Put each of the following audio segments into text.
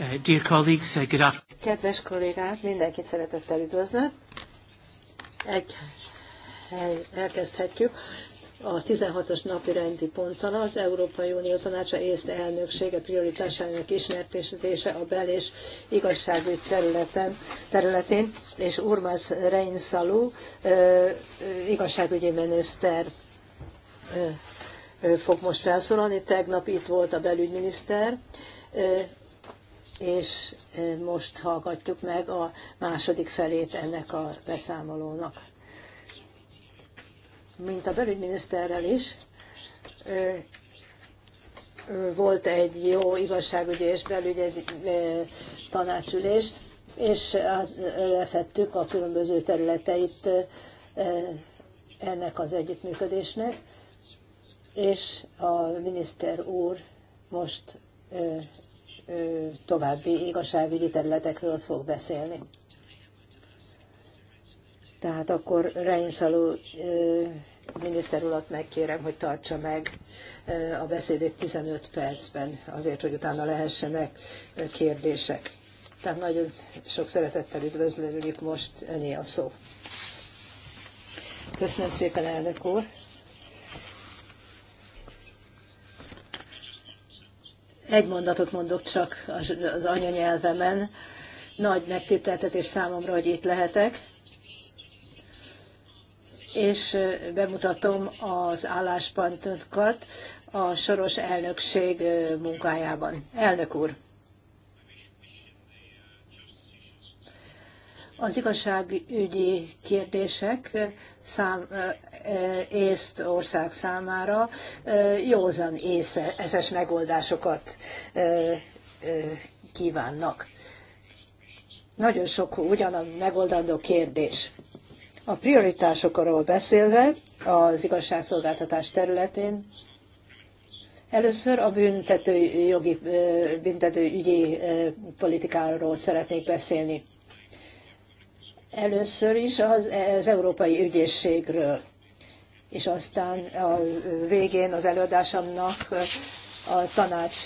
Uh, dear colleagues, uh, good afternoon. Kedves kollégák, mindenkit szeretettel üdvözlök. Egy, elkezdhetjük a 16-os napi rendi ponttal az Európai Unió Tanácsa észt elnöksége prioritásának ismertetése a bel- és igazságügy területen, területén, és Urmas Reinsalu uh, igazságügyi miniszter fog most felszólalni. Tegnap itt volt a belügyminiszter, és most hallgatjuk meg a második felét ennek a beszámolónak. Mint a belügyminiszterrel is, volt egy jó igazságügyi és belügyi tanácsülés, és lefettük a különböző területeit ennek az együttműködésnek, és a miniszter úr most további igazságügyi területekről fog beszélni. Tehát akkor Reinszaló miniszter urat megkérem, hogy tartsa meg a beszédét 15 percben, azért, hogy utána lehessenek kérdések. Tehát nagyon sok szeretettel üdvözlőjük most öné a szó. Köszönöm szépen, elnök úr! Egy mondatot mondok csak az anyanyelvemen. Nagy megtiszteltetés számomra, hogy itt lehetek, és bemutatom az álláspontokat a soros elnökség munkájában. Elnök úr! Az igazságügyi kérdések szám, Eh, észt ország számára eh, józan észes megoldásokat eh, kívánnak. Nagyon sok ugyan megoldandó kérdés. A prioritásokról beszélve az igazságszolgáltatás területén Először a büntető jogi, büntető ügyi politikáról szeretnék beszélni. Először is az, az Európai Ügyészségről és aztán a végén az előadásomnak a tanács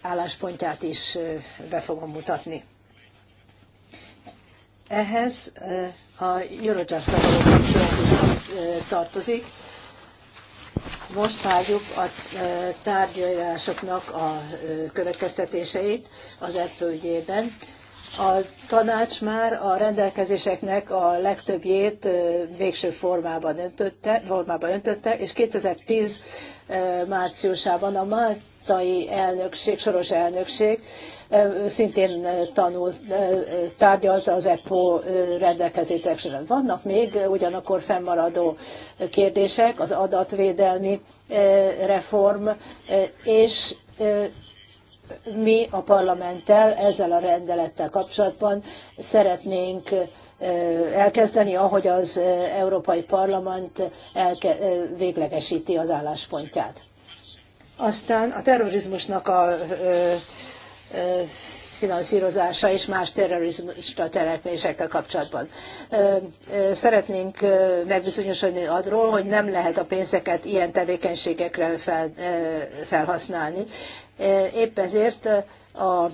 álláspontját is be fogom mutatni. Ehhez a eurojust tartozik. Most várjuk a tárgyalásoknak a következtetéseit az ettől ügyében, a tanács már a rendelkezéseknek a legtöbbjét végső formában öntötte, formában öntötte és 2010 márciusában a máltai elnökség, soros elnökség szintén tanult, tárgyalta az EPO során. Vannak még ugyanakkor fennmaradó kérdések, az adatvédelmi reform, és mi a parlamenttel ezzel a rendelettel kapcsolatban szeretnénk elkezdeni, ahogy az Európai Parlament elke, véglegesíti az álláspontját. Aztán a terrorizmusnak a finanszírozása és más terrorista tereklésekkel kapcsolatban. Szeretnénk megbizonyosodni arról, hogy nem lehet a pénzeket ilyen tevékenységekre fel, felhasználni. Épp ezért a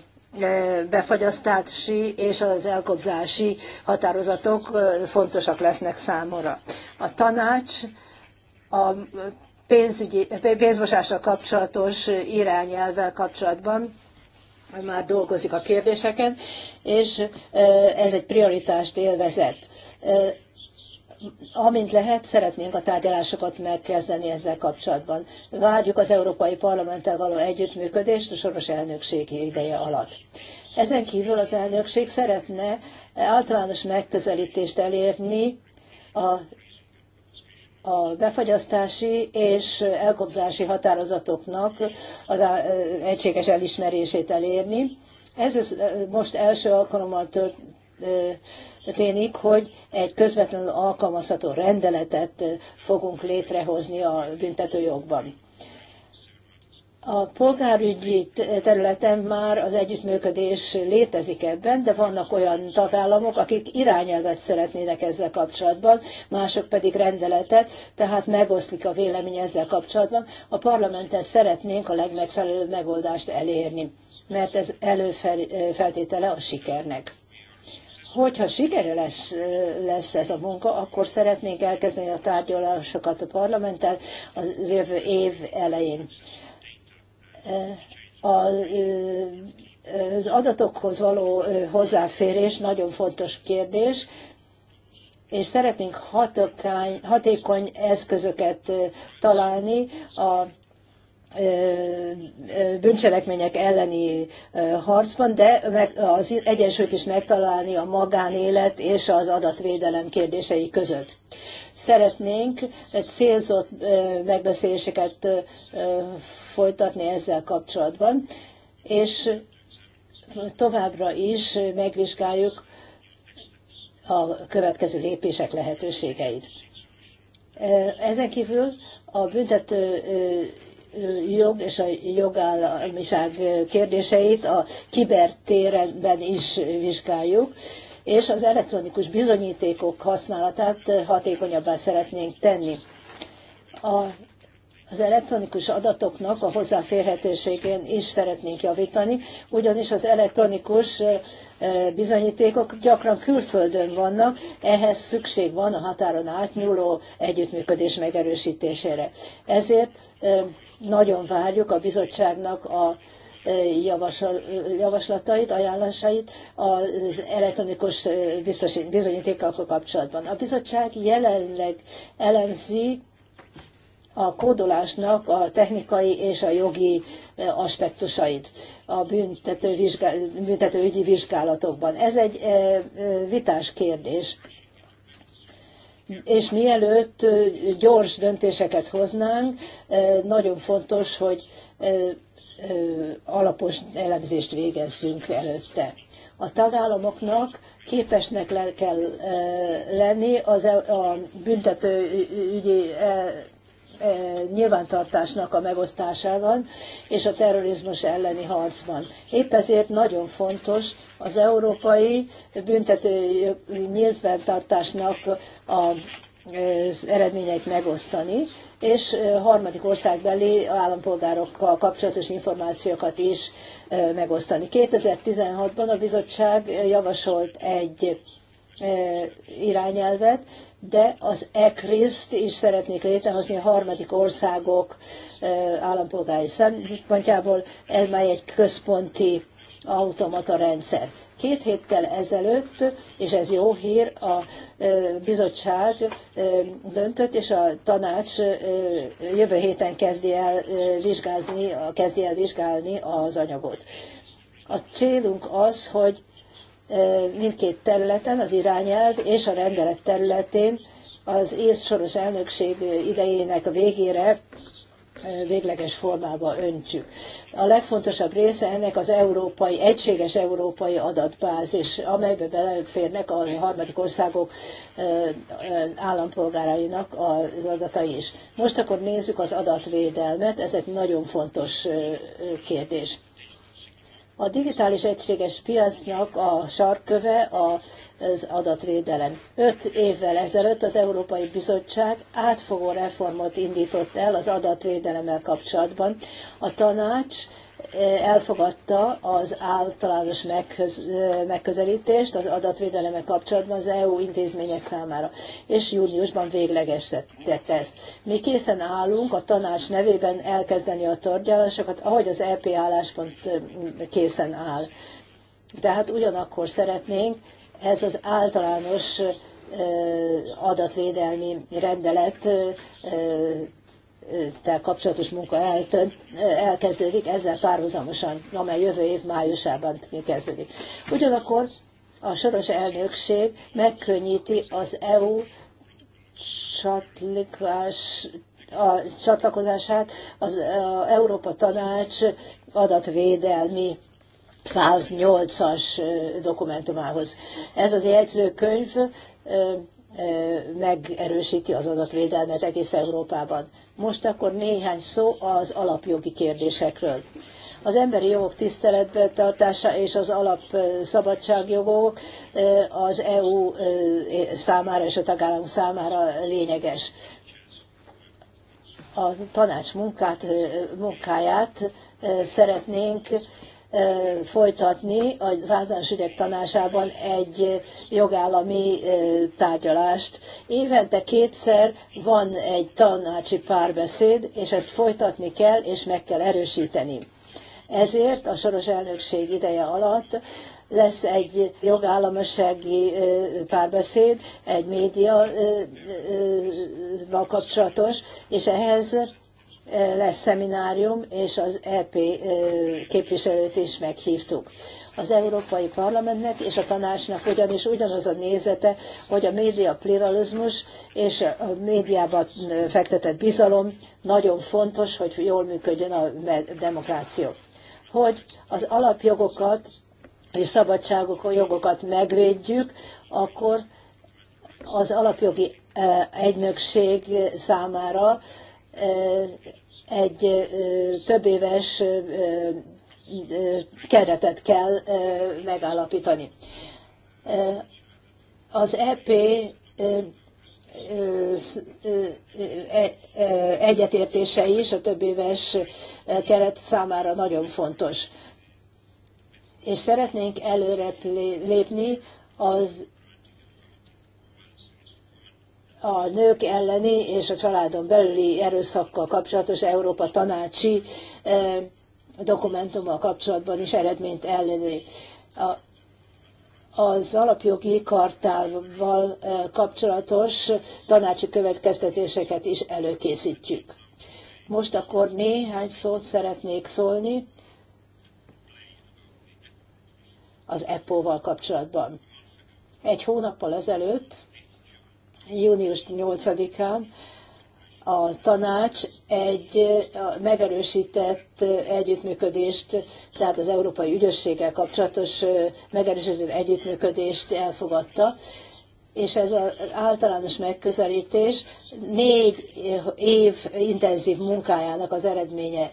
befagyasztási és az elkobzási határozatok fontosak lesznek számomra. A tanács a pénzügyi, pénzmosással kapcsolatos irányelvvel kapcsolatban már dolgozik a kérdéseken, és ez egy prioritást élvezett. Amint lehet, szeretnénk a tárgyalásokat megkezdeni ezzel kapcsolatban. Várjuk az Európai Parlamenttel való együttműködést a soros elnökségi ideje alatt. Ezen kívül az elnökség szeretne általános megközelítést elérni a a befagyasztási és elkobzási határozatoknak az egységes elismerését elérni. Ez most első alkalommal történik, hogy egy közvetlenül alkalmazható rendeletet fogunk létrehozni a büntetőjogban. A polgárügyi területen már az együttműködés létezik ebben, de vannak olyan tagállamok, akik irányelvet szeretnének ezzel kapcsolatban, mások pedig rendeletet, tehát megoszlik a vélemény ezzel kapcsolatban. A parlamenten szeretnénk a legmegfelelőbb megoldást elérni, mert ez előfeltétele a sikernek hogyha sikeres lesz ez a munka, akkor szeretnénk elkezdeni a tárgyalásokat a parlamenttel az jövő év elején az adatokhoz való hozzáférés nagyon fontos kérdés, és szeretnénk hatékony eszközöket találni a bűncselekmények elleni harcban, de az egyensúlyt is megtalálni a magánélet és az adatvédelem kérdései között. Szeretnénk egy célzott megbeszéléseket folytatni ezzel kapcsolatban, és továbbra is megvizsgáljuk a következő lépések lehetőségeit. Ezen kívül a büntető jog és a jogállamiság kérdéseit a kibertérben is vizsgáljuk, és az elektronikus bizonyítékok használatát hatékonyabbá szeretnénk tenni. A, az elektronikus adatoknak a hozzáférhetőségén is szeretnénk javítani, ugyanis az elektronikus bizonyítékok gyakran külföldön vannak, ehhez szükség van a határon átnyúló együttműködés megerősítésére. Ezért nagyon várjuk a bizottságnak a e, javaslatait, ajánlásait az elektronikus e, bizonyítékkal kapcsolatban. A bizottság jelenleg elemzi a kódolásnak a technikai és a jogi e, aspektusait a büntetőügyi vizsgálatokban. Ez egy vitás kérdés és mielőtt gyors döntéseket hoznánk, nagyon fontos, hogy alapos elemzést végezzünk előtte. A tagállamoknak képesnek le kell lenni az e-, a büntetőügyi nyilvántartásnak a megosztásában és a terrorizmus elleni harcban. Épp ezért nagyon fontos az európai büntető nyilvántartásnak az eredményeit megosztani, és harmadik országbeli állampolgárokkal kapcsolatos információkat is megosztani. 2016-ban a bizottság javasolt egy irányelvet, de az ECRIS-t is szeretnék létrehozni a harmadik országok állampolgári szempontjából, ez már egy központi automata rendszer. Két héttel ezelőtt, és ez jó hír, a bizottság döntött, és a tanács jövő héten kezdi el, vizsgálni, kezdi el vizsgálni az anyagot. A célunk az, hogy mindkét területen, az irányelv és a rendelet területén az ész soros elnökség idejének a végére végleges formába öntjük. A legfontosabb része ennek az európai, egységes európai adatbázis, amelybe beleférnek a harmadik országok állampolgárainak az adatai is. Most akkor nézzük az adatvédelmet, ez egy nagyon fontos kérdés. A digitális egységes piacnak a sarköve az adatvédelem. Öt évvel ezelőtt az Európai Bizottság átfogó reformot indított el az adatvédelemmel kapcsolatban. A tanács elfogadta az általános megközelítést az adatvédelemek kapcsolatban az EU intézmények számára, és júniusban véglegesítette ezt. Mi készen állunk a tanács nevében elkezdeni a tárgyalásokat, ahogy az EP álláspont készen áll. Tehát ugyanakkor szeretnénk ez az általános adatvédelmi rendelet tel kapcsolatos munka eltönt, elkezdődik, ezzel párhuzamosan, amely jövő év májusában kezdődik. Ugyanakkor a soros elnökség megkönnyíti az EU a csatlakozását az a Európa Tanács adatvédelmi 108-as dokumentumához. Ez az jegyzőkönyv megerősíti az adatvédelmet egész Európában. Most akkor néhány szó az alapjogi kérdésekről. Az emberi jogok tiszteletbe tartása és az alap szabadságjogok az EU számára és a tagállam számára lényeges. A tanács munkát, munkáját szeretnénk folytatni az általános ügyek tanácsában egy jogállami tárgyalást. Évente kétszer van egy tanácsi párbeszéd, és ezt folytatni kell, és meg kell erősíteni. Ezért a soros elnökség ideje alatt lesz egy jogállamisági párbeszéd, egy média kapcsolatos, és ehhez lesz szeminárium, és az EP képviselőt is meghívtuk. Az Európai Parlamentnek és a tanácsnak ugyanis ugyanaz a nézete, hogy a média pluralizmus és a médiában fektetett bizalom nagyon fontos, hogy jól működjön a demokráció. Hogy az alapjogokat és szabadságok, jogokat megvédjük, akkor az alapjogi egynökség számára egy több éves keretet kell megállapítani. Az EP e, egyetértése is a több éves keret számára nagyon fontos. És szeretnénk előre lépni az a nők elleni és a családon belüli erőszakkal kapcsolatos Európa tanácsi e, dokumentummal kapcsolatban is eredményt elérni. A, az alapjogi kartával e, kapcsolatos tanácsi következtetéseket is előkészítjük. Most akkor néhány szót szeretnék szólni az EPO-val kapcsolatban. Egy hónappal ezelőtt június 8-án a tanács egy megerősített együttműködést, tehát az Európai Ügyösséggel kapcsolatos megerősített együttműködést elfogadta, és ez az általános megközelítés négy év intenzív munkájának az eredménye.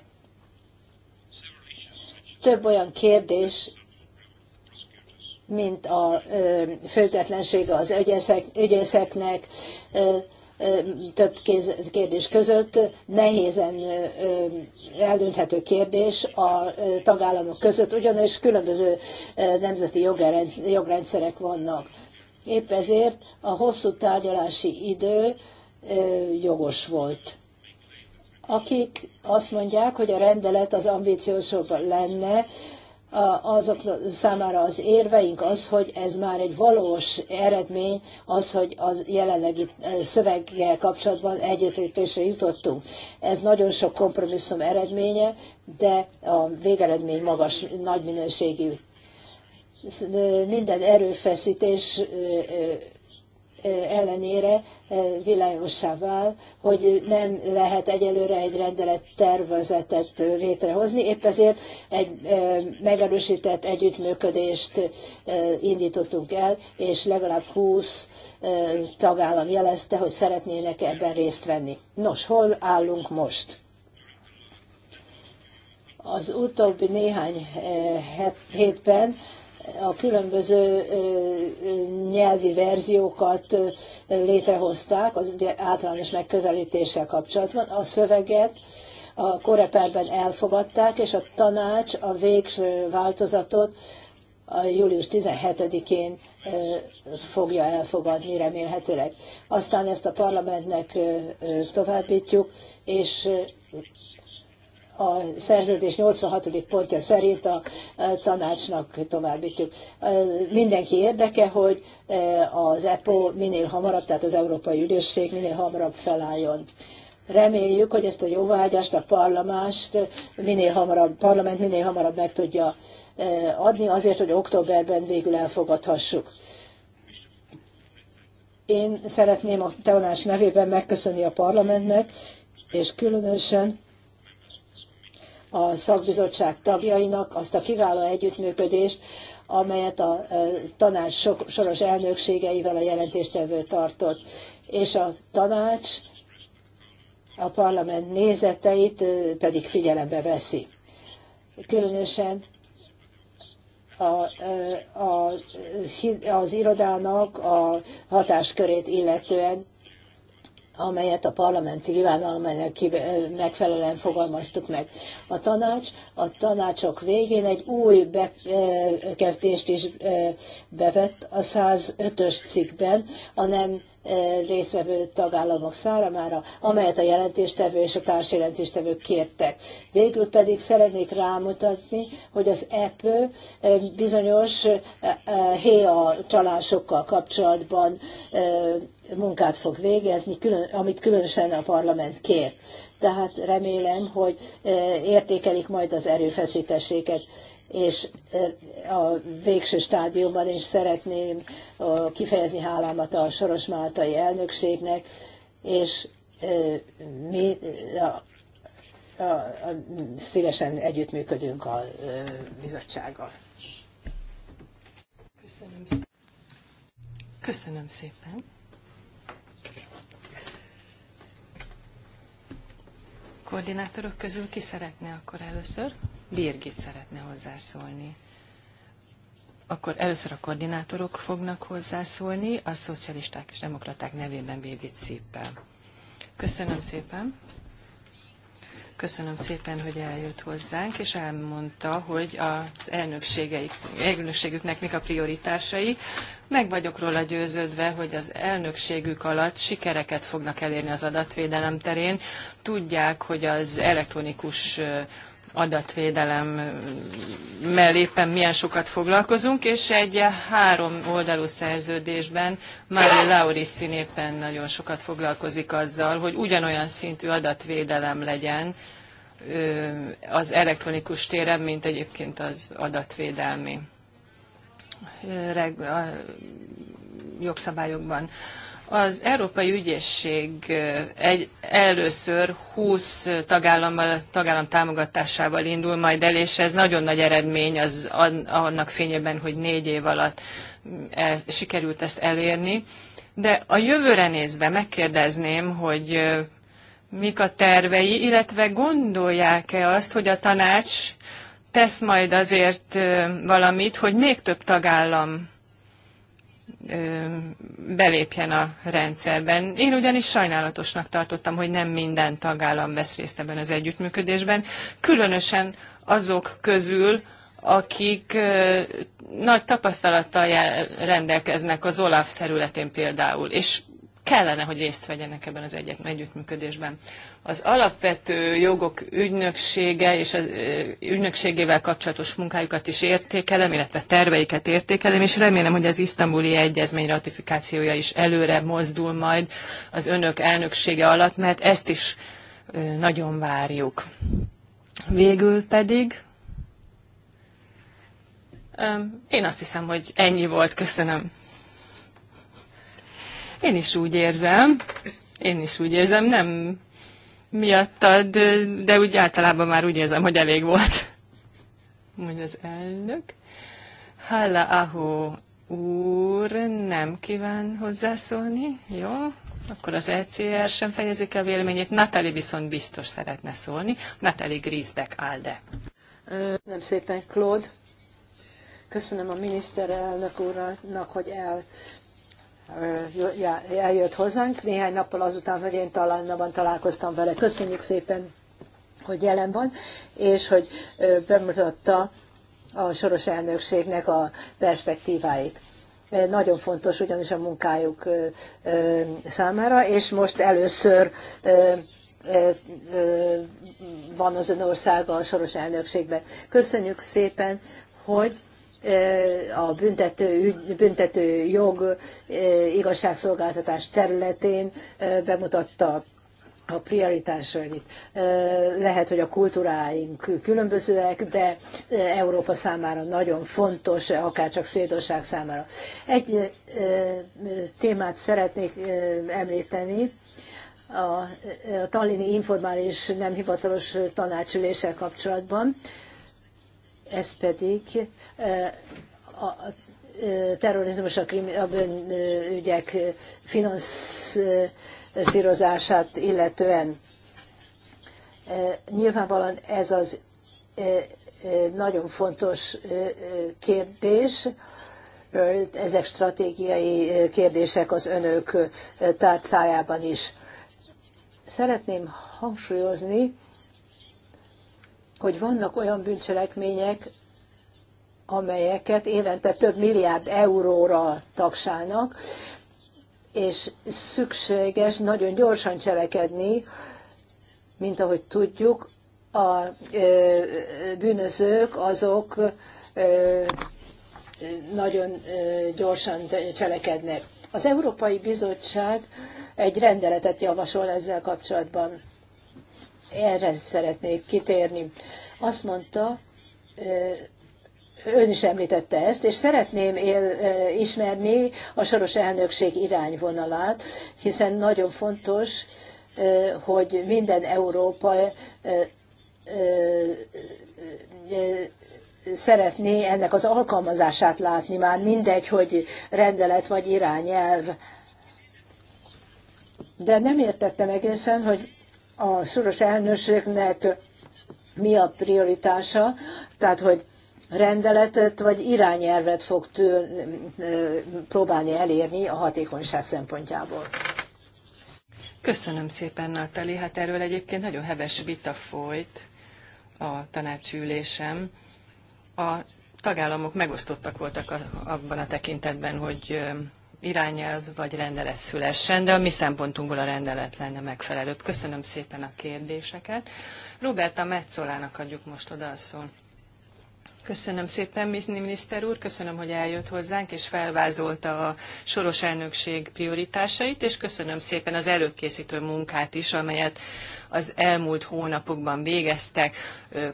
Több olyan kérdés mint a függetlensége az ügyészek, ügyészeknek több kérdés között. Nehézen eldönthető kérdés a tagállamok között, ugyanis különböző nemzeti jogrendszerek vannak. Épp ezért a hosszú tárgyalási idő jogos volt akik azt mondják, hogy a rendelet az ambíciósabb lenne, azok számára az érveink az, hogy ez már egy valós eredmény, az, hogy az jelenlegi eh, szöveggel kapcsolatban egyetértésre jutottunk. Ez nagyon sok kompromisszum eredménye, de a végeredmény magas, nagy minőségű. Minden erőfeszítés eh, eh, ellenére világosá vál, hogy nem lehet egyelőre egy rendelet tervezetet létrehozni, épp ezért egy megerősített együttműködést indítottunk el, és legalább 20 tagállam jelezte, hogy szeretnének ebben részt venni. Nos, hol állunk most? Az utóbbi néhány hétben a különböző nyelvi verziókat létrehozták az ugye általános megközelítéssel kapcsolatban. A szöveget a koreperben elfogadták, és a tanács a végső változatot a július 17-én fogja elfogadni remélhetőleg. Aztán ezt a parlamentnek továbbítjuk, és a szerződés 86. pontja szerint a tanácsnak továbbítjuk. Mindenki érdeke, hogy e, az EPO minél hamarabb, tehát az Európai Ügyészség minél hamarabb felálljon. Reméljük, hogy ezt a jóvágyást a parlamást minél hamarabb, parlament minél hamarabb meg tudja e, adni, azért, hogy októberben végül elfogadhassuk. Én szeretném a tanács nevében megköszönni a parlamentnek, és különösen a szakbizottság tagjainak azt a kiváló együttműködést, amelyet a e, tanács soros elnökségeivel a jelentéstevő tartott. És a tanács a parlament nézeteit e, pedig figyelembe veszi. Különösen a, e, a, az irodának a hatáskörét illetően amelyet a parlamenti kívánalmának megfelelően fogalmaztuk meg. A tanács a tanácsok végén egy új bekezdést is bevett a 105-ös cikkben, a nem E, részvevő tagállamok számára, amelyet a jelentéstevő és a társjelentéstevők kértek. Végül pedig szeretnék rámutatni, hogy az EPÖ e, bizonyos e, héja csalásokkal kapcsolatban munkát fog végezni, külön, amit különösen a parlament kér. Tehát remélem, hogy értékelik majd az erőfeszítéseket és a végső stádiumban is szeretném kifejezni hálámat a Soros Máltai elnökségnek, és mi a, a, a, szívesen együttműködünk a, a bizottsággal. Köszönöm szépen. Köszönöm szépen. Koordinátorok közül ki szeretne akkor először? Birgit szeretne hozzászólni. Akkor először a koordinátorok fognak hozzászólni, a szocialisták és demokraták nevében Birgit szíppel. Köszönöm szépen. Köszönöm szépen, hogy eljött hozzánk, és elmondta, hogy az elnökségüknek mik a prioritásai. Meg vagyok róla győződve, hogy az elnökségük alatt sikereket fognak elérni az adatvédelem terén. Tudják, hogy az elektronikus adatvédelemmel éppen milyen sokat foglalkozunk, és egy három oldalú szerződésben Mári Lauristin éppen nagyon sokat foglalkozik azzal, hogy ugyanolyan szintű adatvédelem legyen az elektronikus téren, mint egyébként az adatvédelmi jogszabályokban. Az Európai Ügyészség eh, egy, először 20 tagállammal, tagállam támogatásával indul majd el, és ez nagyon nagy eredmény az annak fényében, hogy négy év alatt mm, sikerült ezt elérni. De a jövőre nézve megkérdezném, hogy eh, mik a tervei, illetve gondolják-e azt, hogy a tanács tesz majd azért eh, valamit, hogy még több tagállam belépjen a rendszerben. Én ugyanis sajnálatosnak tartottam, hogy nem minden tagállam vesz részt ebben az együttműködésben, különösen azok közül, akik nagy tapasztalattal rendelkeznek az OLAF területén például, és kellene, hogy részt vegyenek ebben az egyet, együttműködésben. Az alapvető jogok ügynöksége és az ügynökségével kapcsolatos munkájukat is értékelem, illetve terveiket értékelem, és remélem, hogy az isztambuli egyezmény ratifikációja is előre mozdul majd az önök elnöksége alatt, mert ezt is nagyon várjuk. Végül pedig én azt hiszem, hogy ennyi volt. Köszönöm. Én is úgy érzem, én is úgy érzem, nem miattad, de úgy általában már úgy érzem, hogy elég volt. Mondja az elnök. Hála ahó úr nem kíván hozzászólni, jó? Akkor az ECR sem fejezik a véleményét. Natali viszont biztos szeretne szólni. Natali Grisbeck Alde. Nem szépen, Claude. Köszönöm a miniszterelnök úrnak, hogy el eljött hozzánk néhány nappal azután, hogy én talán találkoztam vele. Köszönjük szépen, hogy jelen van, és hogy bemutatta a soros elnökségnek a perspektíváit. Nagyon fontos ugyanis a munkájuk számára, és most először van az ön országa a soros elnökségben. Köszönjük szépen, hogy a büntető, ügy, büntető jog e, igazságszolgáltatás területén e, bemutatta a prioritásait. E, lehet, hogy a kultúráink különbözőek, de Európa számára nagyon fontos, akár csak szédosság számára. Egy témát szeretnék említeni, a Tallini Informális Nem Hivatalos Tanácsülése kapcsolatban ez pedig a terrorizmus, a, krimi, a bűnügyek finanszírozását illetően. Nyilvánvalóan ez az nagyon fontos kérdés, ezek stratégiai kérdések az önök tárcájában is. Szeretném hangsúlyozni, hogy vannak olyan bűncselekmények, amelyeket évente több milliárd euróra tagsálnak, és szükséges nagyon gyorsan cselekedni, mint ahogy tudjuk, a bűnözők azok nagyon gyorsan cselekednek. Az Európai Bizottság egy rendeletet javasol ezzel kapcsolatban. Erre szeretnék kitérni. Azt mondta, ön is említette ezt, és szeretném él, ismerni a soros elnökség irányvonalát, hiszen nagyon fontos, hogy minden Európa szeretné ennek az alkalmazását látni, már mindegy, hogy rendelet vagy irányelv. De nem értettem egészen, hogy a soros elnökségnek mi a prioritása, tehát hogy rendeletet vagy irányelvet fog től, próbálni elérni a hatékonyság szempontjából. Köszönöm szépen, Natali. Hát erről egyébként nagyon heves vita folyt a tanácsülésem. A tagállamok megosztottak voltak abban a tekintetben, hogy irányelv vagy rendelet szülessen, de a mi szempontunkból a rendelet lenne megfelelőbb. Köszönöm szépen a kérdéseket. Roberta Metzolának adjuk most oda a szót. Köszönöm szépen, miniszter úr, köszönöm, hogy eljött hozzánk, és felvázolta a soros elnökség prioritásait, és köszönöm szépen az előkészítő munkát is, amelyet az elmúlt hónapokban végeztek,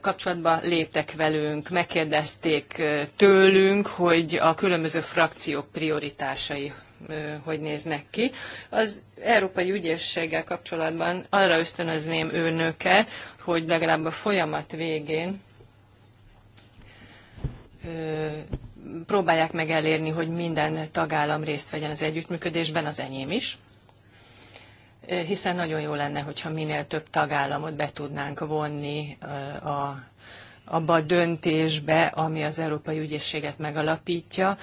kapcsolatba léptek velünk, megkérdezték tőlünk, hogy a különböző frakciók prioritásai hogy néznek ki. Az Európai Ügyészséggel kapcsolatban arra ösztönözném önöket, hogy legalább a folyamat végén próbálják meg elérni, hogy minden tagállam részt vegyen az együttműködésben, az enyém is hiszen nagyon jó lenne, hogyha minél több tagállamot be tudnánk vonni a abba a döntésbe, ami az Európai Ügyészséget megalapítja,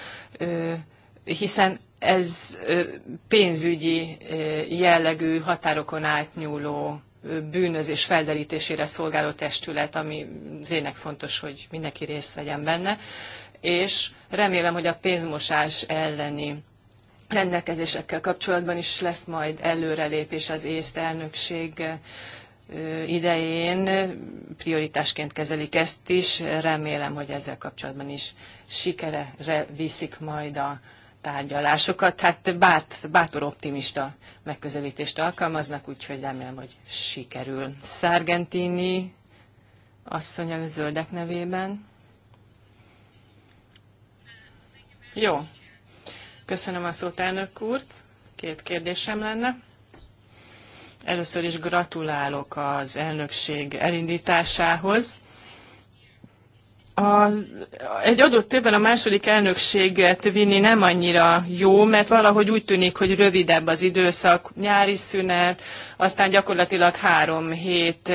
hiszen ez pénzügyi jellegű határokon átnyúló bűnözés felderítésére szolgáló testület, ami tényleg fontos, hogy mindenki részt vegyen benne, és remélem, hogy a pénzmosás elleni rendelkezésekkel kapcsolatban is lesz majd előrelépés az észt elnökség idején. Prioritásként kezelik ezt is. Remélem, hogy ezzel kapcsolatban is sikerre viszik majd a tárgyalásokat. Hát bát, bátor optimista megközelítést alkalmaznak, úgyhogy remélem, hogy sikerül. Szargentini asszony a zöldek nevében. Jó, Köszönöm a szót, elnök úr. Két kérdésem lenne. Először is gratulálok az elnökség elindításához. A, egy adott évben a második elnökséget vinni nem annyira jó, mert valahogy úgy tűnik, hogy rövidebb az időszak, nyári szünet, aztán gyakorlatilag három hét,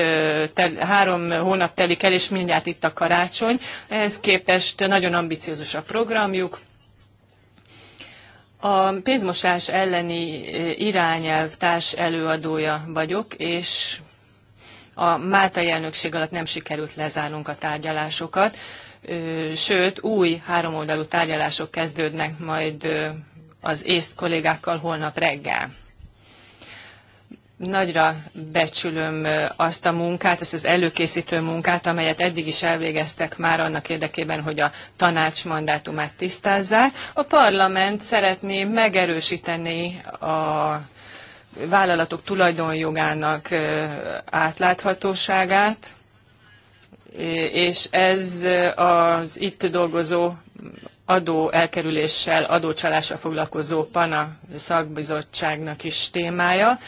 három hónap telik el, és mindjárt itt a karácsony. Ehhez képest nagyon ambiciózus a programjuk, a pénzmosás elleni e, irányelv társ előadója vagyok, és a Máltai elnökség alatt nem sikerült lezárnunk a tárgyalásokat, e, sőt, új háromoldalú tárgyalások kezdődnek majd e, az észt kollégákkal holnap reggel. Nagyra becsülöm azt a munkát, azt az előkészítő munkát, amelyet eddig is elvégeztek már annak érdekében, hogy a tanács mandátumát tisztázzák. A parlament szeretné megerősíteni a vállalatok tulajdonjogának átláthatóságát, és ez az itt dolgozó adó elkerüléssel, adócsalással foglalkozó PANA szakbizottságnak is témája.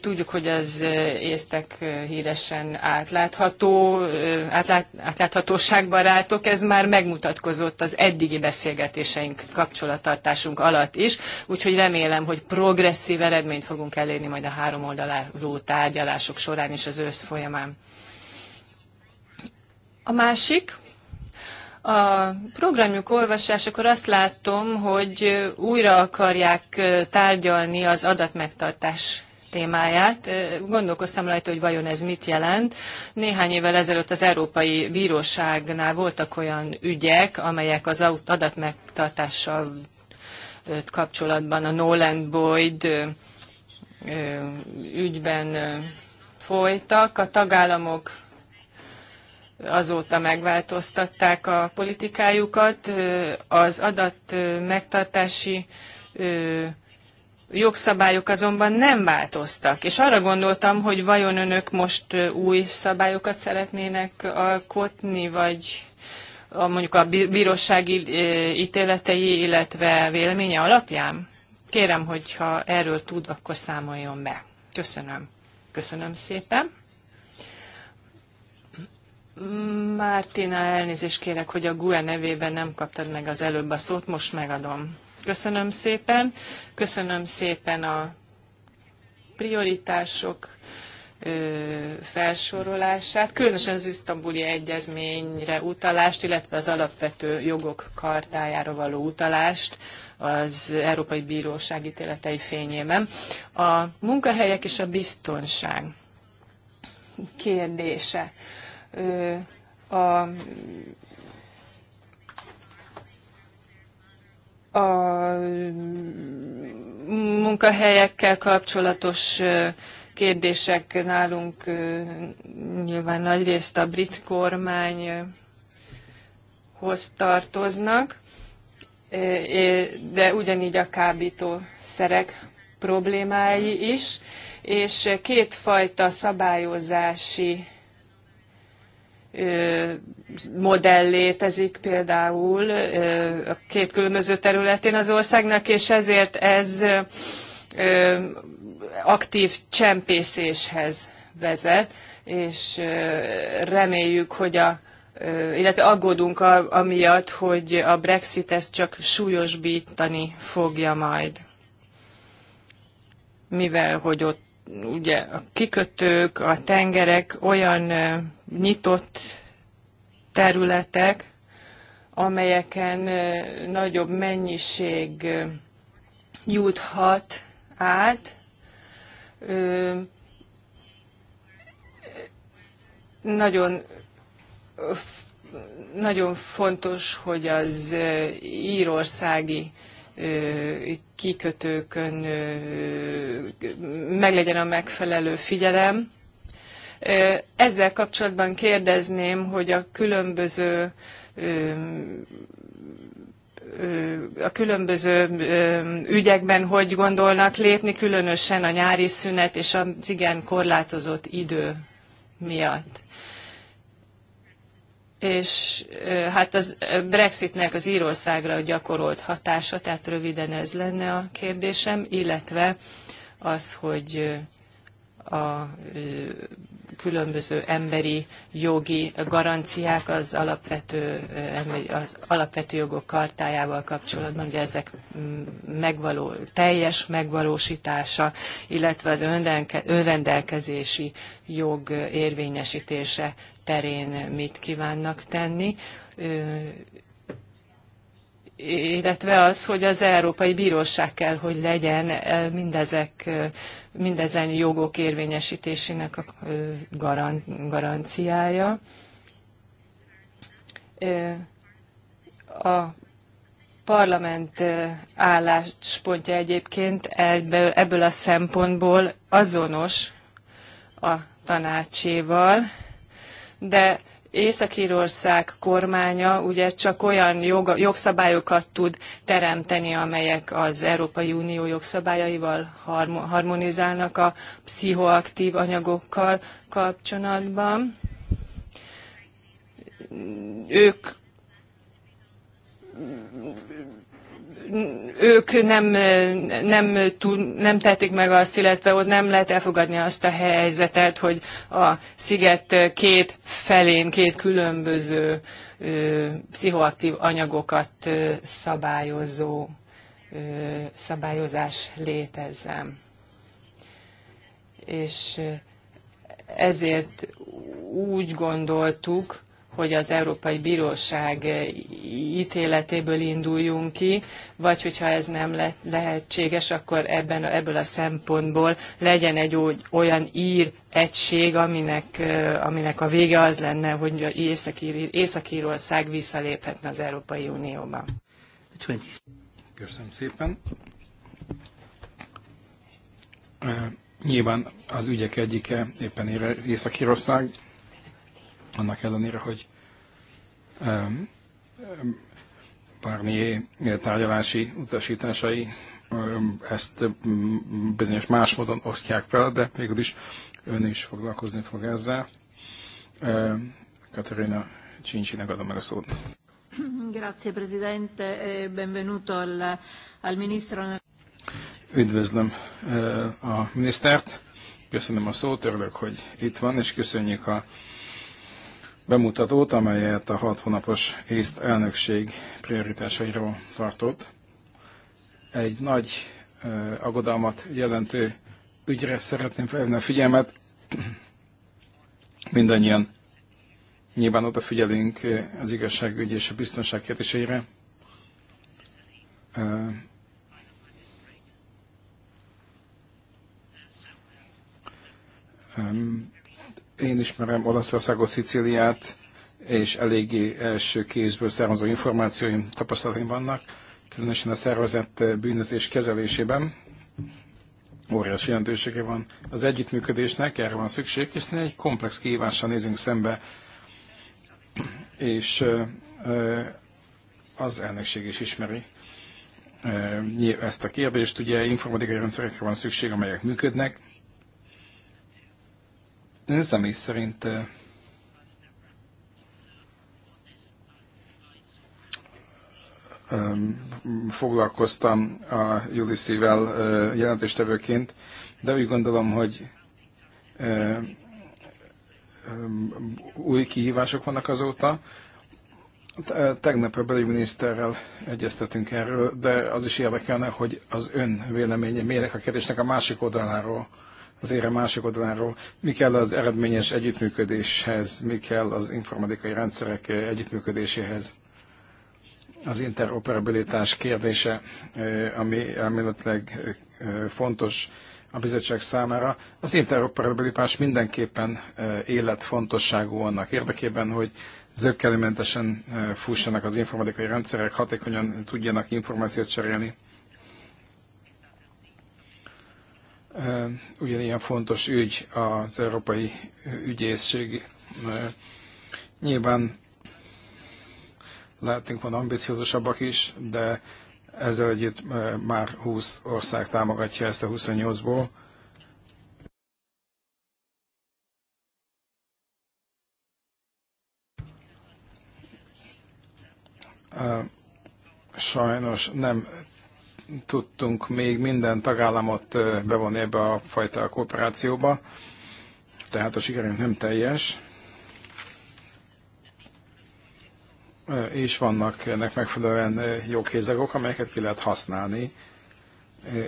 Tudjuk, hogy az észtek híresen átlátható, átlát, barátok, ez már megmutatkozott az eddigi beszélgetéseink, kapcsolattartásunk alatt is, úgyhogy remélem, hogy progresszív eredményt fogunk elérni majd a három oldalú tárgyalások során is az ősz folyamán. A másik, a programjuk olvasásakor azt látom, hogy újra akarják tárgyalni az adatmegtartás témáját. Gondolkoztam rajta, hogy vajon ez mit jelent. Néhány évvel ezelőtt az Európai Bíróságnál voltak olyan ügyek, amelyek az adatmegtartással kapcsolatban a Nolan Boyd ügyben folytak. A tagállamok azóta megváltoztatták a politikájukat. Az adat megtartási jogszabályok azonban nem változtak, és arra gondoltam, hogy vajon önök most új szabályokat szeretnének alkotni, vagy a, mondjuk a bírósági ítéletei, illetve véleménye alapján? Kérem, hogyha erről tud, akkor számoljon be. Köszönöm. Köszönöm szépen. Mártina, elnézést kérek, hogy a GUE nevében nem kaptad meg az előbb a szót, most megadom. Köszönöm szépen. Köszönöm szépen a prioritások felsorolását, különösen az isztambuli egyezményre utalást, illetve az alapvető jogok kartájára való utalást az Európai Bíróság ítéletei fényében. A munkahelyek és a biztonság kérdése. A a munkahelyekkel kapcsolatos kérdések nálunk nyilván nagyrészt a brit kormányhoz tartoznak, de ugyanígy a kábítószerek problémái is, és kétfajta szabályozási modell létezik például a két különböző területén az országnak, és ezért ez aktív csempészéshez vezet, és reméljük, hogy a illetve aggódunk amiatt, hogy a Brexit ezt csak súlyosbítani fogja majd. Mivel, hogy ott ugye a kikötők, a tengerek olyan nyitott területek, amelyeken nagyobb mennyiség juthat át. Nagyon, nagyon fontos, hogy az írországi kikötőkön meglegyen a megfelelő figyelem, ezzel kapcsolatban kérdezném, hogy a különböző a különböző ügyekben hogy gondolnak lépni, különösen a nyári szünet és az igen korlátozott idő miatt. És hát az Brexitnek az Írországra gyakorolt hatása, tehát röviden ez lenne a kérdésem, illetve az, hogy a különböző emberi jogi garanciák az alapvető, eh, az alapvető jogok kartájával kapcsolatban, ugye ezek mm, megvaló, teljes megvalósítása, illetve az önrendelkezési jog érvényesítése terén mit kívánnak tenni illetve az, hogy az Európai Bíróság kell, hogy legyen e, mindezek, e, mindezen jogok érvényesítésének a e, garanciája. A parlament álláspontja egyébként ebből a szempontból azonos a tanácséval, de Észak-Írország kormánya ugye csak olyan jog, jogszabályokat tud teremteni, amelyek az Európai Unió jogszabályaival harmonizálnak a pszichoaktív anyagokkal kapcsolatban. Ők ők nem, nem, tud, nem tették meg azt, illetve ott nem lehet elfogadni azt a helyzetet, hogy a sziget két felén, két különböző ö, pszichoaktív anyagokat ö, szabályozó ö, szabályozás létezzen. És ezért úgy gondoltuk, hogy az Európai Bíróság eh, ítéletéből induljunk ki, vagy hogyha ez nem le- lehetséges, akkor ebben, ebből a szempontból legyen egy olyan ír egység, aminek, eh, aminek a vége az lenne, hogy Észak-Írország visszaléphetne az Európai Unióba. Köszönöm szépen. Eh, nyilván az ügyek egyike éppen Észak-Írország, annak ellenére, hogy Barnier tárgyalási utasításai ezt bizonyos más módon osztják fel, de végül is ön is foglalkozni fog ezzel. Katarina Csincsinek adom meg a szót. Grazie, Presidente, e benvenuto al, al Ministro. Üdvözlöm eh, a minisztert, köszönöm a szót, örülök, hogy itt van, és köszönjük a bemutatót, amelyet a hat hónapos észt elnökség prioritásairól tartott. Egy nagy aggodalmat jelentő ügyre szeretném felhívni a figyelmet. Mindannyian nyilván odafigyelünk az igazságügy és a biztonság kérdéseire. Um, én ismerem Olaszországot, Szicíliát, és eléggé első kézből származó információim, tapasztalataim vannak, különösen a szervezett bűnözés kezelésében. Óriási jelentősége van az együttműködésnek, erre van szükség, hiszen egy komplex kihívással nézünk szembe, és az elnökség is ismeri ezt a kérdést. Ugye informatikai rendszerekre van szükség, amelyek működnek, én személy szerint foglalkoztam a Juliszivel jelentéstevőként, de úgy gondolom, hogy új kihívások vannak azóta. Tegnap a belügyminiszterrel egyeztetünk erről, de az is érdekelne, hogy az ön véleménye miért a kérdésnek a másik oldaláról az ére másik oldaláról, mi kell az eredményes együttműködéshez, mi kell az informatikai rendszerek együttműködéséhez. Az interoperabilitás kérdése, eh, ami elméletileg eh, fontos a bizottság számára. Az interoperabilitás mindenképpen eh, életfontosságú annak érdekében, hogy zöggelőmentesen fussanak az informatikai rendszerek, hatékonyan tudjanak információt cserélni ugyanilyen fontos ügy az Európai Ügyészség. Nyilván lehetünk van ambiciózusabbak is, de ezzel együtt már 20 ország támogatja ezt a 28-ból. Sajnos nem tudtunk még minden tagállamot bevonni ebbe a fajta kooperációba, tehát a sikerünk nem teljes. És vannak ennek megfelelően kézegok, amelyeket ki lehet használni,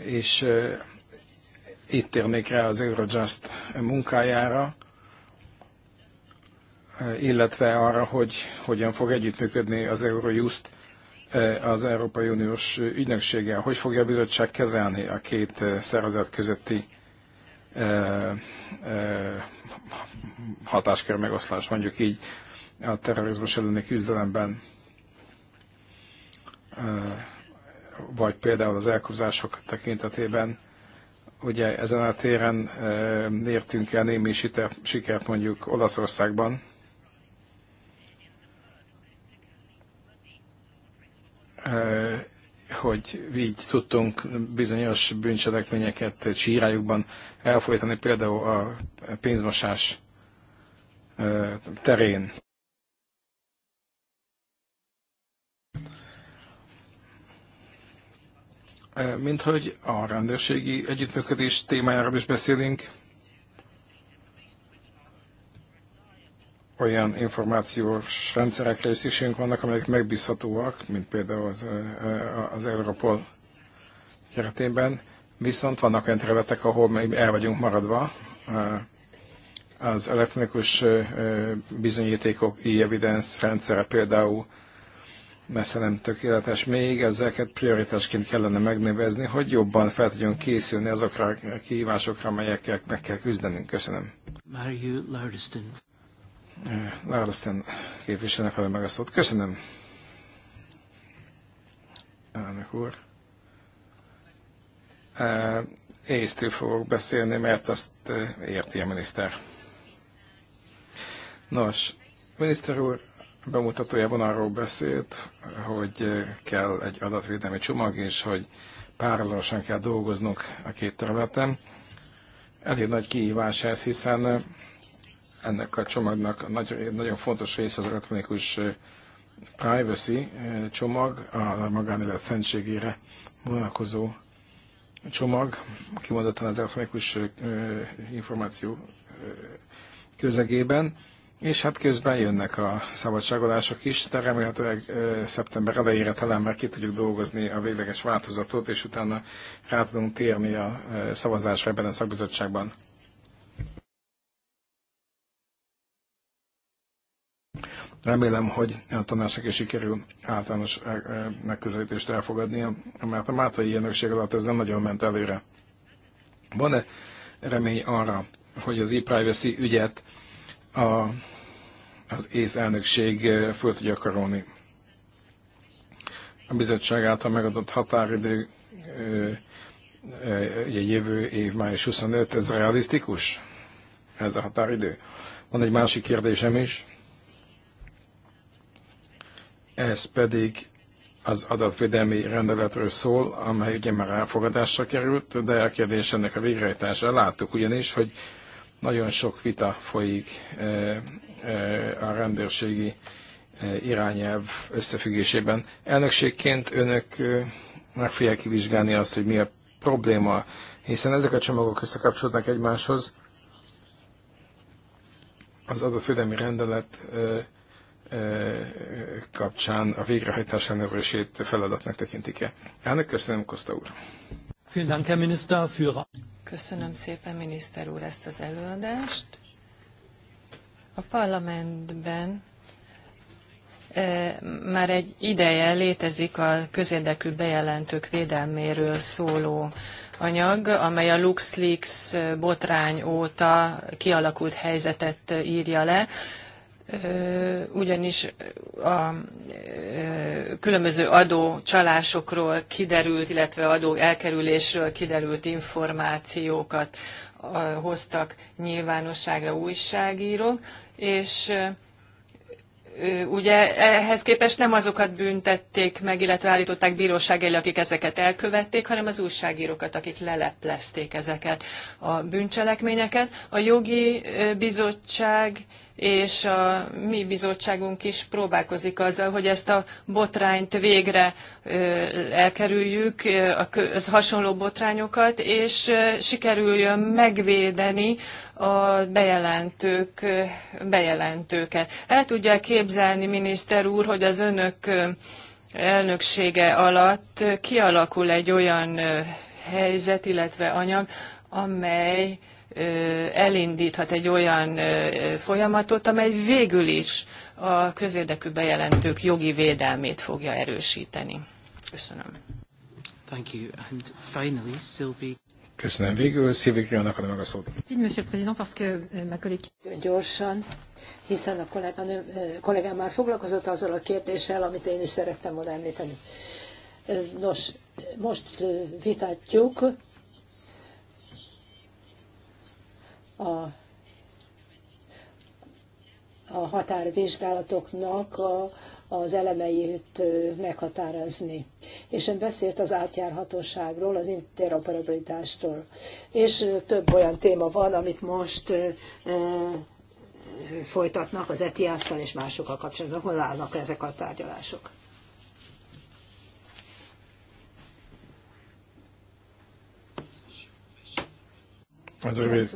és itt térnék rá az Eurojust munkájára, illetve arra, hogy hogyan fog együttműködni az Eurojust E, az Európai Uniós ügynöksége, Hogy fogja a bizottság kezelni a két e, szervezet közötti e, hatáskör megoszlás, mondjuk így a terrorizmus elleni küzdelemben, vagy például az elkobzások tekintetében. Ugye ezen a téren értünk el némi sikert mondjuk Olaszországban, Eh, hogy így tudtunk bizonyos bűncselekményeket csírájukban elfolytani, például a pénzmosás eh, terén. Eh, mint hogy a rendőrségi együttműködés témájáról is beszélünk, olyan információs rendszerek is vannak, amelyek megbízhatóak, mint például az, az Europol keretében, viszont vannak olyan területek, ahol még el vagyunk maradva, az elektronikus bizonyítékok, e-evidence rendszere például messze nem tökéletes még, ezeket prioritásként kellene megnevezni, hogy jobban fel tudjunk készülni azokra a kihívásokra, amelyekkel meg kell küzdenünk. Köszönöm. Mario Lauriston. Lárasztán képviselnek vele meg a szót. Köszönöm, elnök úr. E, Észtő fogok beszélni, mert azt e, érti a miniszter. Nos, miniszter úr bemutatójában arról beszélt, hogy kell egy adatvédelmi csomag, és hogy párhuzamosan kell dolgoznunk a két területen. Elég nagy kihívás ez, hiszen ennek a csomagnak nagy, nagyon fontos része az elektronikus privacy csomag, a magánélet szentségére vonatkozó csomag, kimondottan az elektronikus információ közegében, és hát közben jönnek a szabadságolások is, de remélhetőleg szeptember elejére talán már ki tudjuk dolgozni a végleges változatot, és utána rá tudunk térni a szavazásra ebben a szakbizottságban. Remélem, hogy a tanácsnak is sikerül általános eh, eh, megközelítést elfogadnia, mert a Mátai Jönökség alatt ez nem nagyon ment előre. Van-e remény arra, hogy az e-privacy ügyet a, az ész elnökség eh, föl tudja karolni? A bizottság által megadott határidő ugye jövő év május 25, ez realisztikus? Ez a határidő? Van egy másik kérdésem is ez pedig az adatvédelmi rendeletről szól, amely ugye már elfogadásra került, de a kérdés ennek a végrehajtása. Láttuk ugyanis, hogy nagyon sok vita folyik e, e, a rendőrségi e, irányelv összefüggésében. Elnökségként önök meg fogják kivizsgálni azt, hogy mi a probléma, hiszen ezek a csomagok összekapcsolódnak egymáshoz. Az adatvédelmi rendelet kapcsán a végrehajtás ellenőrzését feladatnak tekintik-e. Elnök, köszönöm, Kosta úr. Köszönöm szépen, miniszter úr, ezt az előadást. A parlamentben már egy ideje létezik a közérdekű bejelentők védelméről szóló anyag, amely a LuxLeaks botrány óta kialakult helyzetet írja le ugyanis a különböző adó csalásokról kiderült, illetve adó elkerülésről kiderült információkat hoztak nyilvánosságra újságírók, és ugye ehhez képest nem azokat büntették meg, illetve állították bíróság elé, akik ezeket elkövették, hanem az újságírókat, akik leleplezték ezeket a bűncselekményeket. A jogi bizottság és a mi bizottságunk is próbálkozik azzal, hogy ezt a botrányt végre elkerüljük, az hasonló botrányokat, és sikerüljön megvédeni a bejelentők, bejelentőket. El tudja képzelni, miniszter úr, hogy az önök elnöksége alatt kialakul egy olyan helyzet, illetve anyag, amely elindíthat egy olyan folyamatot, amely végül is a közérdekű bejelentők jogi védelmét fogja erősíteni. Köszönöm. Thank you. And finally, Sylvie. Köszönöm. Végül Szilvi Kriónak adom meg a szót. Így, monsieur président, parce euh, Gyorsan, hiszen a kolléganő, kollégám már foglalkozott azzal a kérdéssel, amit én is szerettem volna említeni. Nos, most vitatjuk a, a határvizsgálatoknak a, az elemeit meghatározni. És ön beszélt az átjárhatóságról, az interoperabilitástól, És több olyan téma van, amit most folytatnak az etias és másokkal kapcsolatban. Hol állnak ezek a tárgyalások? Ez egy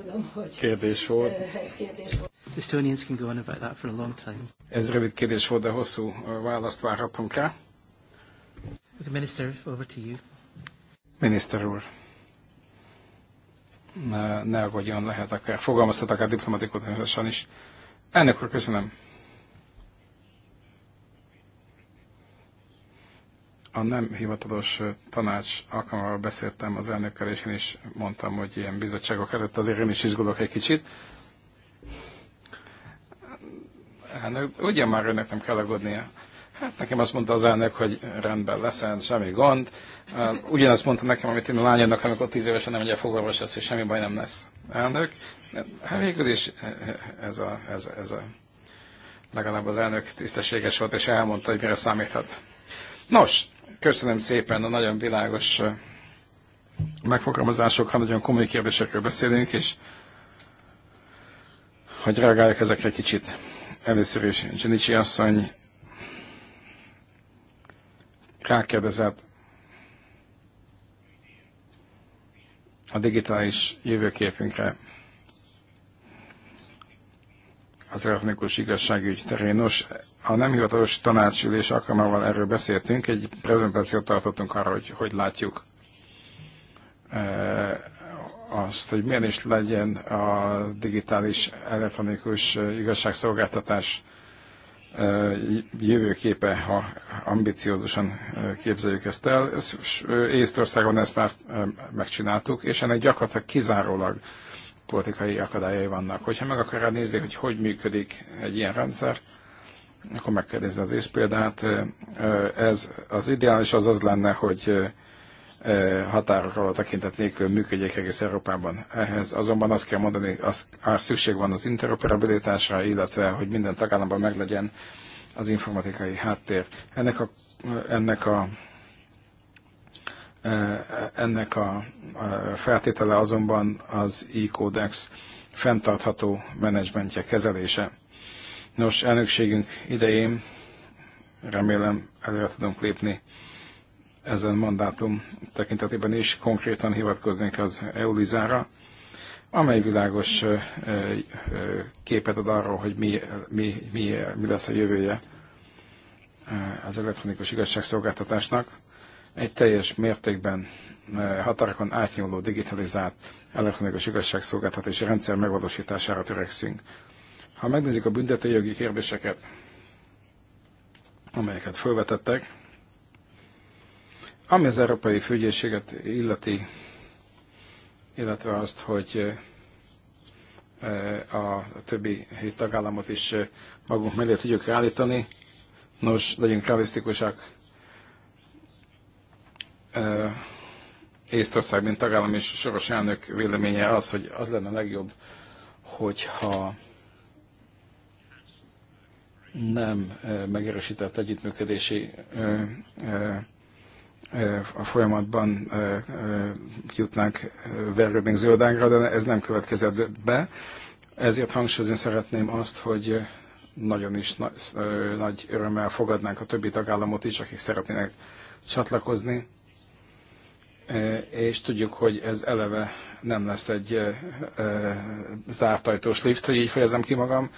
kérdés volt. kérdés volt. Estonians can go on about that for a long time. Ez rövid kérdés volt, de hosszú választ várhatunk rá. Okay, Minister, over to you. Miniszter úr, ne, ne aggódjon, lehet akár fogalmazhat a diplomatikusan is. Ennek úr, köszönöm. A nem hivatalos tanács alkalmával beszéltem az elnökkel, és én is mondtam, hogy ilyen bizottságok előtt azért én is izgulok egy kicsit. Elnök, ugye már önnek nem kell aggódnia. Hát nekem azt mondta az elnök, hogy rendben lesz, semmi gond. Ugyanazt mondta nekem, amit én a lányodnak, amikor tíz évesen nem megy a fogorvos, lesz, és semmi baj nem lesz. Elnök, hát végül is ez a, ez, ez a, legalább az elnök tisztességes volt, és elmondta, hogy mire számíthat. Nos, Köszönöm szépen a nagyon világos megfogalmazások, ha nagyon komoly kérdésekről beszélünk, és hogy reagáljak ezekre kicsit. Először is Zsenicsi asszony rákérdezett a digitális jövőképünkre az elektronikus igazságügy terén. Nos, a nem hivatalos tanácsülés alkalmával erről beszéltünk, egy prezentációt tartottunk arra, hogy hogy látjuk e, azt, hogy milyen is legyen a digitális elektronikus igazságszolgáltatás e, jövőképe, ha ambiciózusan e, képzeljük ezt el. Észtországon ezt már megcsináltuk, és ennek gyakorlatilag kizárólag politikai akadályai vannak. Hogyha meg akarja nézni, hogy hogy működik egy ilyen rendszer, akkor meg kell nézni az ész példát. Ez az ideális az az lenne, hogy határok alatt tekintet nélkül működjék egész Európában. Ehhez azonban azt kell mondani, az, az szükség van az interoperabilitásra, illetve hogy minden tagállamban meglegyen az informatikai háttér. Ennek a, ennek a ennek a feltétele azonban az e-codex fenntartható menedzsmentje kezelése. Nos, elnökségünk idején remélem előre tudunk lépni ezen mandátum tekintetében is konkrétan hivatkoznék az EULIZÁra, amely világos képet ad arról, hogy mi, mi, mi, mi lesz a jövője az elektronikus igazságszolgáltatásnak. Egy teljes mértékben határokon átnyúló digitalizált elektronikus igazságszolgáltatási rendszer megvalósítására törekszünk. Ha megnézzük a büntetőjogi kérdéseket, amelyeket felvetettek, ami az Európai Főgyészséget illeti, illetve azt, hogy eh, a többi hét tagállamot is eh, magunk mellé tudjuk állítani. Nos, legyünk realisztikusak. Eh, Észtország, mint tagállam és soros elnök véleménye az, hogy az lenne legjobb, hogyha nem megerősített együttműködési a folyamatban jutnánk, verődnénk zöldágra, de ez nem következett be. Ezért hangsúlyozni szeretném azt, hogy nagyon is nagy örömmel fogadnánk a többi tagállamot is, akik szeretnének csatlakozni, és tudjuk, hogy ez eleve nem lesz egy zártajtós lift, hogy így fejezem ki magam,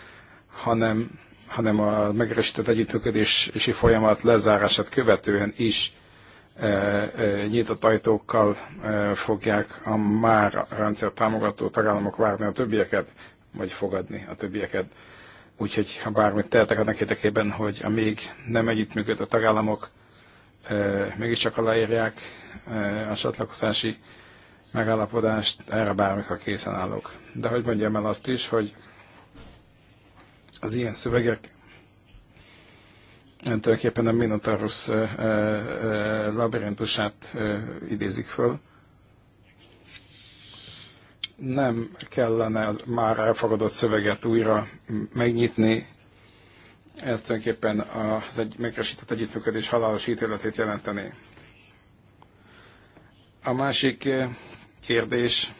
hanem hanem a megerősített együttműködési folyamat lezárását követően is e, e, nyitott ajtókkal e, fogják a már rendszer támogató tagállamok várni a többieket, vagy fogadni a többieket. Úgyhogy ha bármit tehetek annak érdekében, hogy a még nem együttműködő tagállamok mégiscsak aláírják a csatlakozási megállapodást, erre bármikor készen állok. De hogy mondjam el azt is, hogy az ilyen szövegek tulajdonképpen a Minotaurus labirintusát idézik föl. Nem kellene az már elfogadott szöveget újra megnyitni, ez tulajdonképpen az egy megresített együttműködés halálos ítéletét jelenteni. A másik kérdés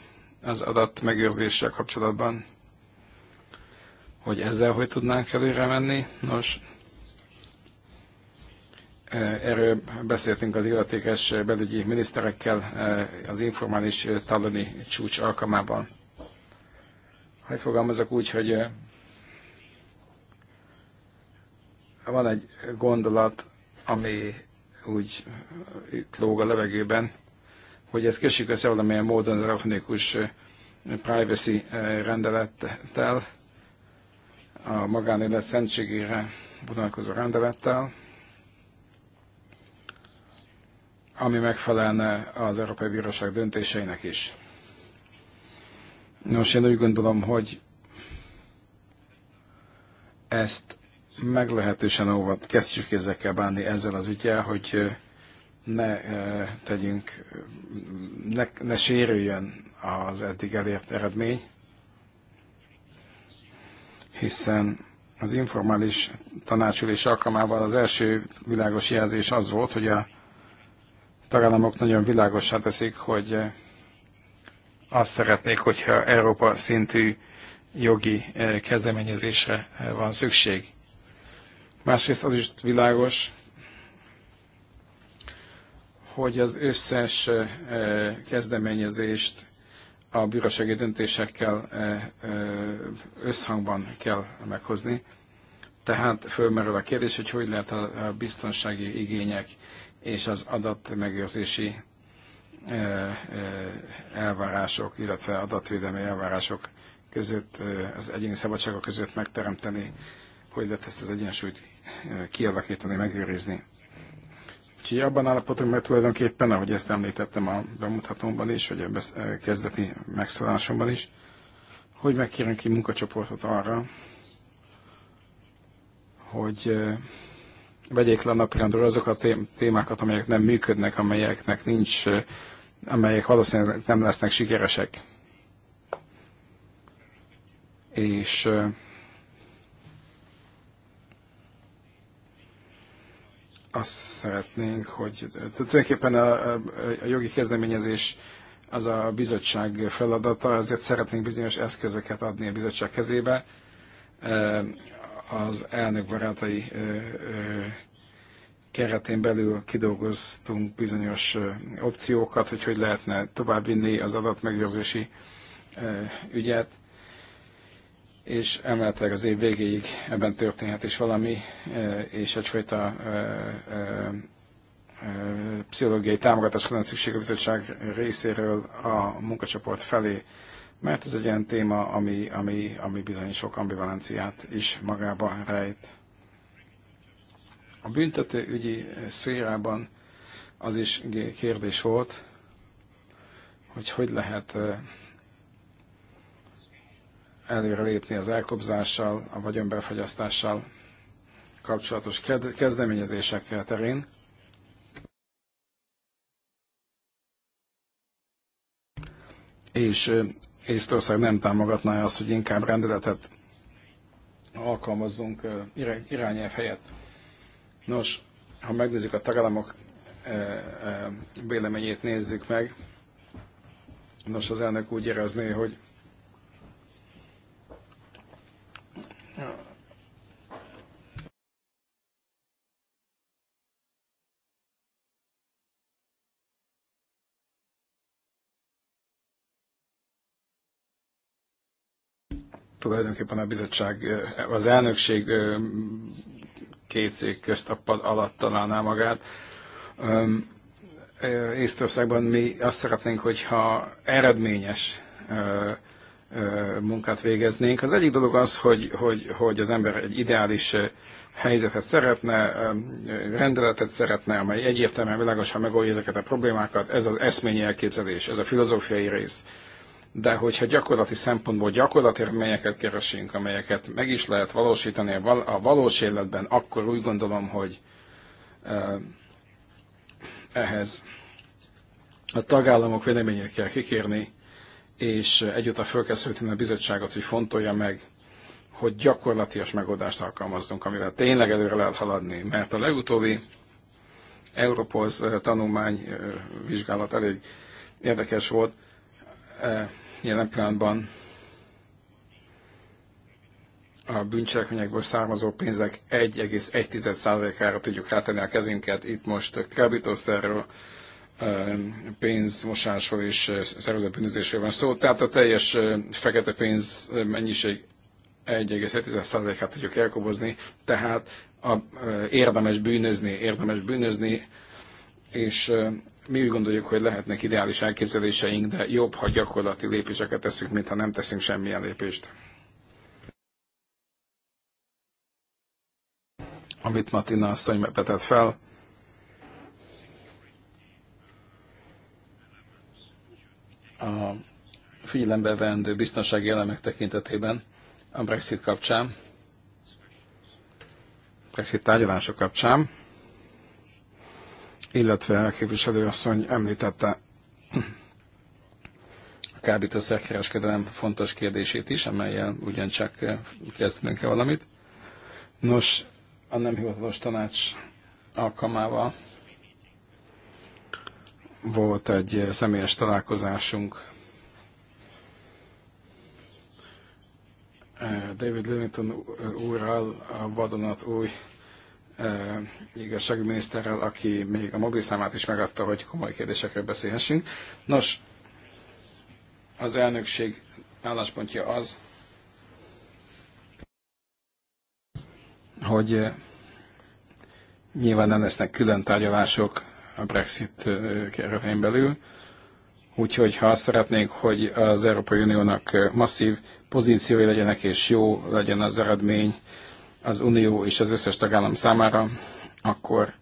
az adatmegőrzéssel kapcsolatban hogy ezzel hogy tudnánk előre menni. Nos, e, erről beszéltünk az illetékes belügyi miniszterekkel e, az informális taloni csúcs alkalmában. Hogy fogalmazok úgy, hogy e, van egy gondolat, ami úgy itt lóg a levegőben, hogy ezt kössük össze valamilyen módon a privacy rendelettel, a magánélet szentségére vonalkozó rendelettel, ami megfelelne az Európai Bíróság döntéseinek is. Nos, én úgy gondolom, hogy ezt meglehetősen óvat, kezdjük ezekkel bánni ezzel az ügyel, hogy ne tegyünk, ne, ne sérüljön az eddig elért eredmény, hiszen az informális tanácsülés alkalmával az első világos jelzés az volt, hogy a tagállamok nagyon világosá teszik, hogy eh, azt szeretnék, hogyha Európa szintű jogi eh, kezdeményezésre eh, van szükség. Másrészt az is világos, hogy az összes kezdeményezést a bírósági döntésekkel e, e, összhangban kell meghozni. Tehát fölmerül a kérdés, hogy hogy lehet a biztonsági igények és az adatmegőrzési e, elvárások, illetve adatvédelmi elvárások között, az egyéni szabadságok között megteremteni, hogy lehet ezt az egyensúlyt kialakítani, megőrizni. Úgyhogy abban állapodunk, mert tulajdonképpen, ahogy ezt említettem a bemutatómban is, vagy a kezdeti megszólásomban is, hogy megkérünk ki munkacsoportot arra, hogy vegyék le a napirendről azokat a témákat, amelyek nem működnek, amelyeknek nincs, amelyek valószínűleg nem lesznek sikeresek. És azt szeretnénk, hogy tulajdonképpen a, a, a jogi kezdeményezés az a bizottság feladata, ezért szeretnénk bizonyos eszközöket adni a bizottság kezébe e, az elnök barátai e, e, keretén belül kidolgoztunk bizonyos opciókat, hogy hogy lehetne továbbvinni az adatmegőrzési ügyet és emeletileg az év végéig ebben történhet is valami, e, és egyfajta e, e, pszichológiai támogatás lenne szükség a bizottság részéről a munkacsoport felé, mert ez egy olyan téma, ami, ami, ami bizony sok ambivalenciát is magába rejt. A büntető ügyi szférában az is kérdés volt, hogy hogy lehet előre lépni az elkobzással, a vagyonbefogyasztással kapcsolatos kezdeményezések terén. És Észtország nem támogatná azt, hogy inkább rendeletet alkalmazzunk irányelv helyett. Nos, ha megnézzük a tagállamok véleményét nézzük meg, nos az elnök úgy érezné, hogy tulajdonképpen a bizottság, az elnökség két szék közt a pad alatt találná magát. Észtországban mi azt szeretnénk, hogyha eredményes munkát végeznénk. Az egyik dolog az, hogy, hogy, hogy az ember egy ideális helyzetet szeretne, rendeletet szeretne, amely egyértelműen világosan megoldja ezeket a problémákat. Ez az eszményi elképzelés, ez a filozófiai rész de hogyha gyakorlati szempontból gyakorlati reményeket keresünk, amelyeket meg is lehet valósítani a valós életben, akkor úgy gondolom, hogy ehhez a tagállamok véleményét kell kikérni, és egyúttal fel kell a bizottságot, hogy fontolja meg, hogy gyakorlatias megoldást alkalmazzunk, amivel tényleg előre lehet haladni. Mert a legutóbbi Europolz tanulmány vizsgálat elég érdekes volt jelen pillanatban a bűncselekményekből származó pénzek 1,1%-ára tudjuk rátenni a kezünket. Itt most kábítószerről, pénzmosásról és szervezett bűnözésről van szó. Tehát a teljes fekete pénz mennyiség 1,7%-át tudjuk elkobozni, tehát a, érdemes bűnözni, érdemes bűnözni, és mi úgy gondoljuk, hogy lehetnek ideális elképzeléseink, de jobb, ha gyakorlati lépéseket teszünk, mint ha nem teszünk semmilyen lépést. Amit matina asszony vetett fel, a figyelembe vendő biztonsági elemek tekintetében a Brexit kapcsán, Brexit tárgyalások kapcsán, illetve a képviselőasszony említette a kábítószerkereskedelem fontos kérdését is, amelyen ugyancsak eh, kezdenünk kell valamit. Nos, a nem hivatalos tanács alkalmával volt egy eh, személyes találkozásunk eh, David Livingston úrral a vadonat új miniszterrel, aki még a mobil számát is megadta, hogy komoly kérdésekről beszélhessünk. Nos, az elnökség álláspontja az, hogy nyilván nem lesznek külön tárgyalások a Brexit keretein belül, úgyhogy ha azt szeretnénk, hogy az Európai Uniónak masszív pozíciói legyenek és jó legyen az eredmény, az Unió és az összes tagállam számára, akkor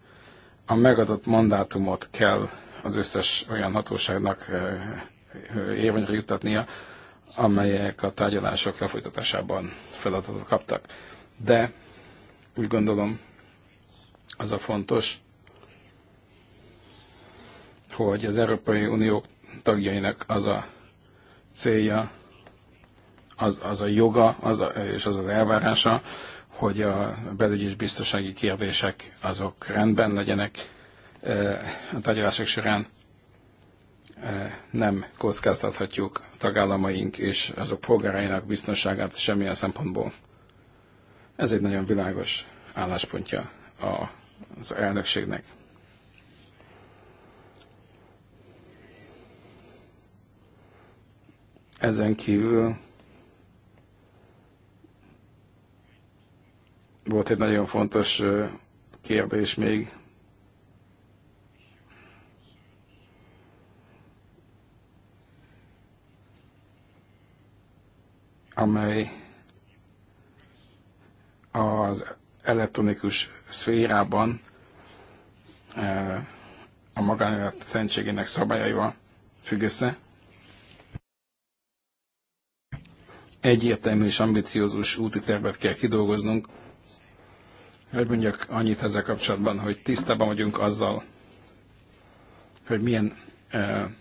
a megadott mandátumot kell az összes olyan hatóságnak eh, eh, érvényre juttatnia, amelyek a tárgyalások lefolytatásában feladatot kaptak. De úgy gondolom, az a fontos, hogy az Európai Unió tagjainak az a célja, az, az a joga az a, és az az elvárása, hogy a belügyi és biztonsági kérdések azok rendben legyenek e, a tárgyalások során e, nem kockáztathatjuk tagállamaink és azok polgárainak biztonságát semmilyen szempontból. Ez egy nagyon világos álláspontja az elnökségnek. Ezen kívül Volt egy nagyon fontos kérdés még. amely az elektronikus szférában a magánélet szentségének szabályaival függ össze. Egyértelmű és ambiciózus úti tervet kell kidolgoznunk hogy mondjak annyit ezzel kapcsolatban, hogy tisztában vagyunk azzal, hogy milyen időkereteket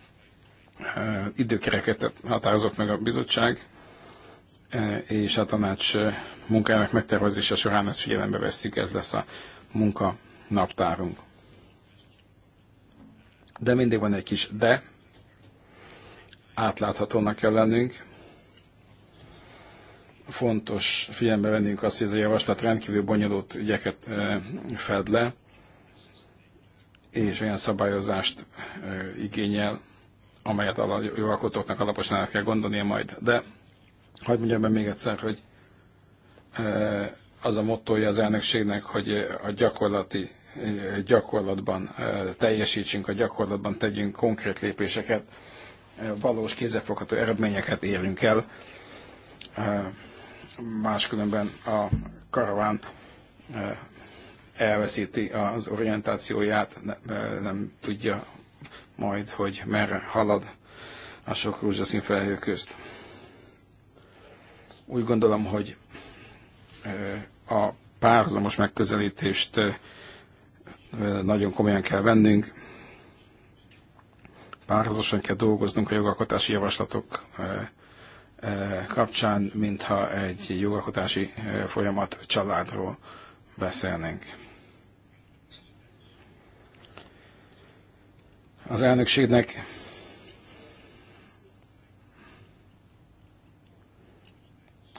uh, eh, időkereket határozott meg a bizottság, uh, és a tanács eh, munkájának megtervezése során ezt figyelembe vesszük, ez lesz a munka naptárunk. De mindig van egy kis de, átláthatónak kell lennünk, fontos figyelembe vennünk azt, hogy ez a javaslat rendkívül bonyolult ügyeket e, fed le, és olyan szabályozást e, igényel, amelyet a jogalkotóknak alaposan el kell gondolnia majd. De hagyd mondjam be még egyszer, hogy e, az a mottoja az elnökségnek, hogy a gyakorlati gyakorlatban teljesítsünk, a gyakorlatban tegyünk konkrét lépéseket, valós kézefogható eredményeket érünk el Máskülönben a karaván eh, elveszíti az orientációját, eh, nem tudja majd, hogy merre halad a sok rózsaszín felhő közt. Úgy gondolom, hogy eh, a párhuzamos megközelítést nagyon komolyan kell vennünk, párhuzamosan kell dolgoznunk a jogalkotási javaslatok Eh, kapcsán, mintha egy jogalkotási eh, folyamat családról beszélnénk. Az elnökségnek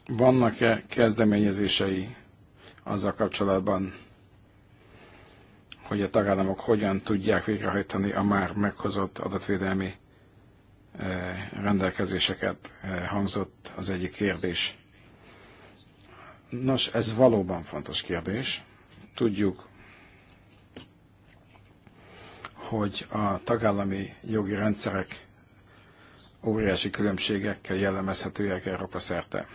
vannak-e kezdeményezései azzal kapcsolatban, hogy a tagállamok hogyan tudják végrehajtani a már meghozott adatvédelmi rendelkezéseket hangzott az egyik kérdés. Nos, ez valóban fontos kérdés. Tudjuk, hogy a tagállami jogi rendszerek óriási különbségekkel jellemezhetőek Európa szerte.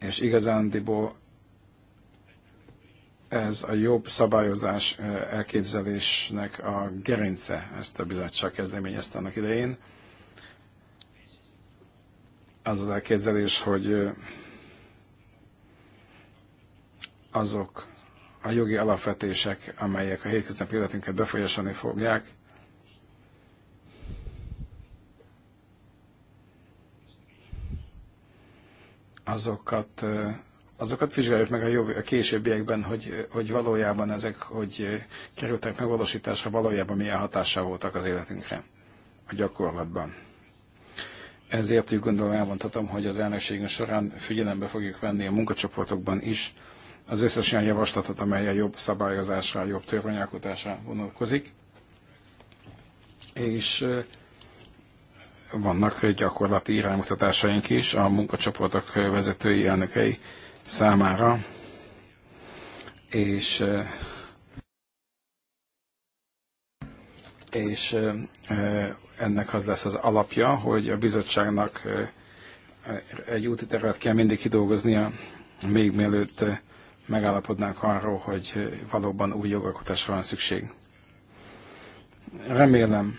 És igazándiból ez a jobb szabályozás elképzelésnek a gerince, ezt a bizottság kezdeményezte annak idején. Az az elképzelés, hogy azok a jogi alapvetések, amelyek a hétköznapi életünket befolyásolni fogják, azokat azokat vizsgáljuk meg a, jövő, a későbbiekben, hogy, hogy valójában ezek, hogy kerültek megvalósításra, valójában milyen hatással voltak az életünkre a gyakorlatban. Ezért úgy gondolom elmondhatom, hogy az elnökségünk során figyelembe fogjuk venni a munkacsoportokban is az összes olyan javaslatot, amely a jobb szabályozásra, a jobb törvényalkotásra vonatkozik. És vannak gyakorlati iránymutatásaink is, a munkacsoportok vezetői, elnökei számára, és és ennek az lesz az alapja, hogy a bizottságnak egy úti tervet kell mindig kidolgoznia, még mielőtt megállapodnánk arról, hogy valóban új jogalkotásra van szükség. Remélem,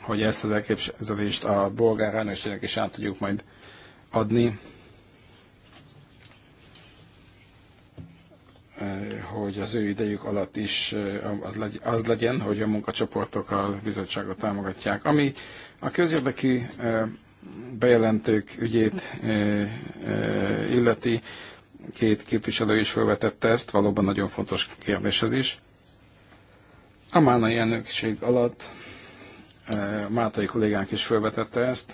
hogy ezt az elképzelést a bolgár elnökségnek is át tudjuk majd adni, hogy az ő idejük alatt is eh, az legyen, hogy a munkacsoportok a bizottságot támogatják. Ami a közérdekű eh, bejelentők ügyét eh, illeti, két képviselő is felvetette ezt, valóban nagyon fontos kérdés ez is. A Mánai elnökség alatt Mátai kollégánk is felvetette ezt,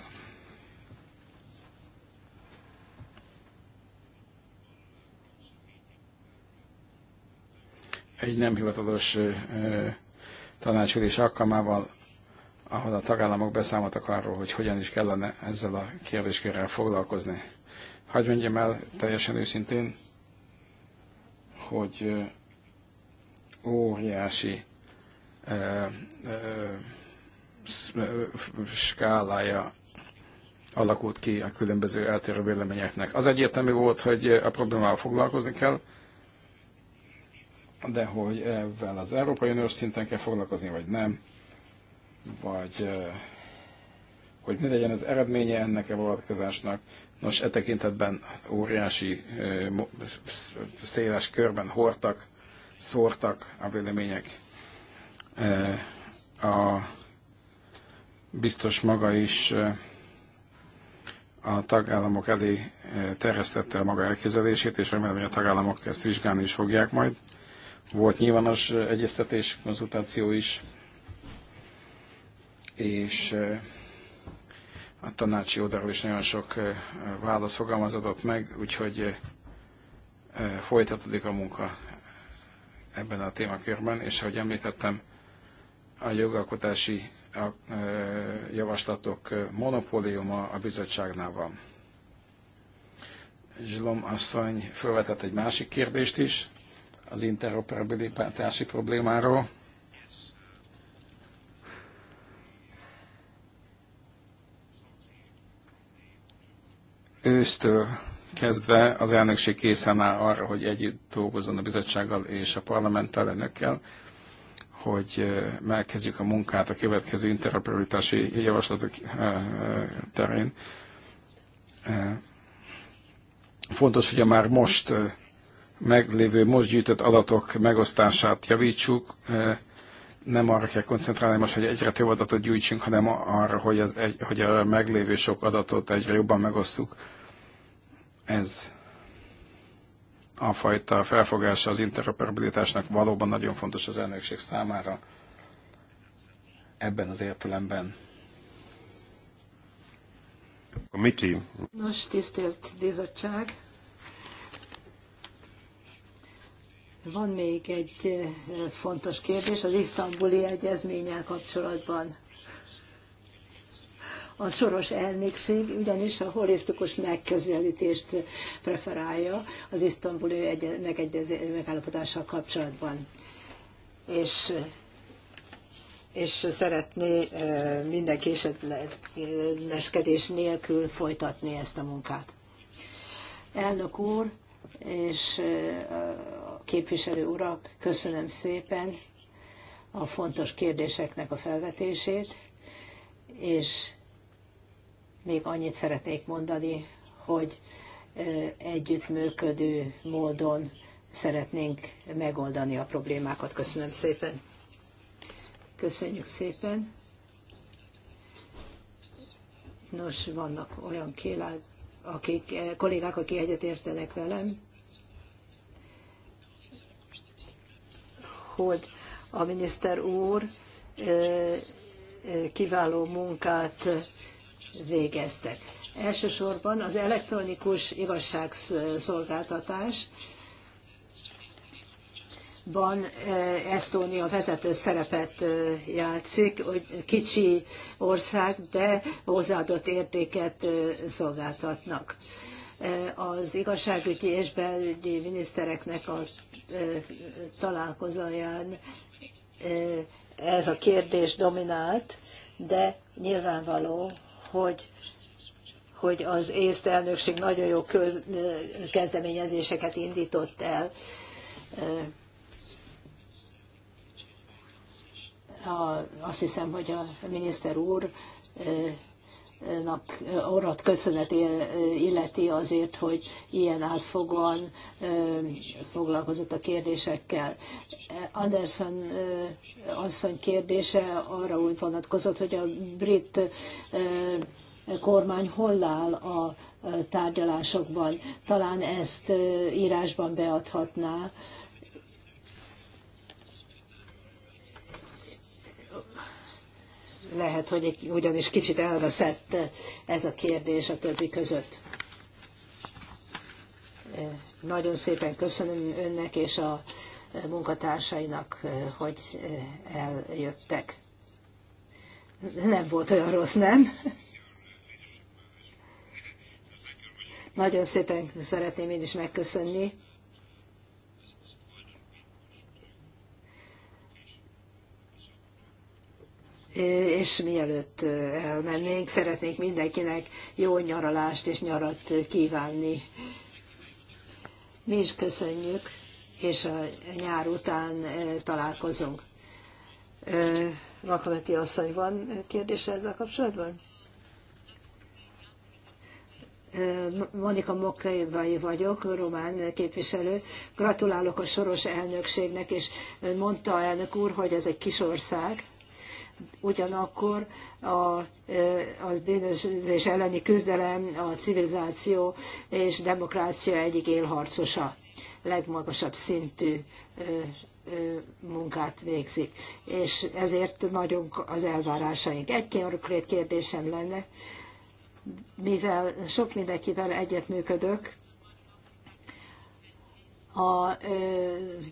egy nem hivatalos tanácsülés alkalmával, ahol a tagállamok beszámoltak arról, hogy hogyan is kellene ezzel a kérdéskörrel foglalkozni. Hagy mondjam el teljesen őszintén, hogy óriási skálája alakult ki a különböző eltérő véleményeknek. Az egyértelmű volt, hogy a problémával foglalkozni kell, de hogy ebben az Európai Uniós szinten kell foglalkozni, vagy nem, vagy eh, hogy mi legyen az eredménye ennek a vonatkozásnak. Nos, e tekintetben óriási, eh, széles körben hordtak, szórtak a vélemények. Eh, a biztos maga is a tagállamok elé terjesztette a maga elképzelését, és remélem, hogy a tagállamok ezt vizsgálni is fogják majd. Volt nyilvános egyeztetés, konzultáció is, és a tanácsi oldalról is nagyon sok válasz fogalmazódott meg, úgyhogy folytatódik a munka ebben a témakörben, és ahogy említettem, a jogalkotási javaslatok monopóliuma a bizottságnál van. Zsilom asszony felvetett egy másik kérdést is, az interoperabilitási problémáról. Ősztől kezdve az elnökség készen áll arra, hogy együtt dolgozzon a bizottsággal és a parlamenttel önökkel, hogy megkezdjük a munkát a következő interoperabilitási javaslatok terén. Fontos, hogy a már most meglévő most gyűjtött adatok megosztását javítsuk. Nem arra kell koncentrálni most, hogy egyre több adatot gyűjtsünk, hanem arra, hogy, az egy, hogy a meglévő sok adatot egyre jobban megosztjuk. Ez a fajta felfogása az interoperabilitásnak valóban nagyon fontos az elnökség számára ebben az értelemben. Nos, tisztelt bizottság! Van még egy eh, fontos kérdés az isztambuli egyezménnyel kapcsolatban. A soros elnökség ugyanis a holisztikus megközelítést preferálja az isztambuli egy- megállapodással kapcsolatban. És és szeretné eh, minden késedleskedés nélkül folytatni ezt a munkát. Elnök úr, és eh, képviselő urak, köszönöm szépen a fontos kérdéseknek a felvetését, és még annyit szeretnék mondani, hogy együttműködő módon szeretnénk megoldani a problémákat. Köszönöm szépen. Köszönjük szépen. Nos, vannak olyan kélák, akik, eh, kollégák, akik egyetértenek velem, hogy a miniszter úr kiváló munkát végeztek. Elsősorban az elektronikus igazságszolgáltatás ban Esztónia vezető szerepet játszik, hogy kicsi ország, de hozzáadott értéket szolgáltatnak. Az igazságügyi és belügyi minisztereknek a találkozóján ez a kérdés dominált, de nyilvánvaló, hogy hogy az észt elnökség nagyon jó kezdeményezéseket indított el a, azt hiszem, hogy a miniszter úr orrat köszönet illeti azért, hogy ilyen átfogóan foglalkozott a kérdésekkel. Anderson asszony kérdése arra úgy vonatkozott, hogy a brit kormány hol áll a tárgyalásokban. Talán ezt írásban beadhatná lehet, hogy egy, ugyanis kicsit elveszett ez a kérdés a többi között. Nagyon szépen köszönöm önnek és a munkatársainak, hogy eljöttek. Nem volt olyan rossz, nem? Nagyon szépen szeretném én is megköszönni és mielőtt elmennénk, szeretnék mindenkinek jó nyaralást és nyarat kívánni. Mi is köszönjük, és a nyár után találkozunk. Vakameti asszony, van kérdése ezzel kapcsolatban? Monika Mokkevai vagyok, román képviselő. Gratulálok a soros elnökségnek, és mondta a elnök úr, hogy ez egy kis ország, ugyanakkor a, e, a bűnözés elleni küzdelem a civilizáció és demokrácia egyik élharcosa, legmagasabb szintű e, e, munkát végzik. És ezért nagyunk az elvárásaink. Egy konkrét kérdésem lenne, mivel sok mindenkivel egyetműködök, a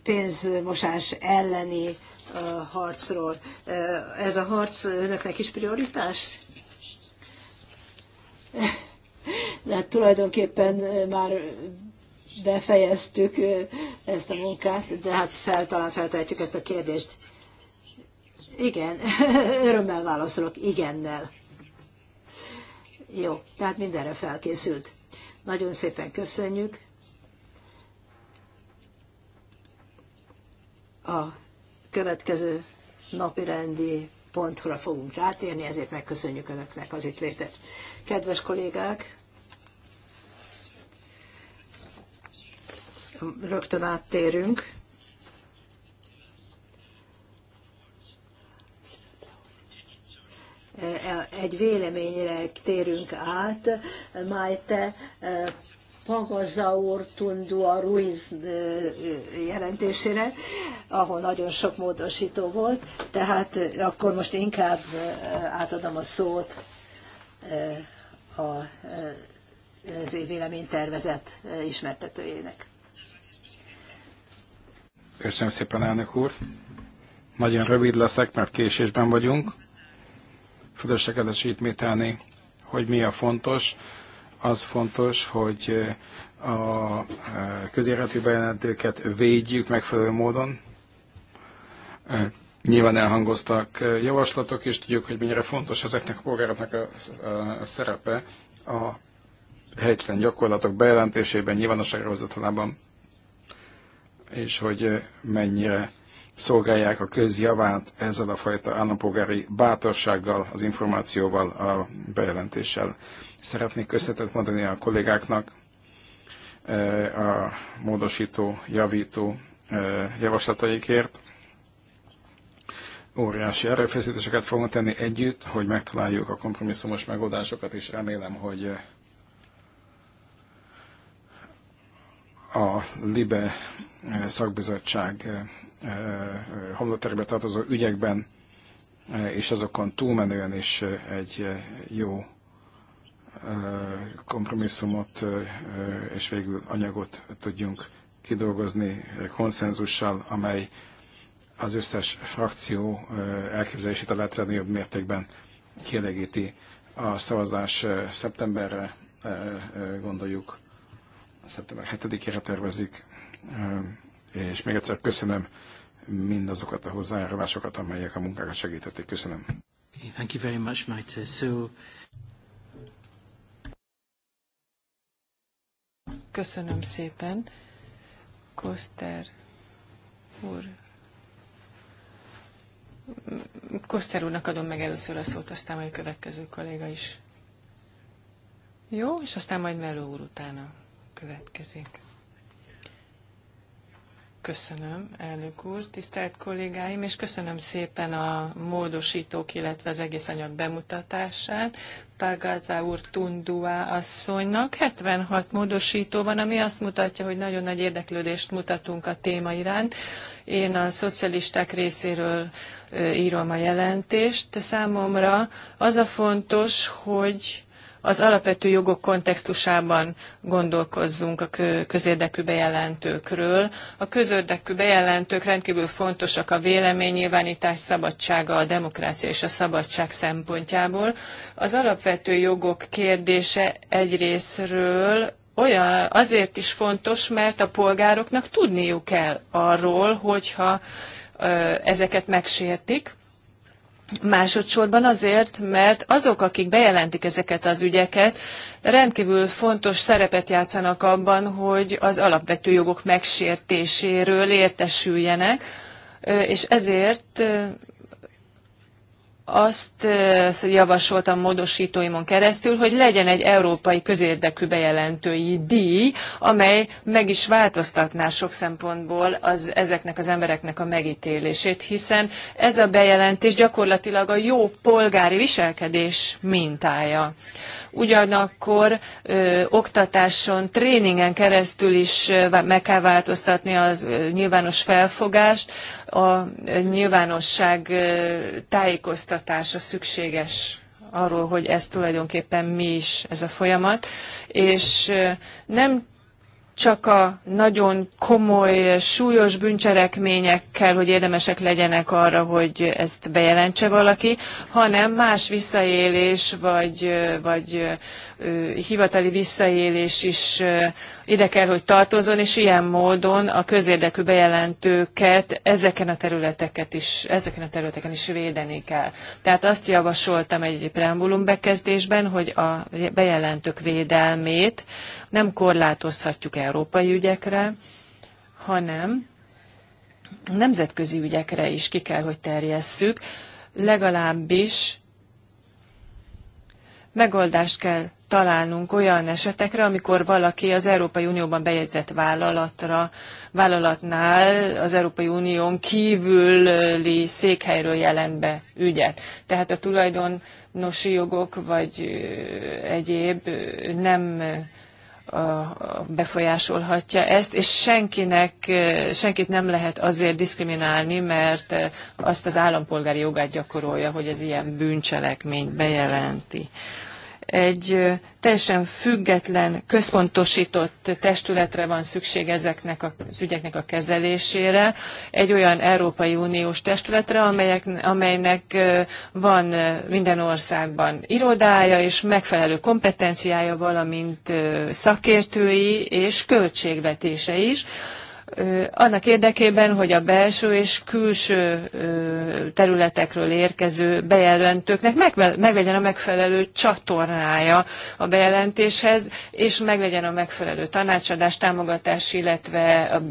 pénzmosás elleni harcról. Ez a harc önöknek is prioritás? De hát tulajdonképpen már befejeztük ezt a munkát, de hát fel, talán feltehetjük ezt a kérdést. Igen, örömmel válaszolok, igennel. Jó, tehát mindenre felkészült. Nagyon szépen köszönjük. A következő napi rendi pontra fogunk rátérni, ezért megköszönjük Önöknek az itt létet. Kedves kollégák, rögtön áttérünk. E, egy véleményre térünk át, Májte e, Pagaza úr a Ruiz jelentésére, ahol nagyon sok módosító volt, tehát akkor most inkább átadom a szót a, az véleménytervezet ismertetőjének. Köszönöm szépen, elnök úr. Nagyon rövid leszek, mert késésben vagyunk. Fölösleges ismételni, hogy mi a fontos az fontos, hogy a közérdekű bejelentőket védjük megfelelő módon. Nyilván elhangoztak javaslatok, és tudjuk, hogy mennyire fontos ezeknek a polgároknak a, a szerepe a helytelen gyakorlatok bejelentésében, nyilvánosságra hozatalában, és hogy mennyire szolgálják a közjavát ezzel a fajta állampolgári bátorsággal, az információval, a bejelentéssel. Szeretnék összetett mondani a kollégáknak a módosító, javító javaslataikért. Óriási erőfeszítéseket fogunk tenni együtt, hogy megtaláljuk a kompromisszumos megoldásokat, és remélem, hogy a LIBE szakbizottság homlokterbe tartozó ügyekben és azokon túlmenően is egy jó kompromisszumot és végül anyagot tudjunk kidolgozni konszenzussal, amely az összes frakció elképzelését a lehető legnagyobb mértékben kielégíti a szavazás szeptemberre, gondoljuk, szeptember 7-ére tervezik, és még egyszer köszönöm mindazokat a hozzájárulásokat, amelyek a munkákat segítették. Köszönöm. Okay, thank you very much, Maite. So... Köszönöm szépen. Koszter úr. Koszter úrnak adom meg először a szót, aztán majd a következő kolléga is. Jó, és aztán majd Melló úr utána következik. Köszönöm, elnök úr, tisztelt kollégáim, és köszönöm szépen a módosítók, illetve az egész anyag bemutatását. Pagazá úr Tundua asszonynak 76 módosító van, ami azt mutatja, hogy nagyon nagy érdeklődést mutatunk a téma iránt. Én a szocialisták részéről írom a jelentést. Számomra az a fontos, hogy az alapvető jogok kontextusában gondolkozzunk a közérdekű bejelentőkről. A közérdekű bejelentők rendkívül fontosak a véleménynyilvánítás szabadsága, a demokrácia és a szabadság szempontjából. Az alapvető jogok kérdése egyrésztről olyan azért is fontos, mert a polgároknak tudniuk kell arról, hogyha ezeket megsértik, Másodszorban azért, mert azok, akik bejelentik ezeket az ügyeket, rendkívül fontos szerepet játszanak abban, hogy az alapvető jogok megsértéséről értesüljenek, és ezért azt javasoltam módosítóimon keresztül, hogy legyen egy európai közérdekű bejelentői díj, amely meg is változtatná sok szempontból az, ezeknek az embereknek a megítélését, hiszen ez a bejelentés gyakorlatilag a jó polgári viselkedés mintája. Ugyanakkor ö, oktatáson, tréningen keresztül is meg kell változtatni a nyilvános felfogást, a nyilvánosság tájékoztatása szükséges arról, hogy ez tulajdonképpen mi is ez a folyamat, és nem csak a nagyon komoly, súlyos bűncselekményekkel, hogy érdemesek legyenek arra, hogy ezt bejelentse valaki, hanem más visszaélés vagy, vagy hivatali visszaélés is ide kell, hogy tartozon, és ilyen módon a közérdekű bejelentőket ezeken a területeket is, ezeken a területeken is védeni kell. Tehát azt javasoltam egy preambulum bekezdésben, hogy a bejelentők védelmét nem korlátozhatjuk európai ügyekre, hanem nemzetközi ügyekre is ki kell, hogy terjesszük, legalábbis megoldást kell találnunk olyan esetekre, amikor valaki az Európai Unióban bejegyzett vállalatra, vállalatnál az Európai Unión kívüli székhelyről jelent be ügyet. Tehát a tulajdonosi jogok vagy egyéb nem befolyásolhatja ezt, és senkinek, senkit nem lehet azért diszkriminálni, mert azt az állampolgári jogát gyakorolja, hogy ez ilyen bűncselekményt bejelenti egy teljesen független, központosított testületre van szükség ezeknek az ügyeknek a kezelésére, egy olyan Európai Uniós testületre, amelyek, amelynek van minden országban irodája és megfelelő kompetenciája, valamint szakértői és költségvetése is, annak érdekében, hogy a belső és külső területekről érkező bejelentőknek meglegyen a megfelelő csatornája a bejelentéshez, és meglegyen a megfelelő tanácsadás, támogatás, illetve a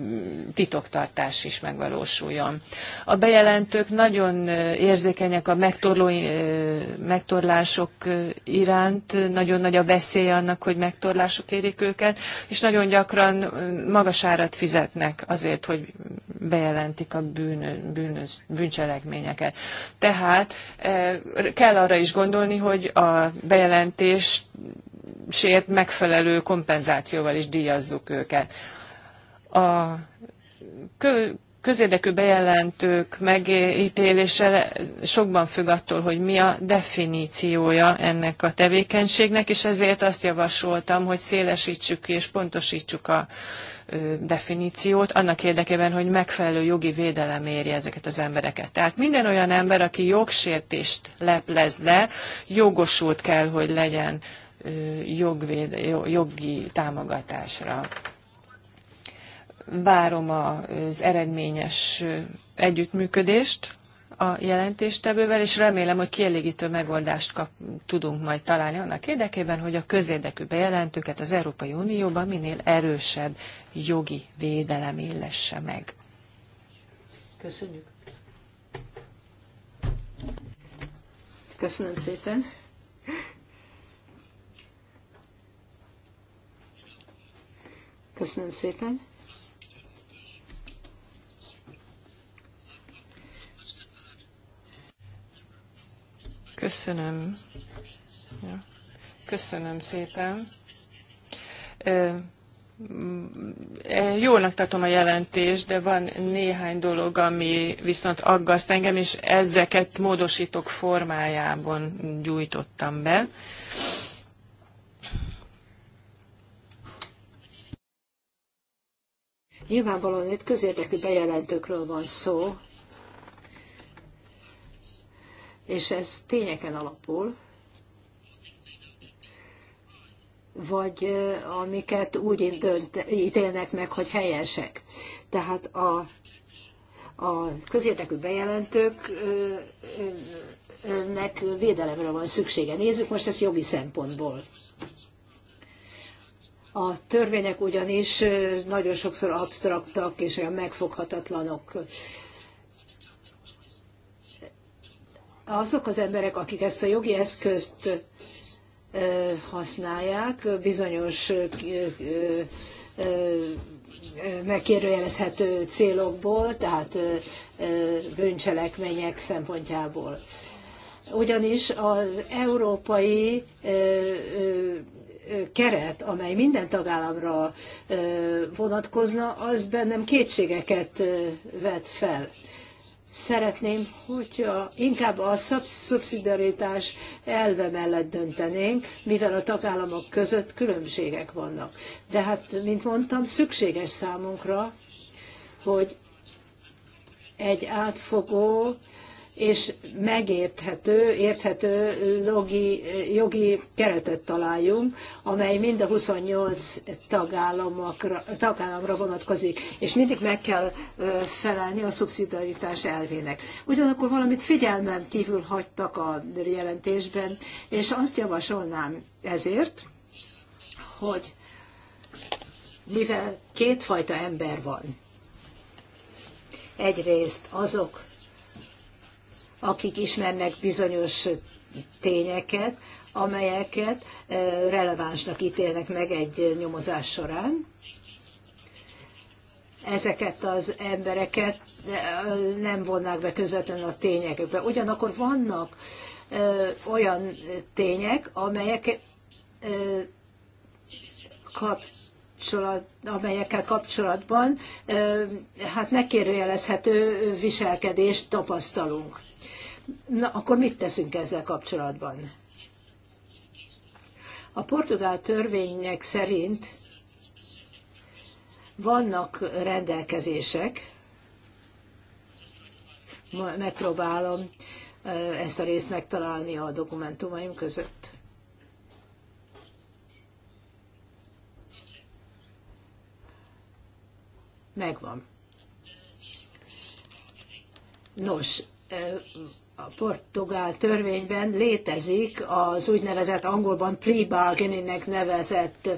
titoktartás is megvalósuljon. A bejelentők nagyon érzékenyek a megtorló, megtorlások iránt, nagyon nagy a veszély annak, hogy megtorlások érik őket, és nagyon gyakran magas árat fizetnek bűnnek azért, hogy bejelentik a bűn, bűnöz, bűncselekményeket. Tehát e, kell arra is gondolni, hogy a bejelentésért megfelelő kompenzációval is díjazzuk őket. A közérdekű bejelentők megítélése sokban függ attól, hogy mi a definíciója ennek a tevékenységnek, és ezért azt javasoltam, hogy szélesítsük és pontosítsuk a definíciót, annak érdekében, hogy megfelelő jogi védelem érje ezeket az embereket. Tehát minden olyan ember, aki jogsértést leplez le, jogosult kell, hogy legyen jogvéd, jogi támogatásra. Várom az eredményes együttműködést a jelentéstevővel, és remélem, hogy kielégítő megoldást kap, tudunk majd találni annak érdekében, hogy a közérdekű bejelentőket az Európai Unióban minél erősebb jogi védelem illesse meg. Köszönjük. Köszönöm szépen. Köszönöm szépen. Köszönöm. Köszönöm szépen. Jólnak tartom a jelentést, de van néhány dolog, ami viszont aggaszt engem, és ezeket módosítok formájában gyújtottam be. Nyilvánvalóan itt közérdekű bejelentőkről van szó, és ez tényeken alapul, vagy amiket úgy dönt, ítélnek meg, hogy helyesek. Tehát a, a közérdekű bejelentőknek védelemre van szüksége. Nézzük most ezt jogi szempontból. A törvények ugyanis nagyon sokszor absztraktak és olyan megfoghatatlanok. azok az emberek, akik ezt a jogi eszközt használják, bizonyos megkérdőjelezhető célokból, tehát bűncselekmények szempontjából. Ugyanis az európai keret, amely minden tagállamra vonatkozna, az bennem kétségeket vet fel szeretném, hogyha inkább a szubszidiaritás elve mellett döntenénk, mivel a tagállamok között különbségek vannak. De hát, mint mondtam, szükséges számunkra, hogy egy átfogó és megérthető, érthető logi, jogi keretet találjunk, amely mind a 28 tagállamokra, tagállamra vonatkozik, és mindig meg kell felelni a szubszidaritás elvének. Ugyanakkor valamit figyelmen kívül hagytak a jelentésben, és azt javasolnám ezért, hogy mivel kétfajta ember van, egyrészt azok, akik ismernek bizonyos tényeket, amelyeket relevánsnak ítélnek meg egy nyomozás során. Ezeket az embereket nem vonnák be közvetlenül a tényekbe. Ugyanakkor vannak olyan tények, amelyek kapcsolat, amelyekkel kapcsolatban hát megkérdőjelezhető viselkedést tapasztalunk. Na, akkor mit teszünk ezzel kapcsolatban? A portugál törvénynek szerint vannak rendelkezések, megpróbálom ezt a részt megtalálni a dokumentumaim között. Megvan. Nos, a portugál törvényben létezik az úgynevezett angolban plea bargainingnek nevezett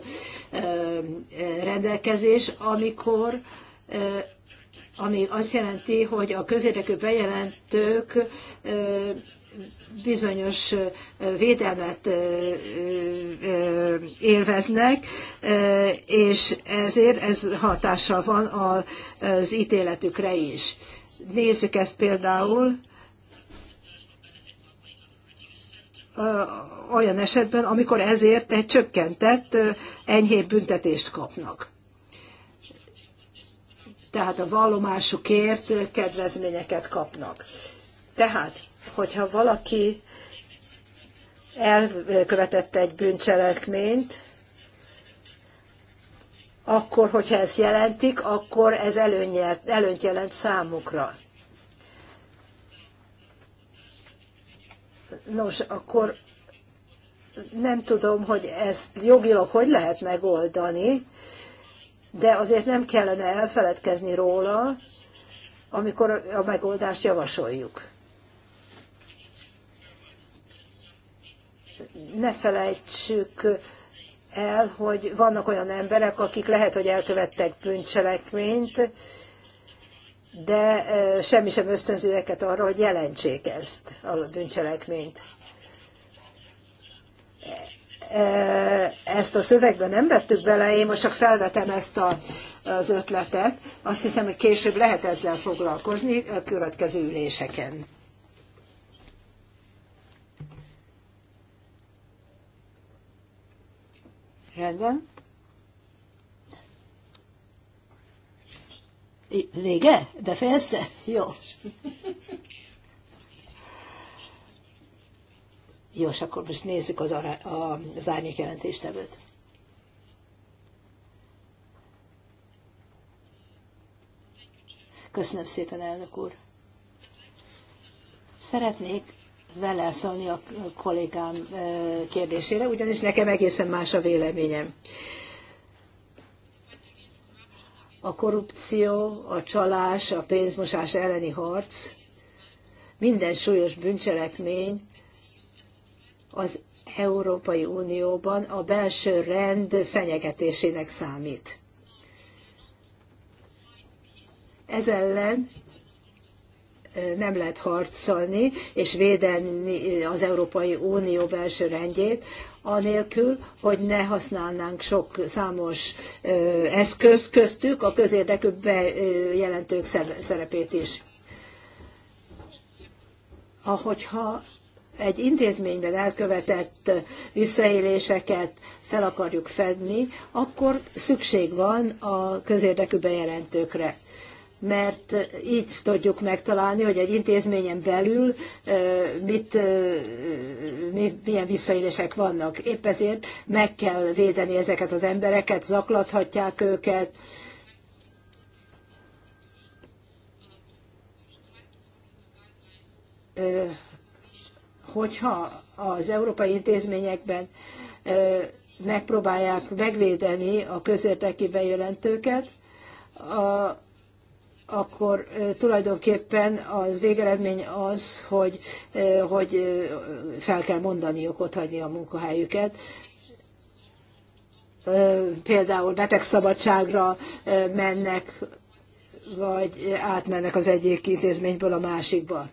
rendelkezés, amikor ami azt jelenti, hogy a közérdekű bejelentők bizonyos védelmet élveznek, és ezért ez hatással van az ítéletükre is. Nézzük ezt például olyan esetben, amikor ezért egy csökkentett, enyhébb büntetést kapnak. Tehát a vallomásukért kedvezményeket kapnak. Tehát, hogyha valaki elkövetett egy bűncselekményt, akkor, hogyha ezt jelentik, akkor ez előnyelt, előnyt jelent számukra. Nos, akkor nem tudom, hogy ezt jogilag hogy lehet megoldani, de azért nem kellene elfeledkezni róla, amikor a megoldást javasoljuk. Ne felejtsük el, hogy vannak olyan emberek, akik lehet, hogy elkövettek bűncselekményt, de semmi sem ösztönző őket arra, hogy jelentsék ezt a bűncselekményt. Ezt a szövegben nem vettük bele, én most csak felvetem ezt a, az ötletet. Azt hiszem, hogy később lehet ezzel foglalkozni a következő üléseken. Rendben. Vége? Befejezte? Jó. Jó, és akkor most nézzük az, ará, a, az árnyék jelentéstevőt. Köszönöm szépen, elnök úr. Szeretnék vele szólni a kollégám kérdésére, ugyanis nekem egészen más a véleményem a korrupció, a csalás, a pénzmosás elleni harc, minden súlyos bűncselekmény az Európai Unióban a belső rend fenyegetésének számít. Ez ellen nem lehet harcolni és védeni az Európai Unió belső rendjét, anélkül, hogy ne használnánk sok számos eszközt köztük, a közérdekű bejelentők szerepét is. Ahogyha egy intézményben elkövetett visszaéléseket fel akarjuk fedni, akkor szükség van a közérdekű bejelentőkre mert így tudjuk megtalálni, hogy egy intézményen belül mit, milyen visszaélések vannak. Épp ezért meg kell védeni ezeket az embereket, zaklathatják őket, hogyha az európai intézményekben megpróbálják megvédeni a közérdekű bejelentőket, akkor tulajdonképpen az végeredmény az, hogy, hogy fel kell mondaniuk, ott hagyni a munkahelyüket, például betegszabadságra mennek, vagy átmennek az egyik intézményből a másikba.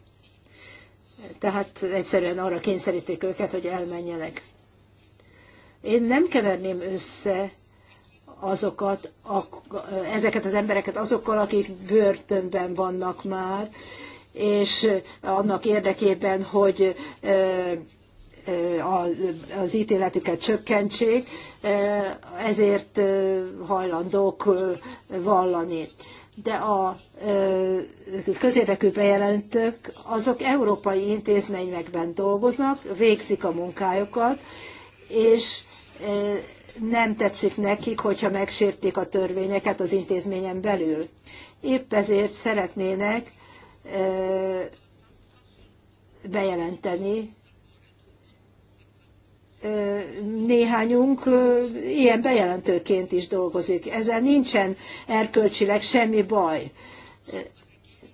Tehát egyszerűen arra kényszerítik őket, hogy elmenjenek. Én nem keverném össze azokat, a, ezeket az embereket azokkal, akik börtönben vannak már, és annak érdekében, hogy az ítéletüket csökkentsék, ezért hajlandók vallani. De a közérdekű bejelentők, azok európai intézményekben dolgoznak, végzik a munkájukat, és nem tetszik nekik, hogyha megsértik a törvényeket az intézményen belül. Épp ezért szeretnének bejelenteni néhányunk ilyen bejelentőként is dolgozik. Ezzel nincsen erkölcsileg semmi baj.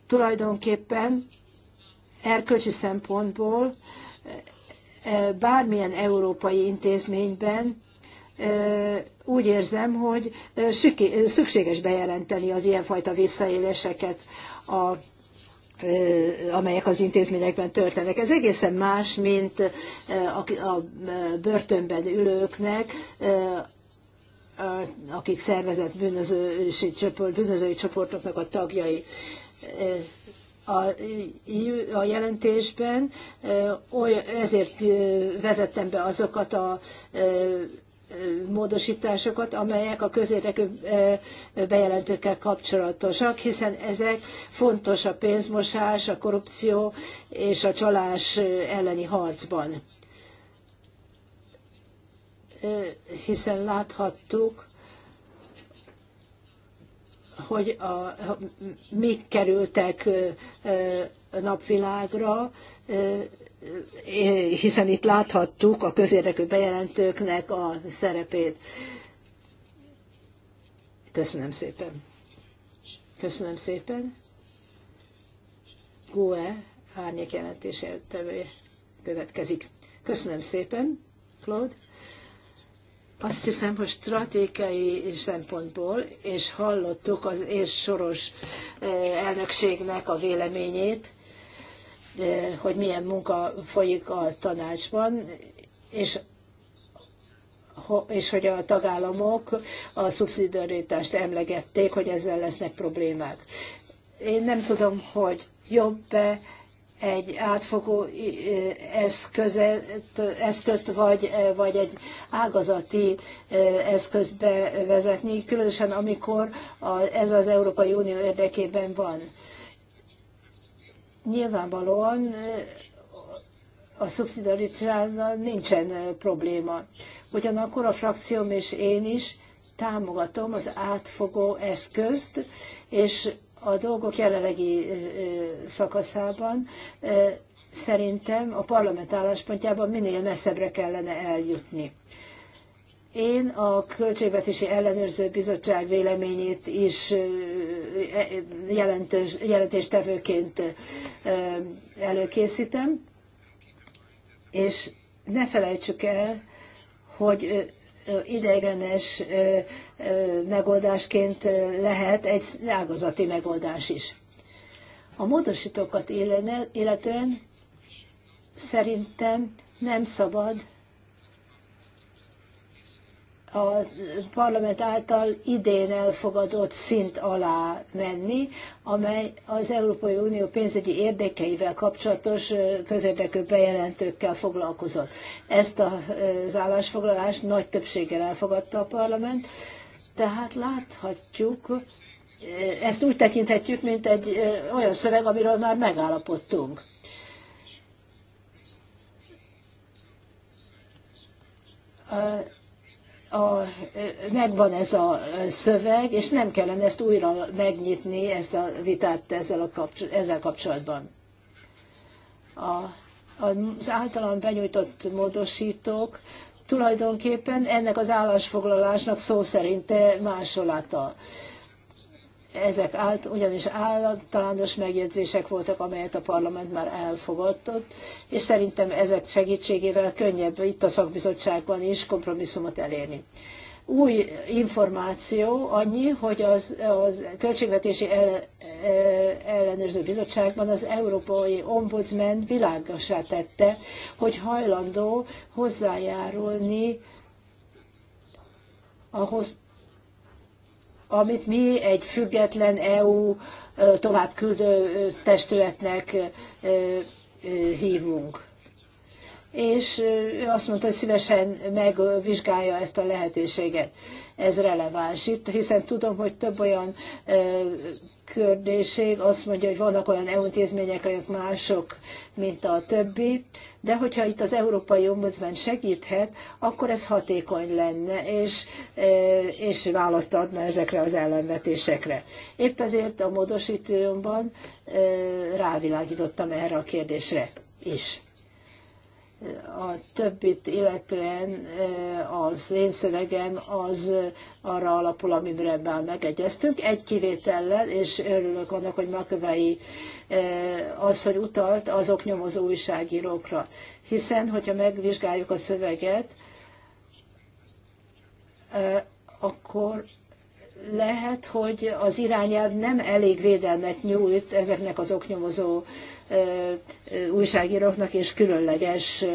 Tulajdonképpen erkölcsi szempontból bármilyen európai intézményben úgy érzem, hogy szükséges bejelenteni az ilyenfajta visszaéléseket a amelyek az intézményekben történnek. Ez egészen más, mint a börtönben ülőknek, akik szervezett bűnözői csoportoknak a tagjai a, a jelentésben, ezért vezettem be azokat a módosításokat, amelyek a közérdekű bejelentőkkel kapcsolatosak, hiszen ezek fontos a pénzmosás, a korrupció és a csalás elleni harcban. Hiszen láthattuk, hogy a, mik kerültek napvilágra, hiszen itt láthattuk a közérdekű bejelentőknek a szerepét. Köszönöm szépen. Köszönöm szépen. Gue árnyék jelentése tevője következik. Köszönöm szépen, Claude. Azt hiszem, hogy stratégiai szempontból, és hallottuk az és soros eh, elnökségnek a véleményét, hogy milyen munka folyik a tanácsban, és és hogy a tagállamok a szubszidiaritást emlegették, hogy ezzel lesznek problémák. Én nem tudom, hogy jobb-e egy átfogó eszközet, eszközt, vagy, vagy egy ágazati eszközt bevezetni, különösen amikor ez az Európai Unió érdekében van nyilvánvalóan a szubszidiaritással nincsen probléma. Ugyanakkor a frakcióm és én is támogatom az átfogó eszközt, és a dolgok jelenlegi szakaszában szerintem a parlament álláspontjában minél messzebbre kellene eljutni. Én a Költségvetési Ellenőrző Bizottság véleményét is e, jelentős, jelentéstevőként előkészítem, és ne felejtsük el, hogy ideiglenes megoldásként lehet egy ágazati megoldás is. A módosítókat illetően szerintem nem szabad a parlament által idén elfogadott szint alá menni, amely az Európai Unió pénzügyi érdekeivel kapcsolatos közérdekű bejelentőkkel foglalkozott. Ezt az állásfoglalást nagy többséggel elfogadta a parlament, tehát láthatjuk, ezt úgy tekinthetjük, mint egy olyan szöveg, amiről már megállapodtunk. A a, megvan ez a szöveg, és nem kellene ezt újra megnyitni, ezt a vitát ezzel, a kapcs, ezzel kapcsolatban. A, az általam benyújtott módosítók tulajdonképpen ennek az állásfoglalásnak szó szerinte másolata. Ezek állt, ugyanis általános megjegyzések voltak, amelyet a parlament már elfogadott, és szerintem ezek segítségével könnyebb itt a szakbizottságban is kompromisszumot elérni új információ annyi, hogy az, az Költségvetési el, e, Ellenőrző Bizottságban az Európai Ombudsman világosá tette, hogy hajlandó hozzájárulni ahhoz, amit mi egy független EU továbbküldő testületnek hívunk. És ő azt mondta, hogy szívesen megvizsgálja ezt a lehetőséget. Ez releváns itt, hiszen tudom, hogy több olyan kérdéség azt mondja, hogy vannak olyan EU intézmények, amelyek mások, mint a többi, de hogyha itt az Európai Ombudsman segíthet, akkor ez hatékony lenne, és, eh, és választ adna ezekre az ellenvetésekre. Épp ezért a módosítőmban eh, rávilágítottam erre a kérdésre is a többit illetően az én szövegem az arra alapul, amire már megegyeztünk, egy kivétellel, és örülök annak, hogy Makövei az, hogy utalt azok nyomozó újságírókra. Hiszen, hogyha megvizsgáljuk a szöveget, akkor lehet, hogy az irányelv nem elég védelmet nyújt ezeknek az oknyomozó újságíróknak és különleges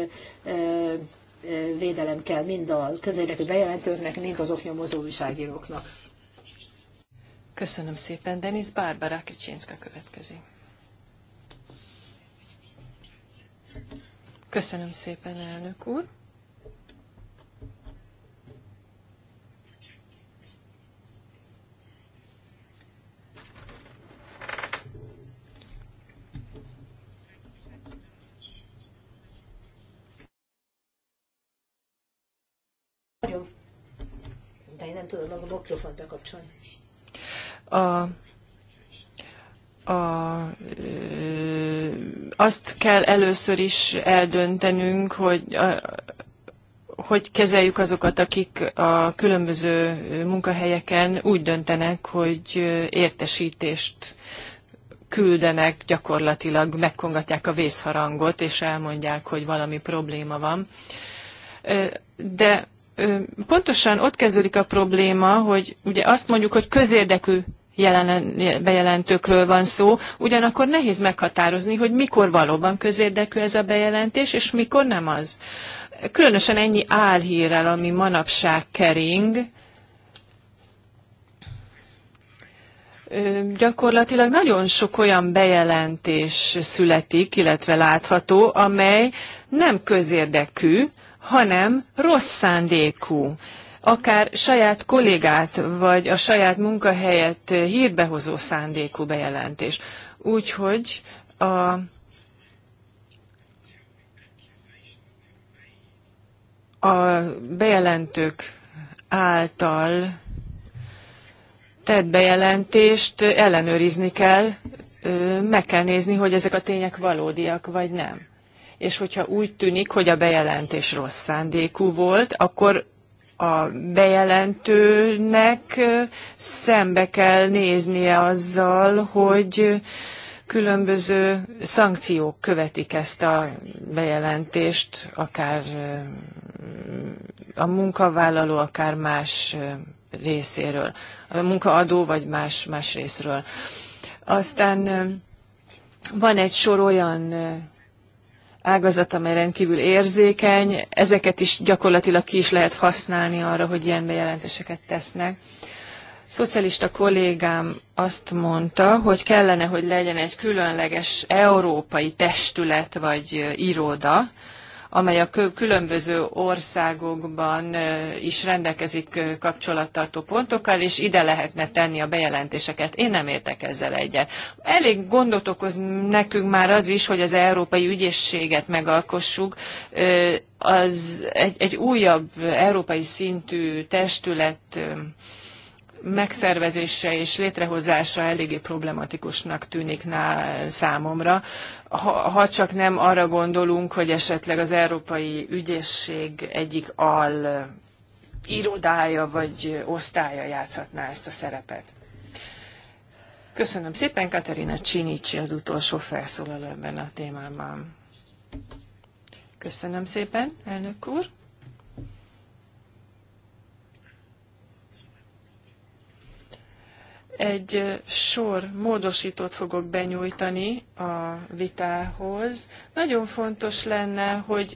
védelem kell mind a közérdekű bejelentőknek, mind az oknyomozó újságíróknak. Köszönöm szépen. Denis Bárbara Kicsinszka következik. Köszönöm szépen, elnök úr. nem tudom a mikrofont bekapcsolni. A a, ö, azt kell először is eldöntenünk, hogy a, hogy kezeljük azokat, akik a különböző munkahelyeken úgy döntenek, hogy értesítést küldenek, gyakorlatilag megkongatják a vészharangot, és elmondják, hogy valami probléma van. De pontosan ott kezdődik a probléma, hogy ugye azt mondjuk, hogy közérdekű jelen, bejelentőkről van szó, ugyanakkor nehéz meghatározni, hogy mikor valóban közérdekű ez a bejelentés, és mikor nem az. Különösen ennyi álhírrel, ami manapság kering, gyakorlatilag nagyon sok olyan bejelentés születik, illetve látható, amely nem közérdekű, hanem rossz szándékú akár saját kollégát, vagy a saját munkahelyet hírbehozó szándékú bejelentés. Úgyhogy a a bejelentők által tett bejelentést ellenőrizni kell, meg kell nézni, hogy ezek a tények valódiak vagy nem és hogyha úgy tűnik, hogy a bejelentés rossz szándékú volt, akkor a bejelentőnek szembe kell néznie azzal, hogy különböző szankciók követik ezt a bejelentést, akár a munkavállaló, akár más részéről, a munkaadó vagy más, más részről. Aztán van egy sor olyan ágazat, amely rendkívül érzékeny, ezeket is gyakorlatilag ki is lehet használni arra, hogy ilyen bejelentéseket tesznek. Szocialista kollégám azt mondta, hogy kellene, hogy legyen egy különleges európai testület vagy iroda, amely a különböző országokban is rendelkezik kapcsolattartó pontokkal, és ide lehetne tenni a bejelentéseket. Én nem értek ezzel egyet. Elég gondot okoz nekünk már az is, hogy az európai ügyészséget megalkossuk, az egy, egy újabb európai szintű testület megszervezése és létrehozása eléggé problematikusnak tűnik ná, számomra. Ha, ha csak nem arra gondolunk, hogy esetleg az Európai Ügyészség egyik al irodája vagy osztálya játszhatná ezt a szerepet. Köszönöm szépen, Katerina Csinicsi az utolsó felszólaló ebben a témában. Köszönöm szépen, elnök úr. Egy sor módosítót fogok benyújtani a vitához. Nagyon fontos lenne, hogy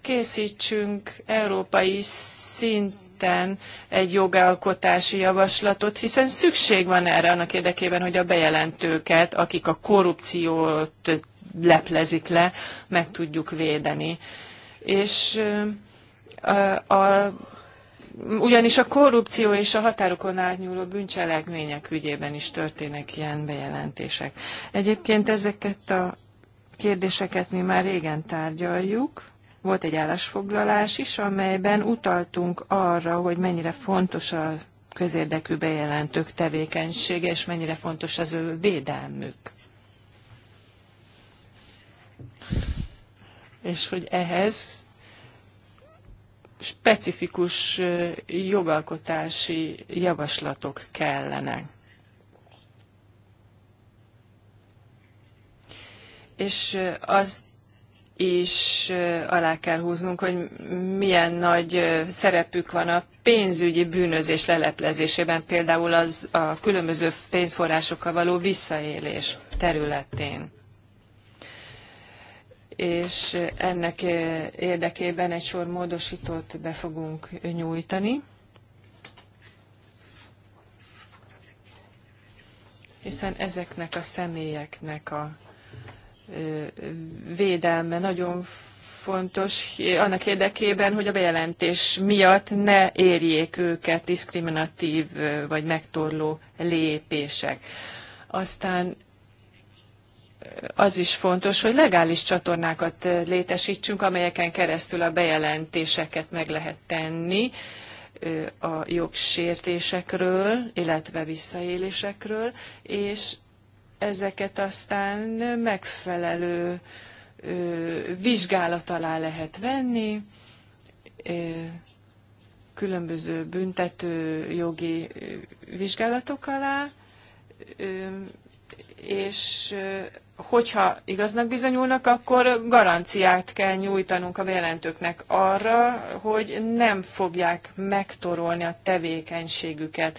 készítsünk európai szinten egy jogalkotási javaslatot, hiszen szükség van erre annak érdekében, hogy a bejelentőket, akik a korrupciót leplezik le, meg tudjuk védeni. És a ugyanis a korrupció és a határokon átnyúló bűncselekmények ügyében is történnek ilyen bejelentések. Egyébként ezeket a kérdéseket mi már régen tárgyaljuk. Volt egy állásfoglalás is, amelyben utaltunk arra, hogy mennyire fontos a közérdekű bejelentők tevékenysége, és mennyire fontos az ő védelmük. És hogy ehhez specifikus jogalkotási javaslatok kellenek. És azt is alá kell húznunk, hogy milyen nagy szerepük van a pénzügyi bűnözés leleplezésében, például az a különböző pénzforrásokkal való visszaélés területén és ennek érdekében egy sor módosítót be fogunk nyújtani. Hiszen ezeknek a személyeknek a védelme nagyon fontos annak érdekében, hogy a bejelentés miatt ne érjék őket diszkriminatív vagy megtorló lépések. Aztán az is fontos, hogy legális csatornákat létesítsünk, amelyeken keresztül a bejelentéseket meg lehet tenni a jogsértésekről, illetve visszaélésekről, és ezeket aztán megfelelő vizsgálat alá lehet venni, különböző büntető jogi vizsgálatok alá, és hogyha igaznak bizonyulnak, akkor garanciát kell nyújtanunk a bejelentőknek arra, hogy nem fogják megtorolni a tevékenységüket.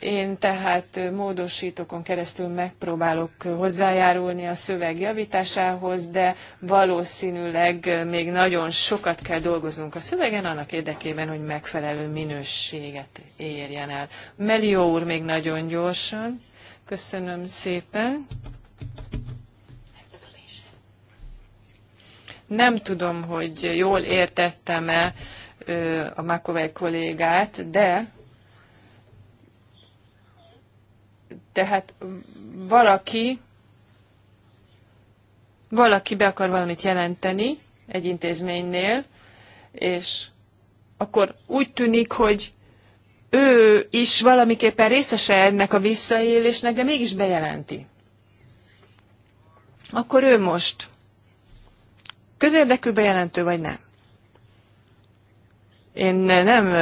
Én tehát módosítókon keresztül megpróbálok hozzájárulni a szöveg javításához, de valószínűleg még nagyon sokat kell dolgoznunk a szövegen, annak érdekében, hogy megfelelő minőséget érjen el. Melió úr még nagyon gyorsan. Köszönöm szépen. Nem tudom, hogy jól értettem-e a Makovej kollégát, de tehát valaki valaki be akar valamit jelenteni egy intézménynél, és akkor úgy tűnik, hogy ő is valamiképpen részese ennek a visszaélésnek, de mégis bejelenti. Akkor ő most közérdekű bejelentő vagy nem? Én nem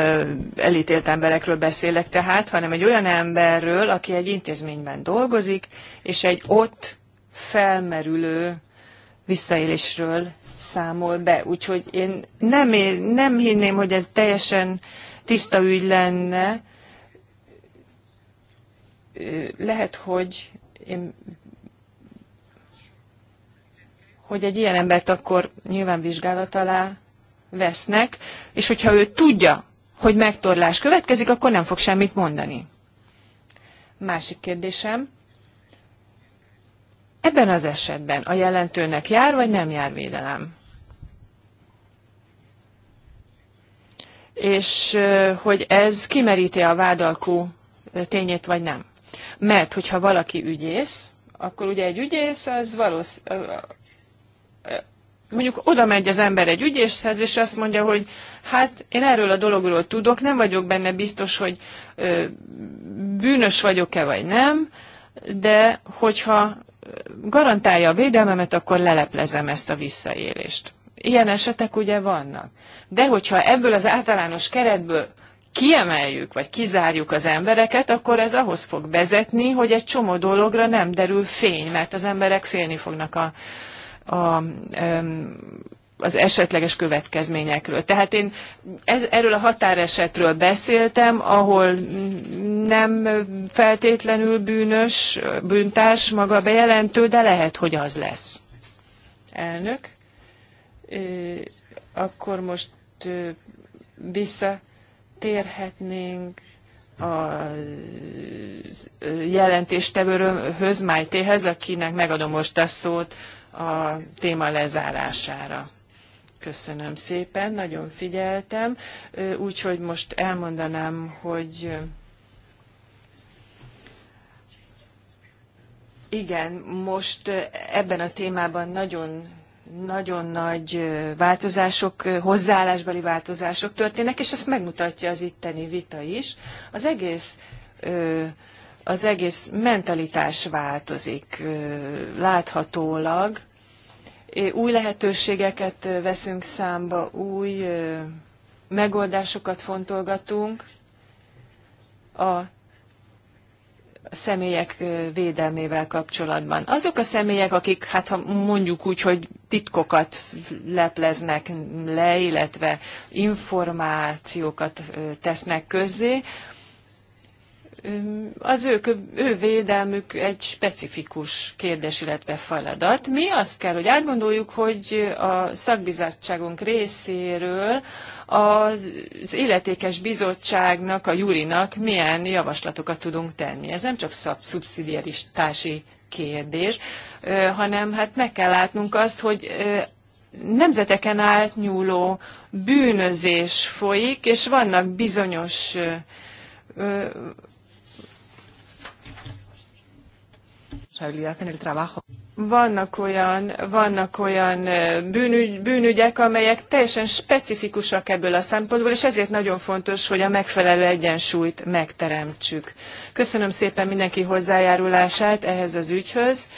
elítélt emberekről beszélek tehát, hanem egy olyan emberről, aki egy intézményben dolgozik, és egy ott felmerülő visszaélésről számol be. Úgyhogy én nem, nem hinném, hogy ez teljesen tiszta ügy lenne. Lehet, hogy én hogy egy ilyen embert akkor nyilván vizsgálat alá vesznek, és hogyha ő tudja, hogy megtorlás következik, akkor nem fog semmit mondani. Másik kérdésem. Ebben az esetben a jelentőnek jár vagy nem jár védelem? és hogy ez kimeríti a vádalkú tényét, vagy nem. Mert hogyha valaki ügyész, akkor ugye egy ügyész az valószínű, mondjuk oda megy az ember egy ügyészhez, és azt mondja, hogy hát én erről a dologról tudok, nem vagyok benne biztos, hogy bűnös vagyok-e vagy nem, de hogyha garantálja a védelmemet, akkor leleplezem ezt a visszaélést ilyen esetek ugye vannak. De hogyha ebből az általános keretből kiemeljük, vagy kizárjuk az embereket, akkor ez ahhoz fog vezetni, hogy egy csomó dologra nem derül fény, mert az emberek félni fognak a, a, az esetleges következményekről. Tehát én ez, erről a határesetről beszéltem, ahol nem feltétlenül bűnös, bűntárs maga bejelentő, de lehet, hogy az lesz. Elnök akkor most visszatérhetnénk a jelentéstevőrömhöz, Májtéhez, akinek megadom most a szót a téma lezárására. Köszönöm szépen, nagyon figyeltem. Úgyhogy most elmondanám, hogy igen, most ebben a témában nagyon nagyon nagy változások, hozzáállásbeli változások történnek, és ezt megmutatja az itteni vita is. Az egész az egész mentalitás változik láthatólag. Új lehetőségeket veszünk számba, új megoldásokat fontolgatunk. A személyek védelmével kapcsolatban. Azok a személyek, akik, hát ha mondjuk úgy, hogy titkokat lepleznek le, illetve információkat tesznek közzé, az ők ő védelmük egy specifikus kérdés, illetve feladat. Mi azt kell, hogy átgondoljuk, hogy a szakbizottságunk részéről az illetékes bizottságnak, a júrinak milyen javaslatokat tudunk tenni. Ez nem csak szubszidiaristási kérdés, hanem hát meg kell látnunk azt, hogy nemzeteken átnyúló bűnözés folyik, és vannak bizonyos responsabilidad en el trabajo vannak olyan, vannak olyan bűnügy, bűnügyek, amelyek teljesen specifikusak ebből a szempontból, és ezért nagyon fontos, hogy a megfelelő egyensúlyt megteremtsük. Köszönöm szépen mindenki hozzájárulását ehhez az ügyhöz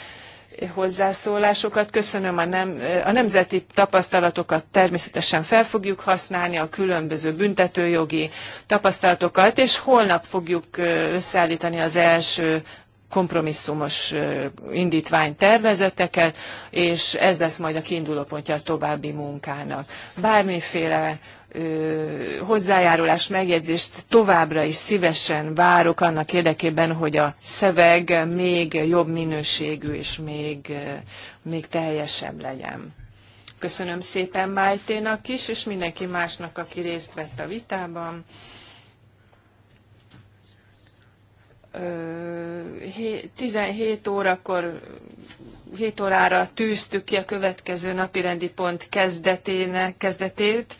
hozzászólásokat, köszönöm a, nem, a nemzeti tapasztalatokat, természetesen fel fogjuk használni a különböző büntetőjogi tapasztalatokat, és holnap fogjuk összeállítani az első kompromisszumos indítvány tervezeteket, és ez lesz majd a kiindulópontja a további munkának. Bármiféle hozzájárulás, megjegyzést továbbra is szívesen várok annak érdekében, hogy a szöveg még jobb minőségű és még, még teljesebb legyen. Köszönöm szépen Májténak is, és mindenki másnak, aki részt vett a vitában. 17 órakor 7 órára tűztük ki a következő napirendi pont kezdetének, kezdetét,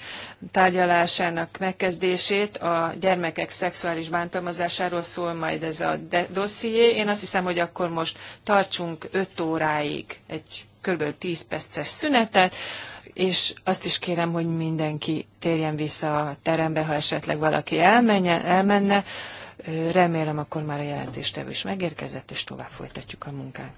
tárgyalásának megkezdését, a gyermekek szexuális bántalmazásáról szól majd ez a dosszié. Én azt hiszem, hogy akkor most tartsunk 5 óráig egy kb. 10 perces szünetet, és azt is kérem, hogy mindenki térjen vissza a terembe, ha esetleg valaki elmenjen, elmenne Remélem, akkor már a jelentéstevő is megérkezett, és tovább folytatjuk a munkát.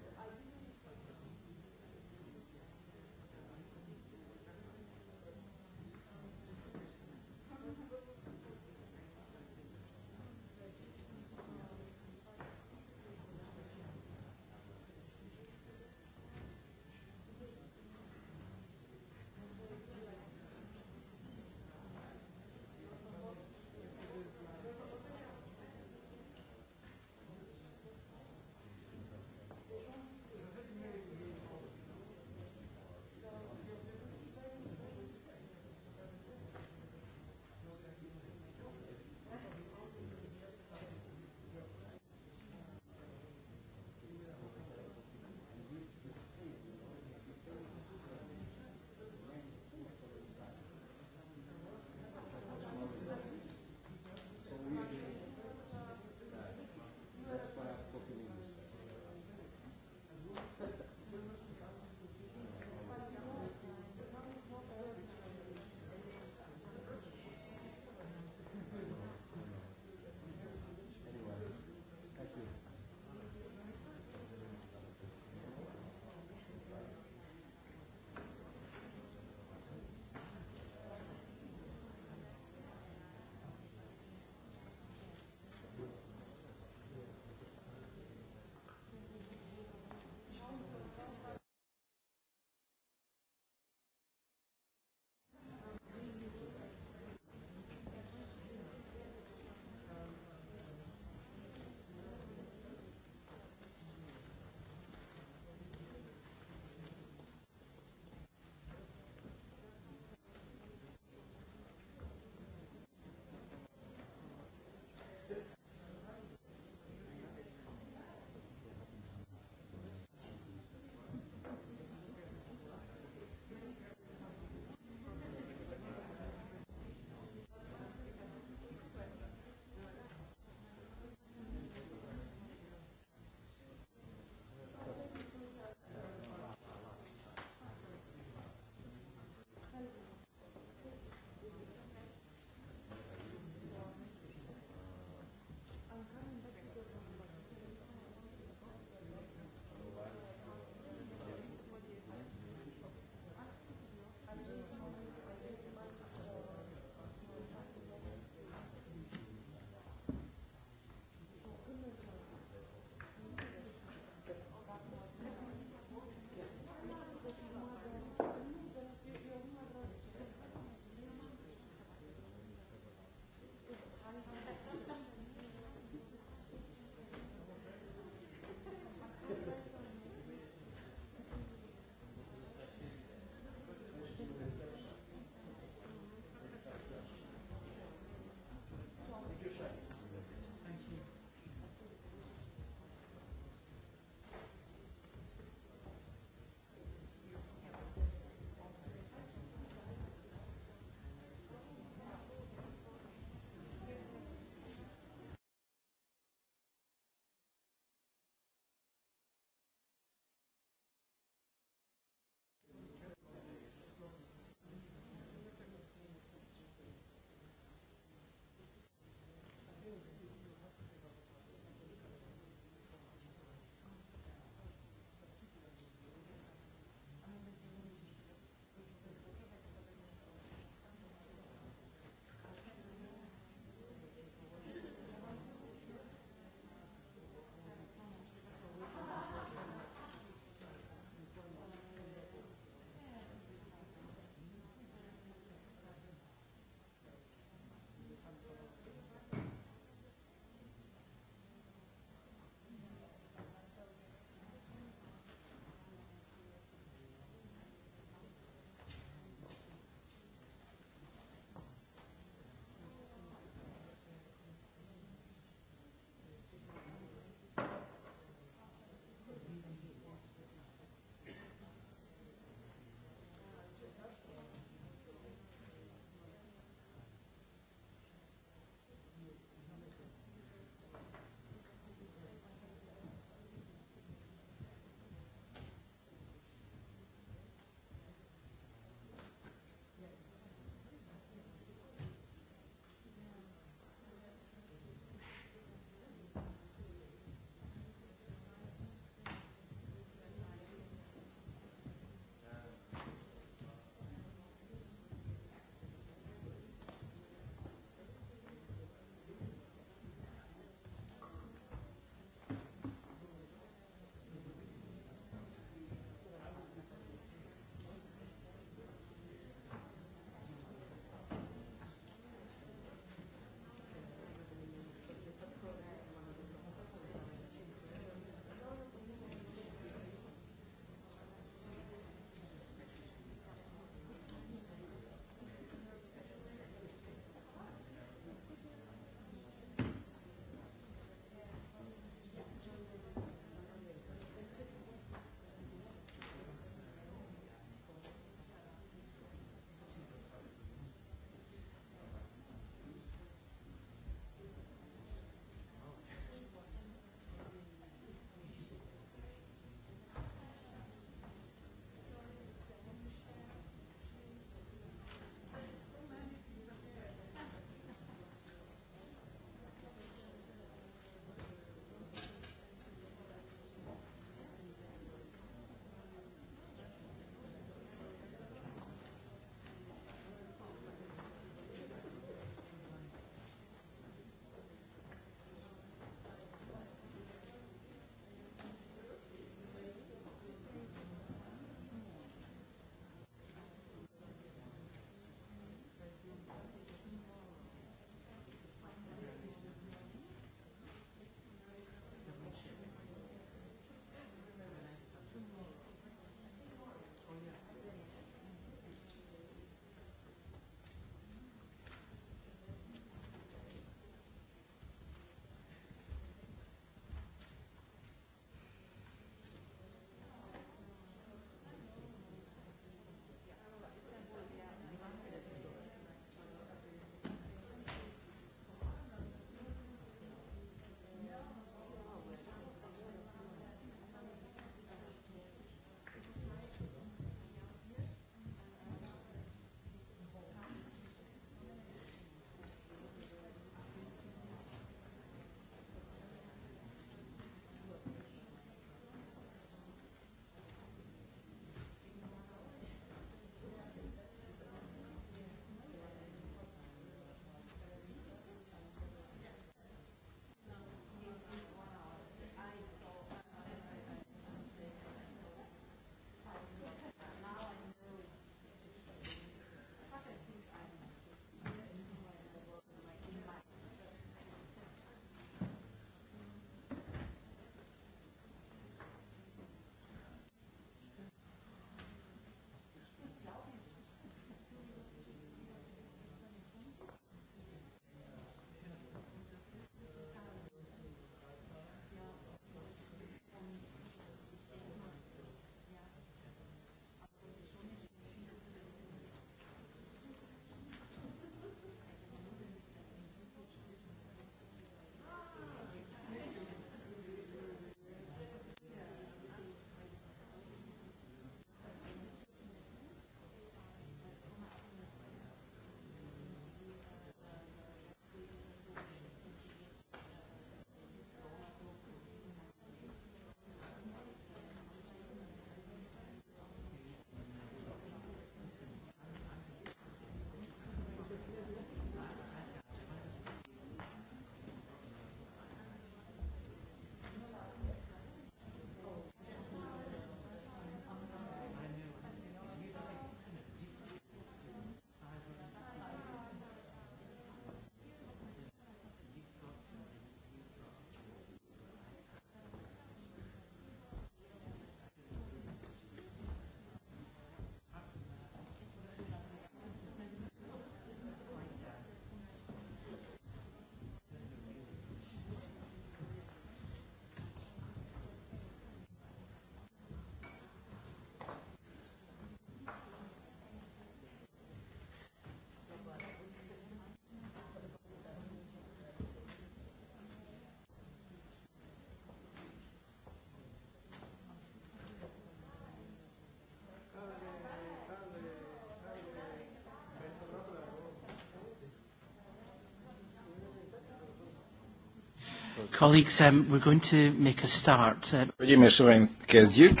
Colleagues, um, we're going to make a start. Uh, Hölgyeim és uraim, kezdjük.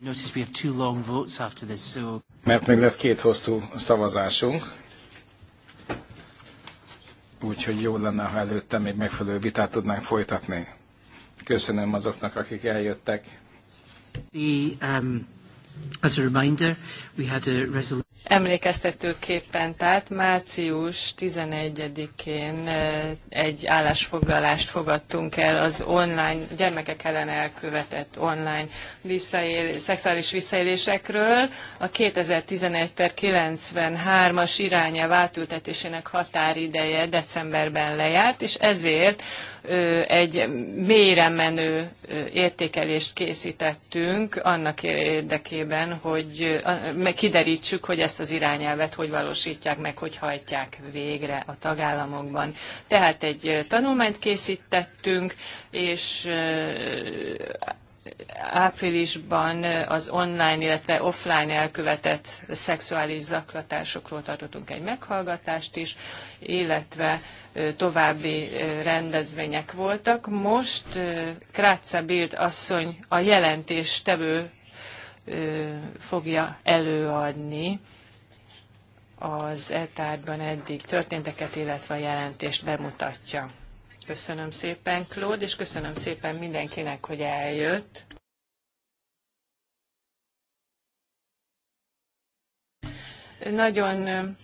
Notice we have two long votes after this, so... Mert még lesz két hosszú szavazásunk. Úgyhogy jó lenne, ha előtte még megfelelő vitát tudnánk folytatni. Köszönöm azoknak, akik eljöttek. The, um, as a reminder, we had a resolution Emlékeztetőképpen tehát március 11-én eh, egy állásfoglalást fogadtunk el az online, gyermekek ellen elkövetett online visszaél, szexuális visszaélésekről. A 2011 per 93-as irányelv átültetésének határideje decemberben lejárt, és ezért egy mélyre menő értékelést készítettünk annak érdekében, hogy kiderítsük, hogy ezt az irányelvet hogy valósítják meg, hogy hajtják végre a tagállamokban. Tehát egy tanulmányt készítettünk, és áprilisban az online, illetve offline elkövetett szexuális zaklatásokról tartottunk egy meghallgatást is, illetve további rendezvények voltak. Most Kráca Bild asszony a jelentéstevő fogja előadni az eltárban eddig történteket, illetve a jelentést bemutatja. Köszönöm szépen, Claude, és köszönöm szépen mindenkinek, hogy eljött. Nagyon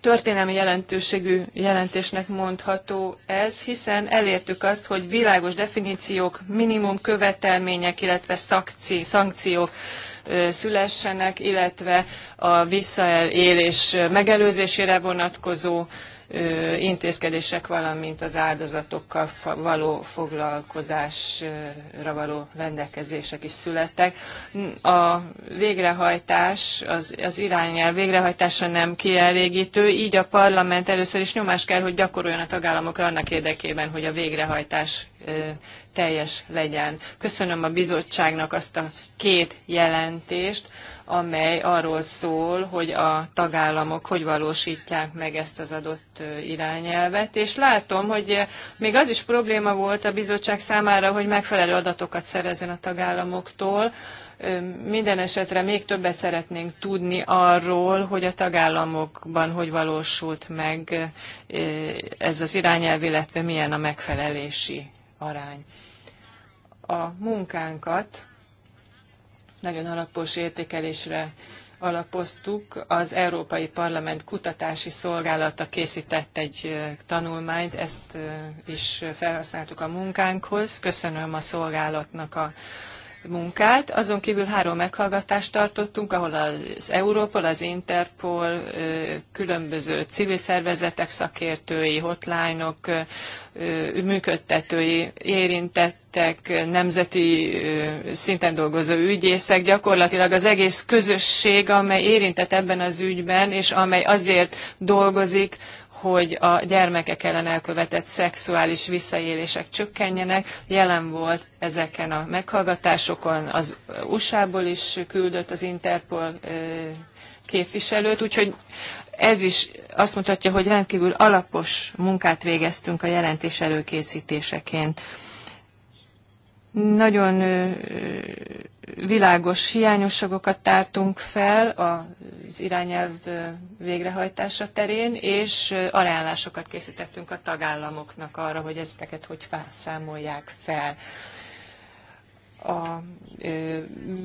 történelmi jelentőségű jelentésnek mondható ez, hiszen elértük azt, hogy világos definíciók, minimum követelmények, illetve szakci, szankciók szülessenek, illetve a visszaélés megelőzésére vonatkozó intézkedések, valamint az áldozatokkal való foglalkozásra való rendelkezések is születtek. A végrehajtás, az, az irányel végrehajtása nem kielégítő, így a parlament először is nyomás kell, hogy gyakoroljon a tagállamokra annak érdekében, hogy a végrehajtás teljes legyen. Köszönöm a bizottságnak azt a két jelentést, amely arról szól, hogy a tagállamok hogy valósítják meg ezt az adott irányelvet. És látom, hogy még az is probléma volt a bizottság számára, hogy megfelelő adatokat szerezzen a tagállamoktól. Minden esetre még többet szeretnénk tudni arról, hogy a tagállamokban hogy valósult meg ez az irányelv, illetve milyen a megfelelési arány a munkánkat nagyon alapos értékelésre alapoztuk. Az Európai Parlament kutatási szolgálata készített egy tanulmányt, ezt is felhasználtuk a munkánkhoz. Köszönöm a szolgálatnak a munkát. Azon kívül három meghallgatást tartottunk, ahol az Európol, az Interpol, különböző civil szervezetek szakértői, hotline -ok, működtetői, érintettek, nemzeti szinten dolgozó ügyészek, gyakorlatilag az egész közösség, amely érintett ebben az ügyben, és amely azért dolgozik, hogy a gyermekek ellen elkövetett szexuális visszaélések csökkenjenek. Jelen volt ezeken a meghallgatásokon, az USA-ból is küldött az Interpol képviselőt, úgyhogy ez is azt mutatja, hogy rendkívül alapos munkát végeztünk a jelentés előkészítéseként. Nagyon világos hiányosságokat tártunk fel az irányelv végrehajtása terén, és ajánlásokat készítettünk a tagállamoknak arra, hogy ezeket hogy számolják fel a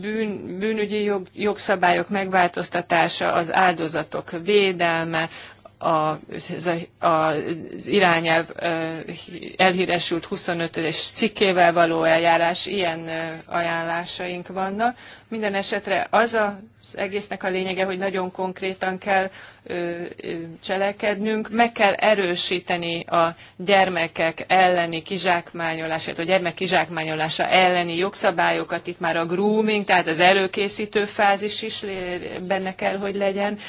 bűn, bűnügyi jog, jogszabályok megváltoztatása, az áldozatok védelme, az irányelv elhíresült 25 es cikkével való eljárás, ilyen ajánlásaink vannak. Minden esetre az a az egésznek a lényege, hogy nagyon konkrétan kell ö, ö, cselekednünk, meg kell erősíteni a gyermekek elleni kizsákmányolását, a gyermek kizsákmányolása elleni jogszabályokat, itt már a grooming, tehát az előkészítő fázis is benne kell, hogy legyen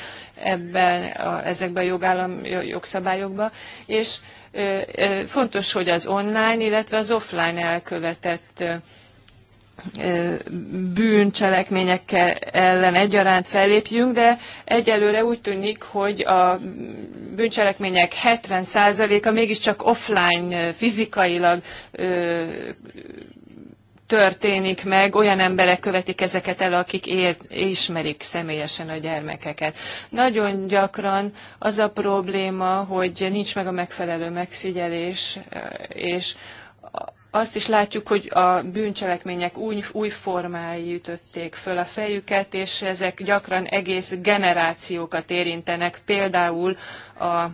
ebben a, ezekben a jogállam, jogszabályokban, és ö, ö, fontos, hogy az online, illetve az offline elkövetett ö, bűncselekményekkel ellen egyaránt fellépjünk, de egyelőre úgy tűnik, hogy a bűncselekmények 70%-a mégiscsak offline, fizikailag történik meg, olyan emberek követik ezeket el, akik ér, ismerik személyesen a gyermekeket. Nagyon gyakran az a probléma, hogy nincs meg a megfelelő megfigyelés, és azt is látjuk, hogy a bűncselekmények új, új formái ütötték föl a fejüket, és ezek gyakran egész generációkat érintenek, például a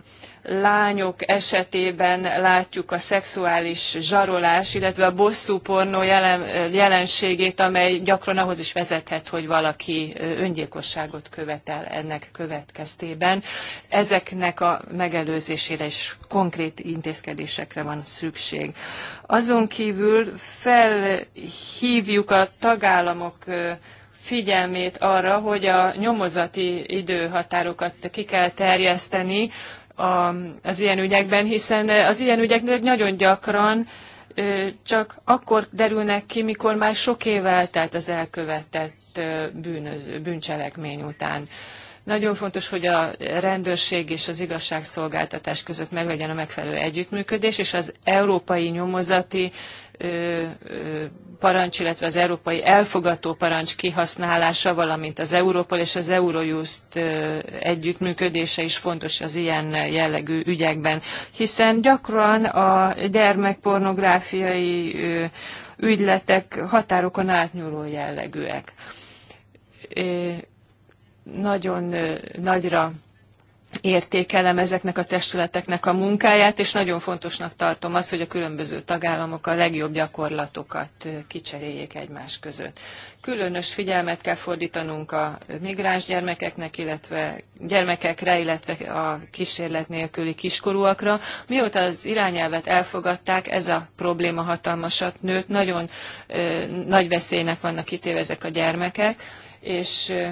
lányok esetében látjuk a szexuális zsarolás, illetve a bosszú pornó jelen, jelenségét, amely gyakran ahhoz is vezethet, hogy valaki öngyilkosságot követel ennek következtében. Ezeknek a megelőzésére is konkrét intézkedésekre van szükség. Azon kívül felhívjuk a tagállamok figyelmét arra, hogy a nyomozati időhatárokat ki kell terjeszteni, a, az ilyen ügyekben, hiszen eh, az ilyen ügyeknek nagyon gyakran eh, csak akkor derülnek ki, mikor már sok év eltelt az elkövetett eh, bűnöző, bűncselekmény után. Nagyon fontos, hogy a rendőrség és az igazságszolgáltatás között meglegyen a megfelelő együttműködés, és az európai nyomozati parancs, illetve az európai elfogató parancs kihasználása, valamint az Európol és az Eurojust együttműködése is fontos az ilyen jellegű ügyekben, hiszen gyakran a gyermekpornográfiai ügyletek határokon átnyúló jellegűek. Nagyon nagyra értékelem ezeknek a testületeknek a munkáját, és nagyon fontosnak tartom azt, hogy a különböző tagállamok a legjobb gyakorlatokat kicseréljék egymás között. Különös figyelmet kell fordítanunk a migráns gyermekeknek, illetve gyermekekre, illetve a kísérlet nélküli kiskorúakra. Mióta az irányelvet elfogadták, ez a probléma hatalmasat nőtt, nagyon ö, nagy veszélynek vannak kitéve ezek a gyermekek, és ö,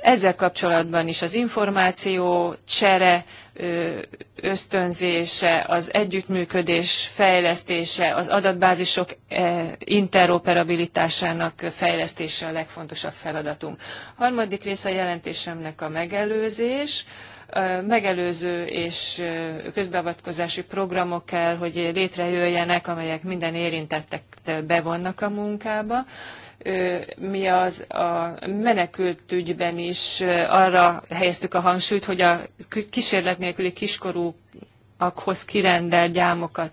ezzel kapcsolatban is az információ, csere, ösztönzése, az együttműködés fejlesztése, az adatbázisok e, interoperabilitásának fejlesztése a legfontosabb feladatunk. Harmadik része a jelentésemnek a megelőzés megelőző és közbeavatkozási programok kell, hogy létrejöjjenek, amelyek minden érintettek bevonnak a munkába, mi az a menekültügyben is arra helyeztük a hangsúlyt, hogy a kísérlet nélküli kiskorú akhoz kirendelt gyámokat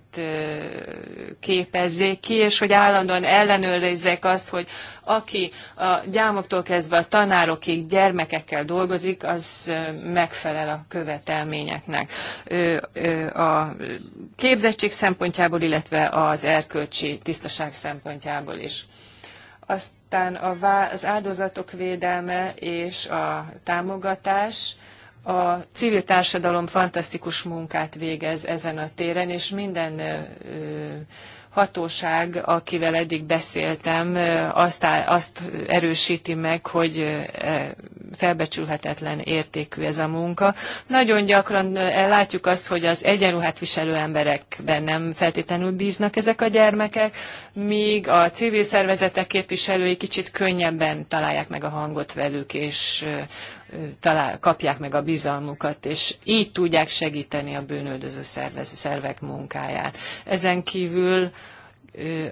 képezzék ki, és hogy állandóan ellenőrizzék azt, hogy aki a gyámoktól kezdve a tanárokig gyermekekkel dolgozik, az megfelel a követelményeknek. A képzettség szempontjából, illetve az erkölcsi tisztaság szempontjából is aztán az áldozatok védelme és a támogatás, a civil társadalom fantasztikus munkát végez ezen a téren, és minden hatóság, akivel eddig beszéltem, azt, azt erősíti meg, hogy e, felbecsülhetetlen értékű ez a munka. Nagyon gyakran látjuk azt, hogy az egyenruhát viselő emberekben nem feltétlenül bíznak ezek a gyermekek, míg a civil szervezetek képviselői kicsit könnyebben találják meg a hangot velük, és talál, kapják meg a bizalmukat, és így tudják segíteni a bűnöldöző szervez, szervek munkáját. Ezen kívül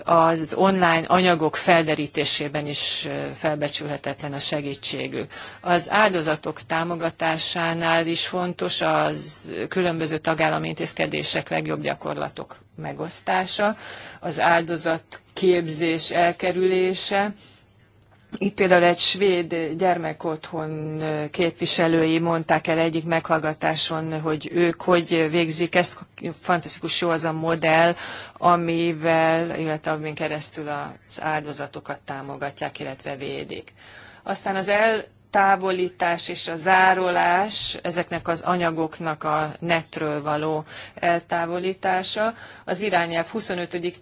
az online anyagok felderítésében is felbecsülhetetlen a segítségük. Az áldozatok támogatásánál is fontos az különböző tagállami intézkedések legjobb gyakorlatok megosztása, az áldozat képzés elkerülése, itt például egy svéd gyermekotthon képviselői mondták el egyik meghallgatáson, hogy ők hogy végzik ezt. Fantasztikus jó az a modell, amivel, illetve amin keresztül az áldozatokat támogatják, illetve védik. Aztán az el távolítás és a zárolás, ezeknek az anyagoknak a netről való eltávolítása. Az irányelv 25.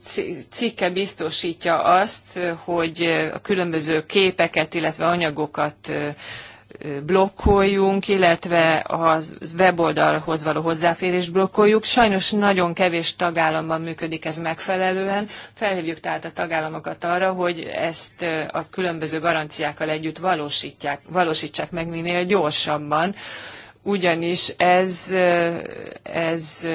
cikke biztosítja azt, hogy a különböző képeket, illetve anyagokat blokkoljunk, illetve a weboldalhoz való hozzáférést blokkoljuk. Sajnos nagyon kevés tagállamban működik ez megfelelően. Felhívjuk tehát a tagállamokat arra, hogy ezt a különböző garanciákkal együtt valósítják, valósítsák meg minél gyorsabban, ugyanis ez, ez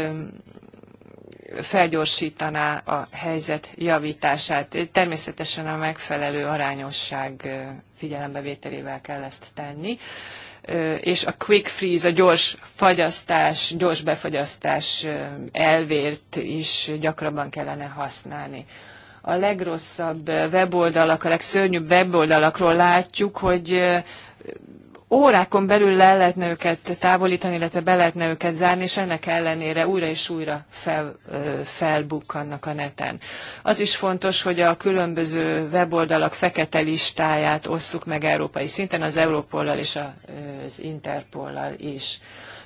felgyorsítaná a helyzet javítását, természetesen a megfelelő arányosság figyelembevételével kell ezt tenni. És a quick freeze, a gyors fagyasztás, gyors befagyasztás elvért is gyakrabban kellene használni a legrosszabb weboldalak, a legszörnyűbb weboldalakról látjuk, hogy órákon belül le lehetne őket távolítani, illetve be lehetne őket zárni, és ennek ellenére újra és újra fel, felbukkannak a neten. Az is fontos, hogy a különböző weboldalak fekete listáját osszuk meg európai szinten, az Európollal és az Interpollal is.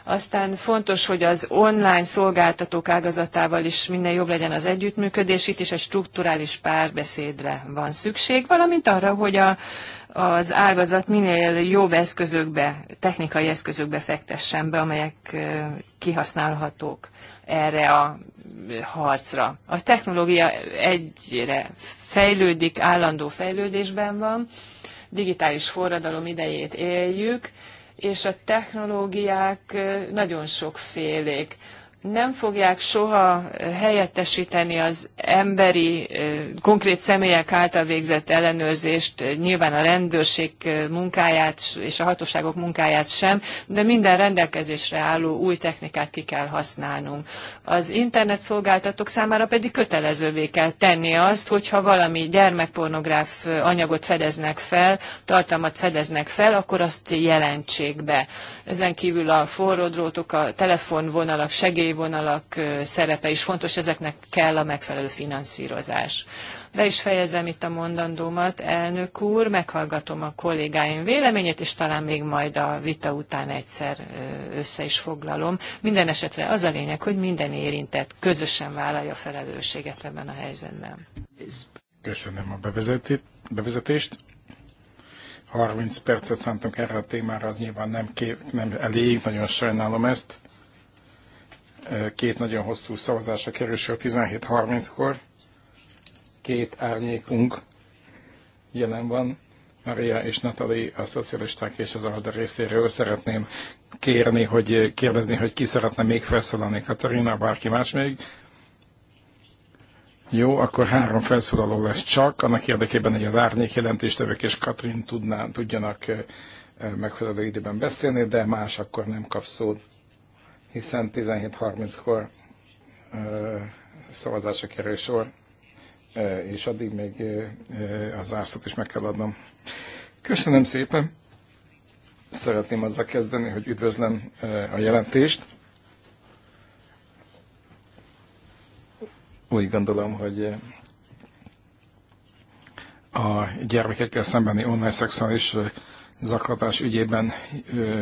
Aztán fontos, hogy az online szolgáltatók ágazatával is minden jobb legyen az együttműködés, itt is egy strukturális párbeszédre van szükség, valamint arra, hogy a az ágazat minél jobb eszközökbe, technikai eszközökbe fektessen be, amelyek kihasználhatók erre a harcra. A technológia egyre fejlődik, állandó fejlődésben van, digitális forradalom idejét éljük, és a technológiák nagyon sokfélék nem fogják soha eh, helyettesíteni az emberi, eh, konkrét személyek által végzett ellenőrzést, eh, nyilván a rendőrség munkáját és a hatóságok munkáját sem, de minden rendelkezésre álló új technikát ki kell használnunk. Az internet szolgáltatók számára pedig kötelezővé kell tenni azt, hogyha valami gyermekpornográf anyagot fedeznek fel, tartalmat fedeznek fel, akkor azt jelentsék be. Ezen kívül a forró drótok, a telefonvonalak segély vonalak szerepe is fontos, ezeknek kell a megfelelő finanszírozás. Be is fejezem itt a mondandómat, elnök úr, meghallgatom a kollégáim véleményét, és talán még majd a vita után egyszer össze is foglalom. Minden esetre az a lényeg, hogy minden érintett közösen vállalja a felelősséget ebben a helyzetben. Köszönöm a bevezetést. 30 percet szántunk erre a témára, az nyilván nem, kép, nem elég, nagyon sajnálom ezt. Két nagyon hosszú szavazásra kerül sor 17.30-kor. Két árnyékunk jelen van. Maria és Natali, a szocialisták és az Alda részéről szeretném kérni, hogy kérdezni, hogy ki szeretne még felszólalni. Katarina, bárki más még? Jó, akkor három felszólaló lesz csak, annak érdekében, hogy az árnyék jelentéstevők és Katrin tudnán tudjanak eh, megfelelő időben beszélni, de más akkor nem kap szót hiszen 17.30-kor szavazásra kerül sor, és addig még az zászlót is meg kell adnom. Köszönöm szépen! Szeretném azzal kezdeni, hogy üdvözlöm a jelentést. Úgy gondolom, hogy a gyermekekkel szembeni online szexuális zaklatás ügyében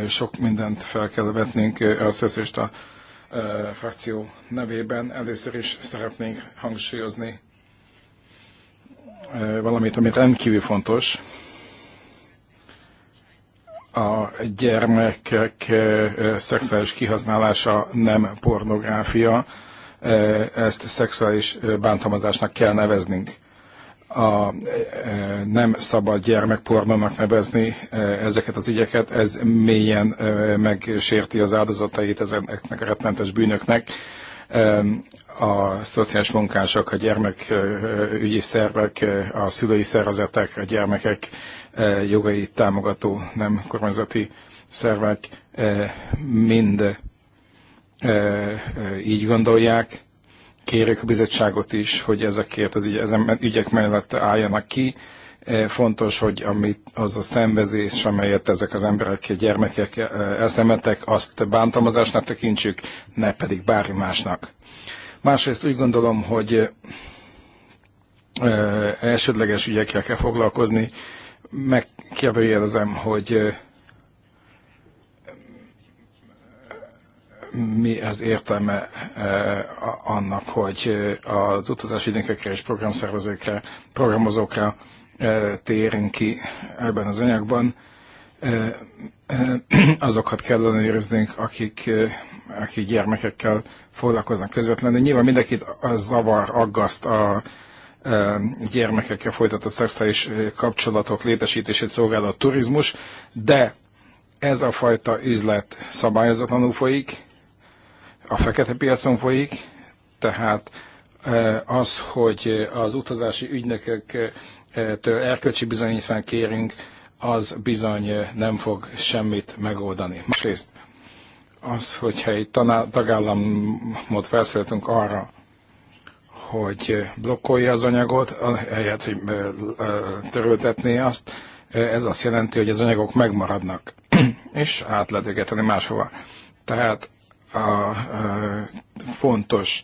sok mindent fel kell vetnünk a szocialista frakció nevében. Először is szeretnénk hangsúlyozni valamit, amit rendkívül fontos. A gyermekek szexuális kihasználása nem pornográfia, ezt szexuális bántalmazásnak kell neveznünk a e, e, nem szabad gyermekpornónak nevezni e, ezeket az ügyeket, ez mélyen megsérti az áldozatait ezeknek a rettentes bűnöknek. A szociális munkások, a gyermekügyi szervek, a szülői szervezetek, a gyermekek jogait támogató nem kormányzati szervek mind így gondolják kérjük a bizottságot is, hogy ezekért az ügy, ezen ügyek mellett álljanak ki. E, fontos, hogy amit, az a szenvezés, amelyet ezek az emberek, gyermekek eszemetek, azt bántalmazásnak tekintsük, ne pedig bármi másnak. Másrészt úgy gondolom, hogy e, e, elsődleges ügyekkel kell foglalkozni. Megkérdőjelezem, hogy mi az értelme eh, annak, hogy eh, az utazási ügynökökre és programszervezőkre, programozókra eh, térünk ki ebben az anyagban. Azokat kell ellenőriznünk, akik, akik gyermekekkel foglalkoznak közvetlenül. Nyilván mindenkit az zavar, aggaszt a gyermekekkel folytatott szexuális kapcsolatok létesítését szolgáló turizmus, de ez a fajta üzlet szabályozatlanul folyik, a fekete piacon folyik, tehát e, az, hogy az utazási ügynököktől erkölcsi bizonyítványt kérünk, az bizony nem fog semmit megoldani. Másrészt az, hogyha egy tagállamot felszeretünk arra, hogy blokkolja az anyagot, helyett, hogy e, e, törültetné azt, ez azt jelenti, hogy az anyagok megmaradnak, és át lehet őket tenni máshova. Tehát a, fontos,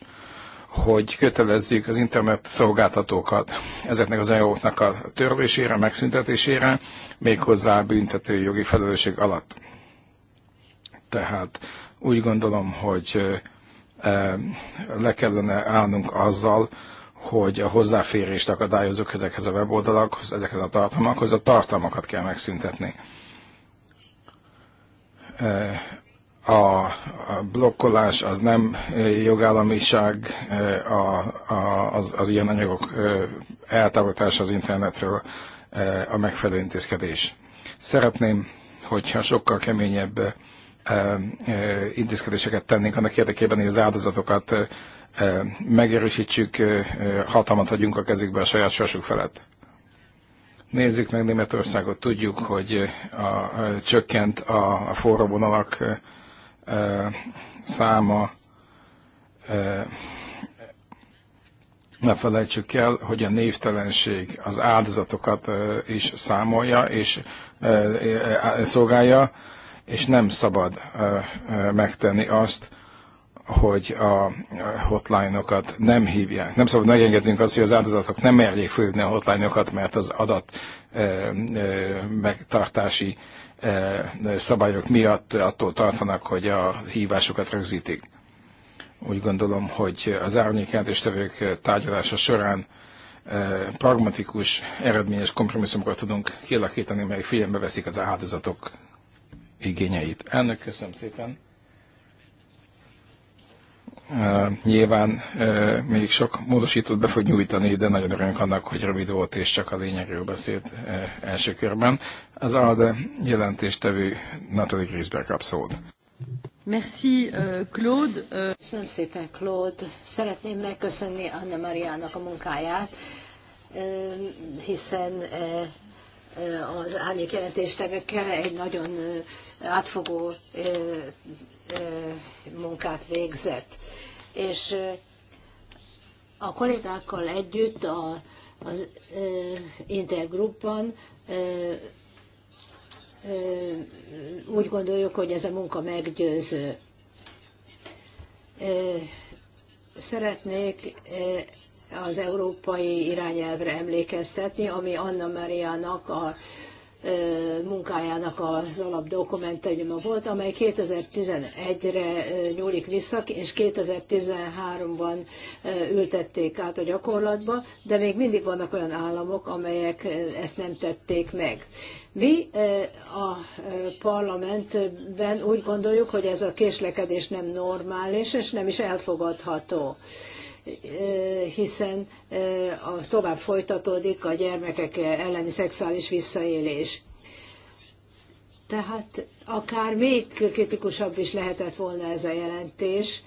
hogy kötelezzék az internet szolgáltatókat ezeknek az anyagoknak a törlésére, megszüntetésére, méghozzá büntető jogi felelősség alatt. Tehát úgy gondolom, hogy le kellene állnunk azzal, hogy a hozzáférést akadályozok ezekhez a weboldalakhoz, ezekhez a tartalmakhoz, a tartalmakat kell megszüntetni a blokkolás az nem jogállamiság, a, a, az, az ilyen anyagok eltávolítása az internetről a megfelelő intézkedés. Szeretném, hogyha sokkal keményebb intézkedéseket tennénk annak érdekében, hogy az áldozatokat megerősítsük, hatalmat adjunk a kezükbe a saját sorsuk felett. Nézzük meg Németországot, tudjuk, hogy a, a, csökkent a, a forróvonalak száma, ne felejtsük el, hogy a névtelenség az áldozatokat is számolja és szolgálja, és nem szabad megtenni azt, hogy a hotline-okat nem hívják. Nem szabad megengednünk azt, hogy az áldozatok nem merjék fölhívni a hotline-okat, mert az adat megtartási E, szabályok miatt attól tartanak, hogy a hívásokat rögzítik. Úgy gondolom, hogy az jelentéstevők tárgyalása során e, pragmatikus, eredményes kompromisszumokat tudunk kialakítani, melyek figyelembe veszik az áldozatok igényeit. Elnök, köszönöm szépen. Nyilván még sok módosítót be fog nyújtani, de nagyon örülünk annak, hogy rövid volt és csak a lényegről beszélt első körben. Az ALDE jelentéstevő Natalie Grisberg kap szót. Merci, Claude. Köszönöm szépen, Claude. Szeretném megköszönni Anna Mariának a munkáját, hiszen az árnyék jelentéstevőkkel egy nagyon átfogó munkát végzett. És a kollégákkal együtt a, az intergrupban úgy gondoljuk, hogy ez a munka meggyőző. Szeretnék az európai irányelvre emlékeztetni, ami Anna Mariának a munkájának az alapdokumentuma volt, amely 2011-re nyúlik vissza, és 2013-ban ültették át a gyakorlatba, de még mindig vannak olyan államok, amelyek ezt nem tették meg. Mi a parlamentben úgy gondoljuk, hogy ez a késlekedés nem normális, és nem is elfogadható hiszen eh, tovább folytatódik a gyermekek elleni szexuális visszaélés. Tehát akár még kritikusabb is lehetett volna ez a jelentés,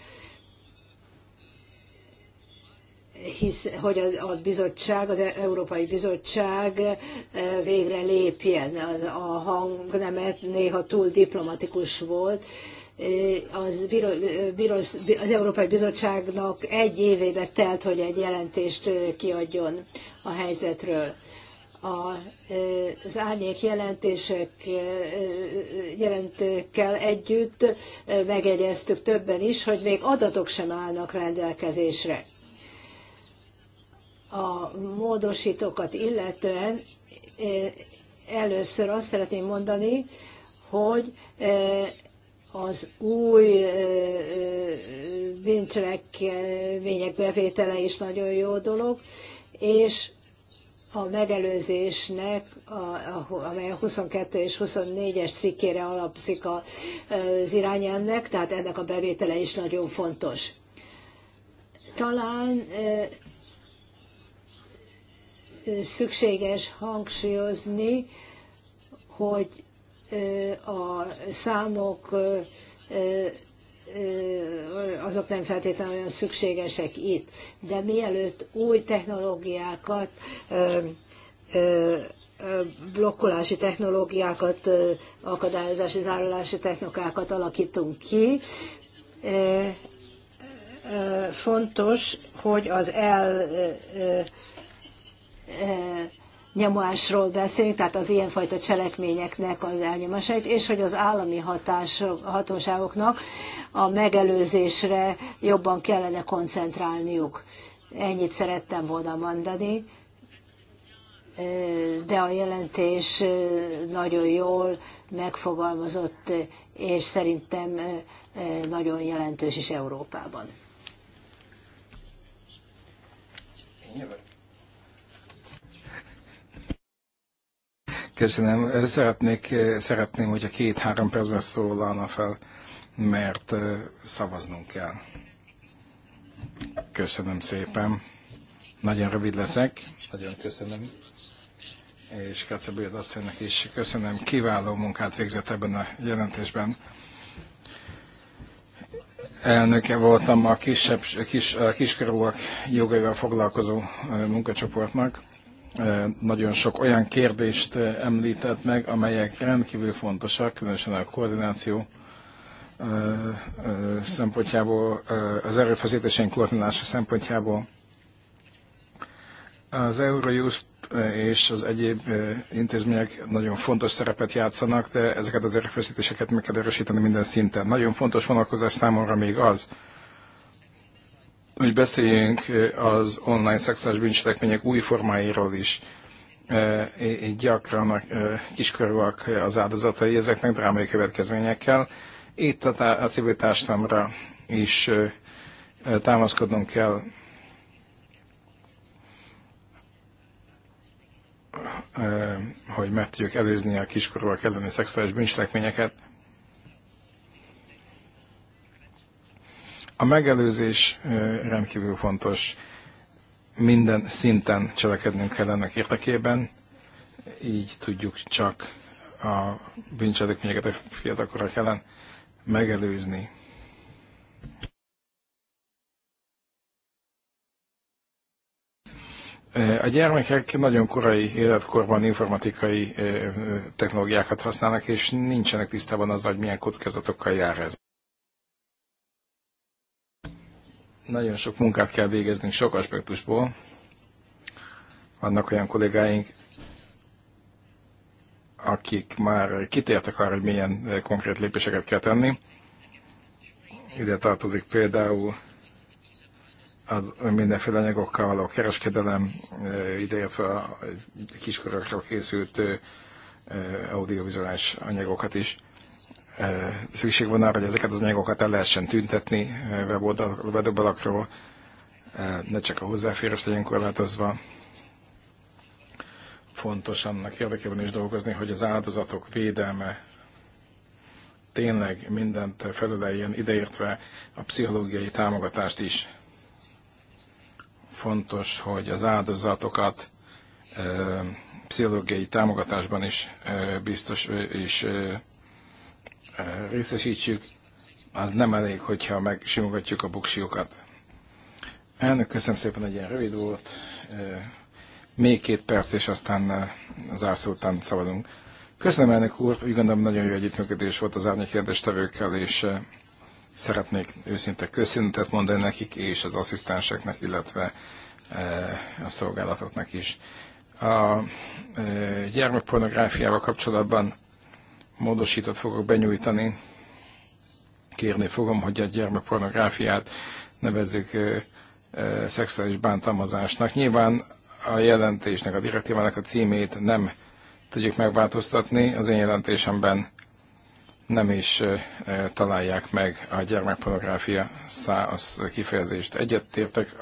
hisz, hogy a, bizottság, az Európai Bizottság eh, végre lépjen. A hangnemet néha túl diplomatikus volt, az, az Európai Bizottságnak egy évébe telt, hogy egy jelentést kiadjon a helyzetről a, az árnyék jelentések jelentőkkel együtt megegyeztük többen is, hogy még adatok sem állnak rendelkezésre. A módosítókat illetően először azt szeretném mondani, hogy az új bűncselekmények bevétele is nagyon jó dolog, és a megelőzésnek, amely a 22 és 24-es cikkére alapszik az irányelvnek, tehát ennek a bevétele is nagyon fontos. Talán szükséges hangsúlyozni, hogy a számok azok nem feltétlenül olyan szükségesek itt. De mielőtt új technológiákat, blokkolási technológiákat, akadályozási, zárulási technikákat alakítunk ki, fontos, hogy az el nyomásról beszélünk, tehát az ilyenfajta cselekményeknek az elnyomásait, és hogy az állami hatás, hatóságoknak a megelőzésre jobban kellene koncentrálniuk. Ennyit szerettem volna mondani, de a jelentés nagyon jól megfogalmazott, és szerintem nagyon jelentős is Európában. jövök. Köszönöm. Szeretnék, szeretném, hogyha két-három percben szólalna fel, mert szavaznunk kell. Köszönöm szépen. Nagyon rövid leszek. Nagyon köszönöm. És Kacabéd asszonynak is köszönöm. Kiváló munkát végzett ebben a jelentésben. Elnöke voltam a kisebb, kis, a kiskorúak jogaival foglalkozó munkacsoportnak nagyon sok olyan kérdést említett meg, amelyek rendkívül fontosak, különösen a koordináció szempontjából, az erőfeszítéseink koordinálása szempontjából. Az Eurojust és az egyéb intézmények nagyon fontos szerepet játszanak, de ezeket az erőfeszítéseket meg kell erősíteni minden szinten. Nagyon fontos vonalkozás számomra még az, hogy beszéljünk az online szexuális bűncselekmények új formáiról is. Gyakran kiskorúak az áldozatai ezeknek drámai következményekkel. Itt a, a civil társadalomra is támaszkodnunk kell. hogy meg tudjuk előzni a kiskorúak elleni szexuális bűncselekményeket. A megelőzés rendkívül fontos. Minden szinten cselekednünk kell ennek érdekében, így tudjuk csak a bűncselekményeket a fiatalkorok ellen megelőzni. A gyermekek nagyon korai életkorban informatikai technológiákat használnak, és nincsenek tisztában azzal, hogy milyen kockázatokkal jár ez. Nagyon sok munkát kell végeznünk sok aspektusból. Vannak olyan kollégáink, akik már kitértek arra, hogy milyen eh, konkrét lépéseket kell tenni. Ide tartozik például az mindenféle anyagokkal való kereskedelem, eh, ideértve a kiskorokra készült eh, audiovizuális anyagokat is szükség van arra, hogy ezeket az anyagokat el lehessen tüntetni weboldalakról, ne csak a hozzáférés legyen korlátozva. Fontos annak érdekében is dolgozni, hogy az áldozatok védelme tényleg mindent feleleljen, ideértve a pszichológiai támogatást is. Fontos, hogy az áldozatokat pszichológiai támogatásban is biztos és részesítsük, az nem elég, hogyha megsimogatjuk a buksiokat. Elnök, köszönöm szépen, hogy ilyen rövid volt. Még két perc, és aztán zárszó után szabadunk. Köszönöm, elnök úr, úgy gondolom nagyon jó együttműködés volt az árnyékjelentés tevőkkel, és szeretnék őszinte köszönetet mondani nekik, és az asszisztenseknek, illetve a szolgálatoknak is. A gyermekpornográfiával kapcsolatban módosítót fogok benyújtani. Kérni fogom, hogy a gyermekpornográfiát nevezzük szexuális bántalmazásnak. Nyilván a jelentésnek, a direktívának a címét nem tudjuk megváltoztatni. Az én jelentésemben nem is találják meg a gyermekpornográfia száz kifejezést. Egyetértek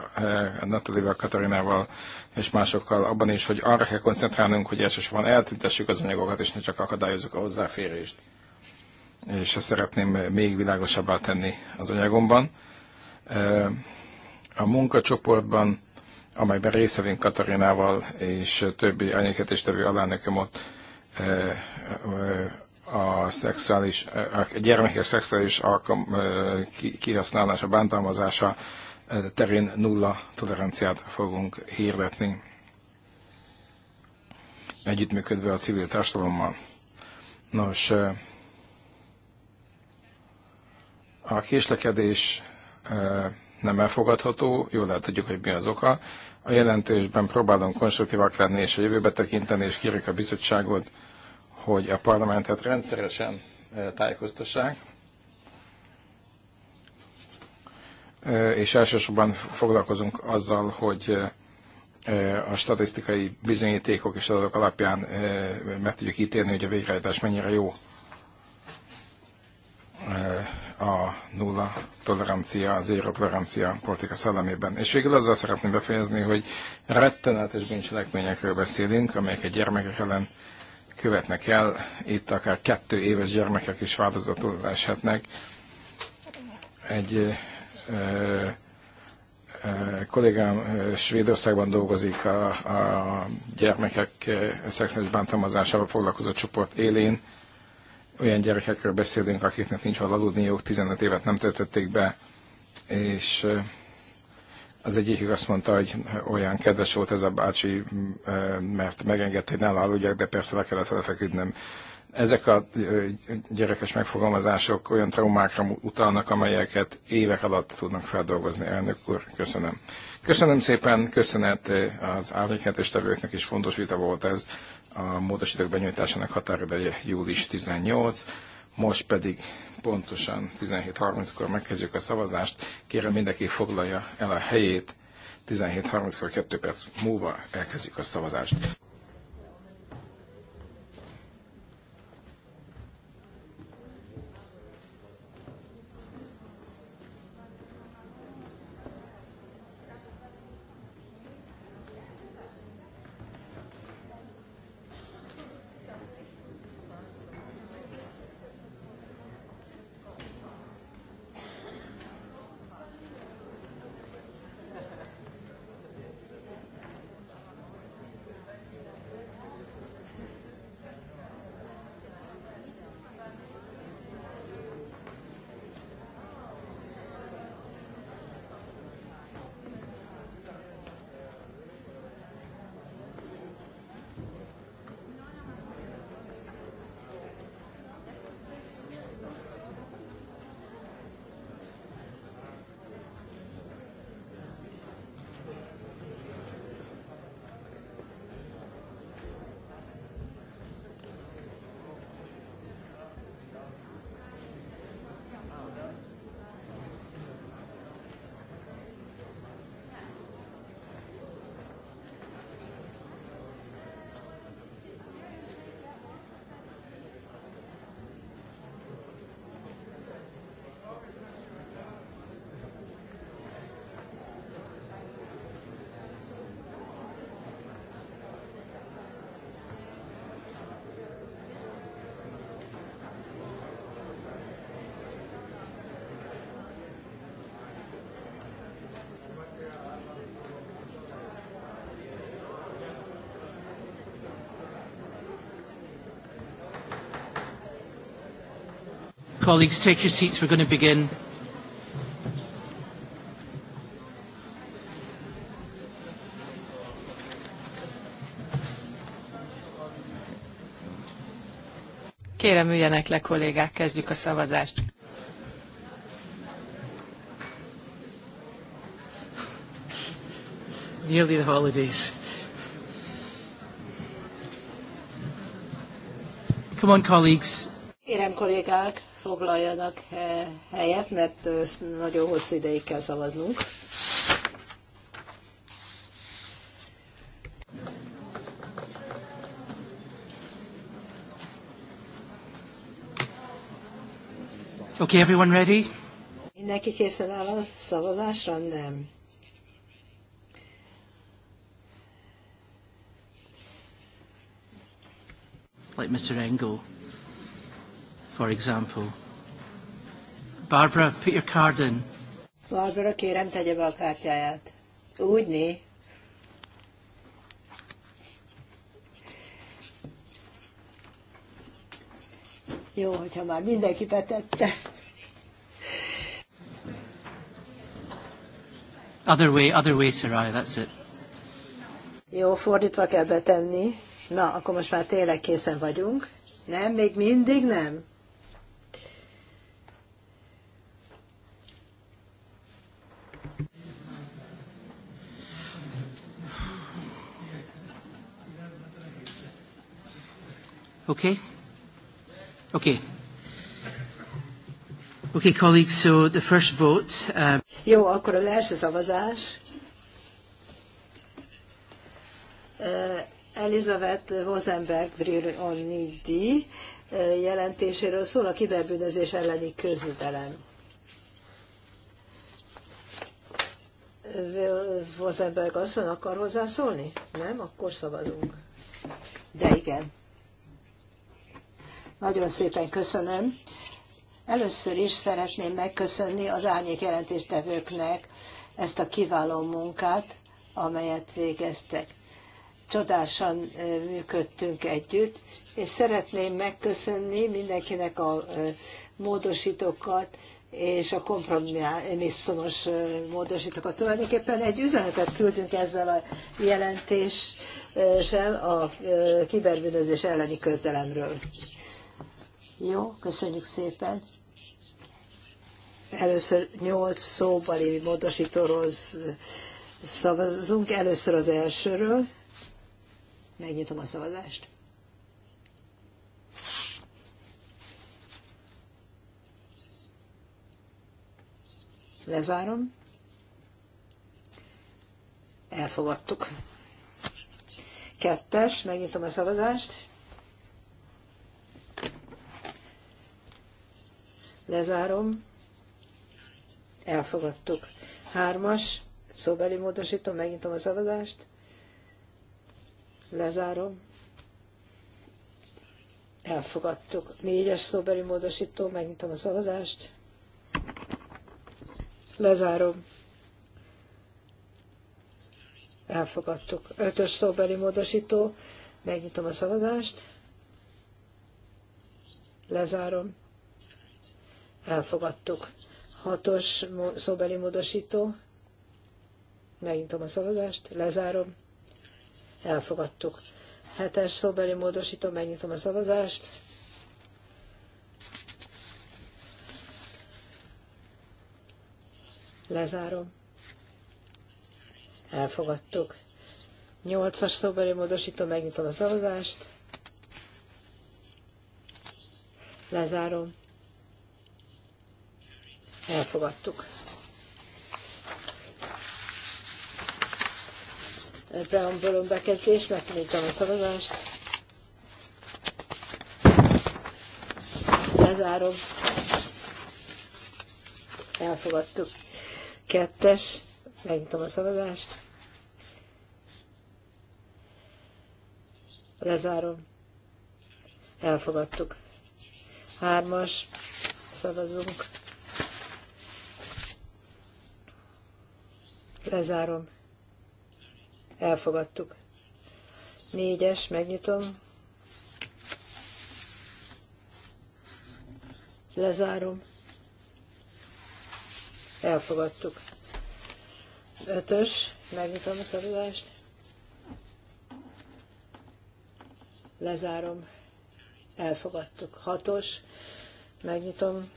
Natalival, Katarinával és másokkal abban is, hogy arra kell koncentrálnunk, hogy elsősorban eltüntessük az anyagokat, és ne csak akadályozzuk a hozzáférést. És ezt szeretném még világosabbá tenni az anyagomban. A munkacsoportban, amelyben részevén Katarinával és többi anyéketéstevő alánököm ott, a szexuális, a gyermekek szexuális alkalm, kihasználása, bántalmazása terén nulla toleranciát fogunk hirdetni, együttműködve a civil társadalommal. Nos, a késlekedés nem elfogadható, jól lehet tudjuk, hogy mi az oka. A jelentésben próbálunk konstruktívak lenni és a jövőbe tekinteni, és kérjük a bizottságot, hogy a parlamentet rendszeresen e, tájékoztassák, e, és elsősorban foglalkozunk azzal, hogy e, a statisztikai bizonyítékok és adatok alapján meg tudjuk ítélni, hogy a végrehajtás mennyire jó a nulla tolerancia, az zéró tolerancia politika szellemében. És végül azzal szeretném befejezni, hogy rettenetes bűncselekményekről beszélünk, amelyek egy gyermekek ellen követnek el, itt akár kettő éves gyermekek is áldozatul eshetnek. Egy ö, kollégám Svédországban dolgozik a, a gyermekek szexuális bántalmazásával foglalkozó csoport élén. Olyan gyerekekről beszélünk, akiknek nincs az aludniuk, 15 évet nem töltötték be, és az egyikük azt mondta, hogy olyan kedves volt ez a bácsi, mert megengedte, hogy nála aludjak, de persze le kellett vele feküdnöm. Ezek a gyerekes megfogalmazások olyan traumákra utalnak, amelyeket évek alatt tudnak feldolgozni. Elnök úr, köszönöm. Köszönöm szépen, köszönet az tevőknek is fontos vita volt ez. A módosítók benyújtásának határideje július 18. Most pedig pontosan 17.30-kor megkezdjük a szavazást. Kérem mindenki foglalja el a helyét. 17.30-kor 2 perc múlva elkezdjük a szavazást. Colleagues, take your seats. We're going to begin. Kérem, üljenek le kollégák, kezdjük a szavazást. Nearly the holidays. Come on, colleagues. Kérem, kollégák, foglaljanak helyet, mert nagyon hosszú ideig kell szavaznunk. Okay, everyone ready? Mindenki készen áll a szavazásra? Nem. Like Mr. Engel for example. Barbara, put your card in. Barbara, kérem, tegye be a kártyáját. Úgy né. Jó, hogyha már mindenki betette. Other way, other way, Sarai, that's it. Jó, fordítva kell betenni. Na, akkor most már tényleg készen vagyunk. Nem, még mindig nem. Okay? Okay. Okay, colleagues, so the first vote. Um... Jó, akkor az első szavazás. Uh, Elizabeth Rosenberg uh, jelentéséről szól a kiberbűnözés elleni közüdelem. Rosenberg asszony akar hozzászólni? Nem? Akkor szavazunk. De igen. Nagyon szépen köszönöm. Először is szeretném megköszönni az árnyék jelentéstevőknek ezt a kiváló munkát, amelyet végeztek. Csodásan működtünk együtt, és szeretném megköszönni mindenkinek a módosítókat, és a kompromisszumos módosítókat. Tulajdonképpen egy üzenetet küldünk ezzel a jelentéssel a kiberbűnözés elleni közdelemről. Jó, köszönjük szépen. Először nyolc szóbali módosítóról szavazunk. Először az elsőről. Megnyitom a szavazást. Lezárom. Elfogadtuk. Kettes, megnyitom a szavazást. Lezárom. Elfogadtuk. Hármas, szóbeli módosítom, megnyitom a szavazást. Lezárom. Elfogadtuk. Négyes szóbeli módosító, megnyitom a szavazást. Lezárom. Elfogadtuk. Ötös szóbeli módosító, megnyitom a szavazást. Lezárom elfogadtuk. Hatos szóbeli módosító, megintom a szavazást, lezárom, elfogadtuk. Hetes szóbeli módosító, megnyitom a szavazást, lezárom, elfogadtuk. Nyolcas szóbeli módosító, megnyitom a szavazást, lezárom, Elfogadtuk. Preambulum bekezdés, megnyitom a szavazást. Lezárom. Elfogadtuk. Kettes, megnyitom a szavazást. Lezárom. Elfogadtuk. Hármas, szavazunk. Lezárom. Elfogadtuk. Négyes, megnyitom. Lezárom. Elfogadtuk. Ötös, megnyitom a szabadást. Lezárom. Elfogadtuk. Hatos, megnyitom.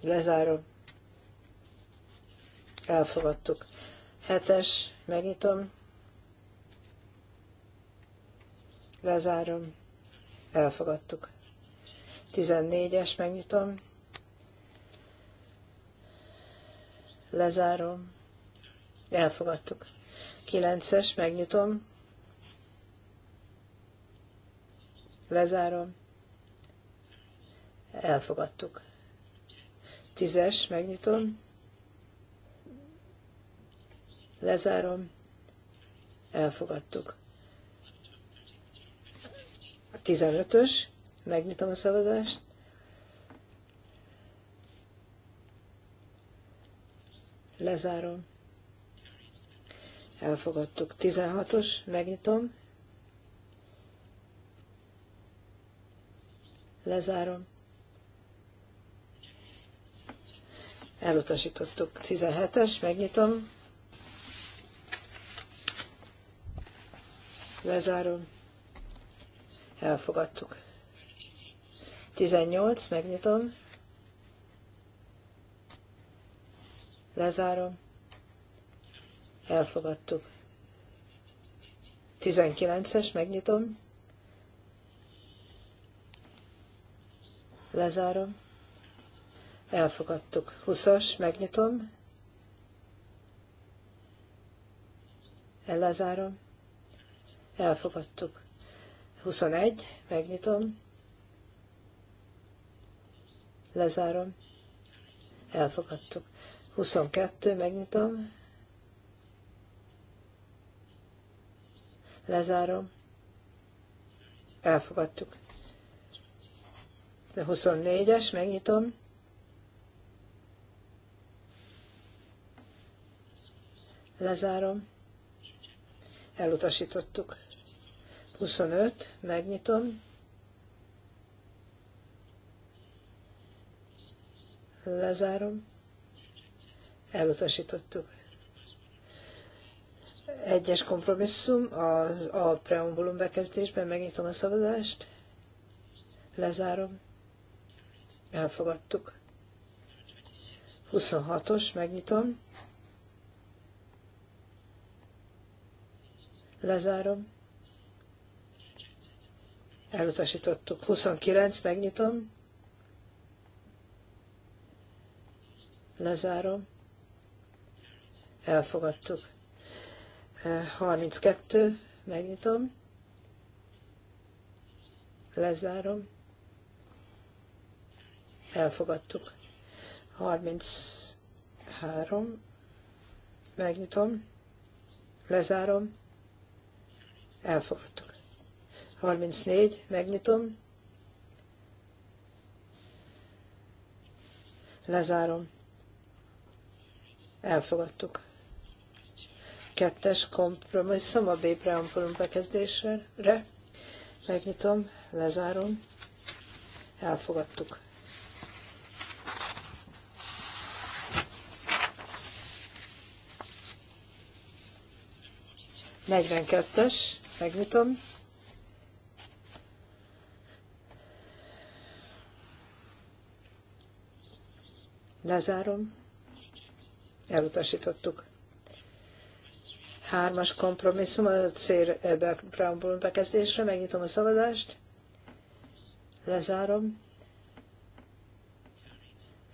Lezárom elfogadtuk. Hetes, megnyitom, lezárom, elfogadtuk. Tizennégyes, megnyitom, lezárom, elfogadtuk. Kilences, megnyitom, lezárom, elfogadtuk. Tízes, megnyitom, Lezárom. Elfogadtuk. A 15-ös. Megnyitom a szavazást. Lezárom. Elfogadtuk. 16-os. Megnyitom. Lezárom. Elutasítottuk. 17-es. Megnyitom. Lezárom. Elfogadtuk. 18, megnyitom. Lezárom. Elfogadtuk. 19-es, megnyitom. Lezárom. Elfogadtuk. 20-as, megnyitom. Ellezárom elfogadtuk. 21, megnyitom, lezárom, elfogadtuk. 22, megnyitom, lezárom, elfogadtuk. 24-es, megnyitom, lezárom, elutasítottuk. 25, megnyitom. Lezárom. Elutasítottuk. Egyes kompromisszum a, a preambulum bekezdésben, megnyitom a szavazást. Lezárom. Elfogadtuk. 26-os, megnyitom. Lezárom elutasítottuk. 29, megnyitom. Lezárom. Elfogadtuk. 32, megnyitom. Lezárom. Elfogadtuk. 33, megnyitom. Lezárom. Elfogadtuk. 34, megnyitom. Lezárom. Elfogadtuk. Kettes kompromisszum a B preambulum bekezdésre. Megnyitom, lezárom. Elfogadtuk. Negyvenkettes, megnyitom. Lezárom. Elutasítottuk. Hármas kompromisszum a cél preambulum bekezdésre. Megnyitom a szavazást. Lezárom.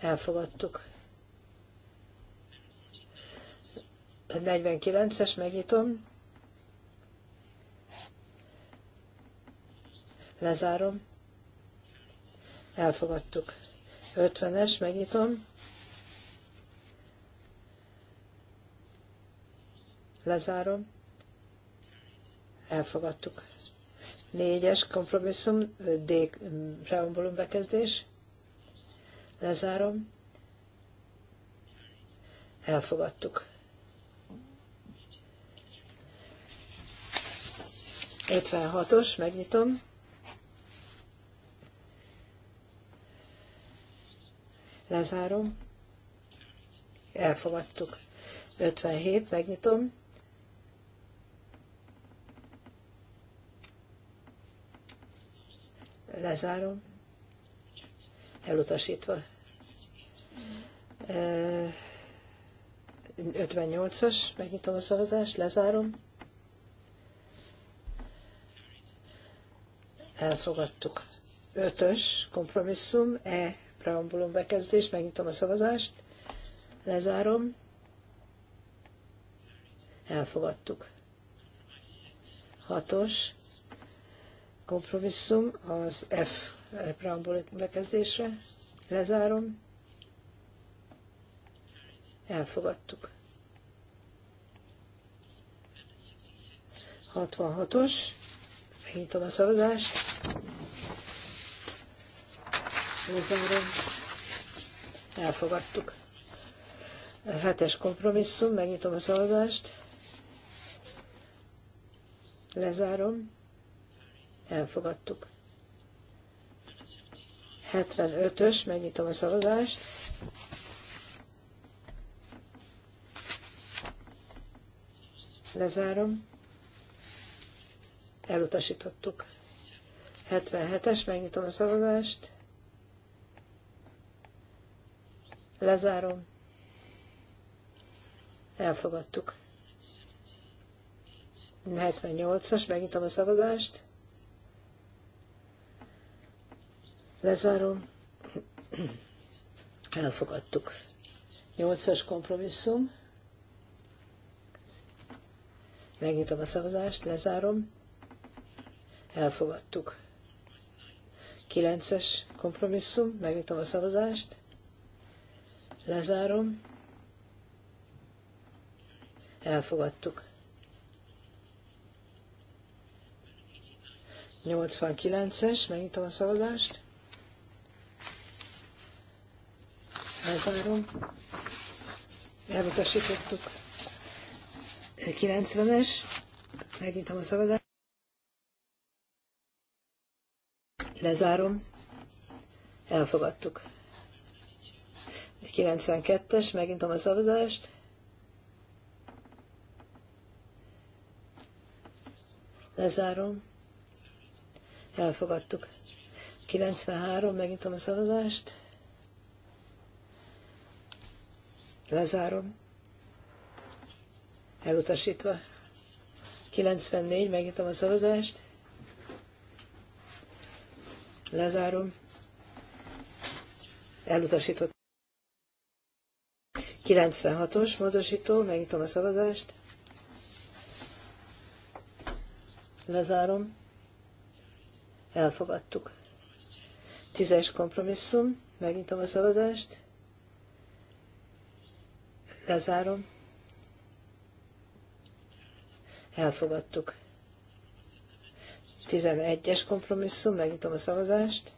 Elfogadtuk. 49-es, megnyitom. Lezárom. Elfogadtuk. 50-es, megnyitom. Lezárom. Elfogadtuk. 4-es kompromisszum, D preambulum bekezdés. Lezárom. Elfogadtuk. 56-os, megnyitom. Lezárom. Elfogadtuk. 57, megnyitom. Lezárom. Elutasítva. 58-as, megnyitom a szavazást, lezárom. Elfogadtuk. 5-ös kompromisszum, E preambulum bekezdés, megnyitom a szavazást, lezárom, elfogadtuk. Hatos kompromisszum az F preambulum bekezdésre, lezárom, elfogadtuk. 66-os, megnyitom a szavazást, Lezárom. Elfogadtuk. Hetes kompromisszum, megnyitom a szavazást. Lezárom. Elfogadtuk. 75-ös, megnyitom a szavazást. Lezárom. Elutasítottuk. 77-es, megnyitom a szavazást. Lezárom. Elfogadtuk. 78-as, megnyitom a szavazást. Lezárom. Elfogadtuk. 8-as kompromisszum. Megnyitom a szavazást, lezárom. Elfogadtuk. 9-es kompromisszum, megnyitom a szavazást. Lezárom. Elfogadtuk. 89-es, megnyitom a szavazást. Lezárom. Elutasítottuk. 90-es, megnyitom a szavazást. Lezárom. Elfogadtuk. 92 es megintom a szavazást. Lezárom. Elfogadtuk. 93, megintom a szavazást. Lezárom. Elutasítva. 94, megintom a szavazást. Lezárom. Elutasított. 96-os módosító, megnyitom a szavazást. Lezárom. Elfogadtuk. Tízes kompromisszum, megnyitom a szavazást. Lezárom. Elfogadtuk. 11-es kompromisszum, megnyitom a szavazást.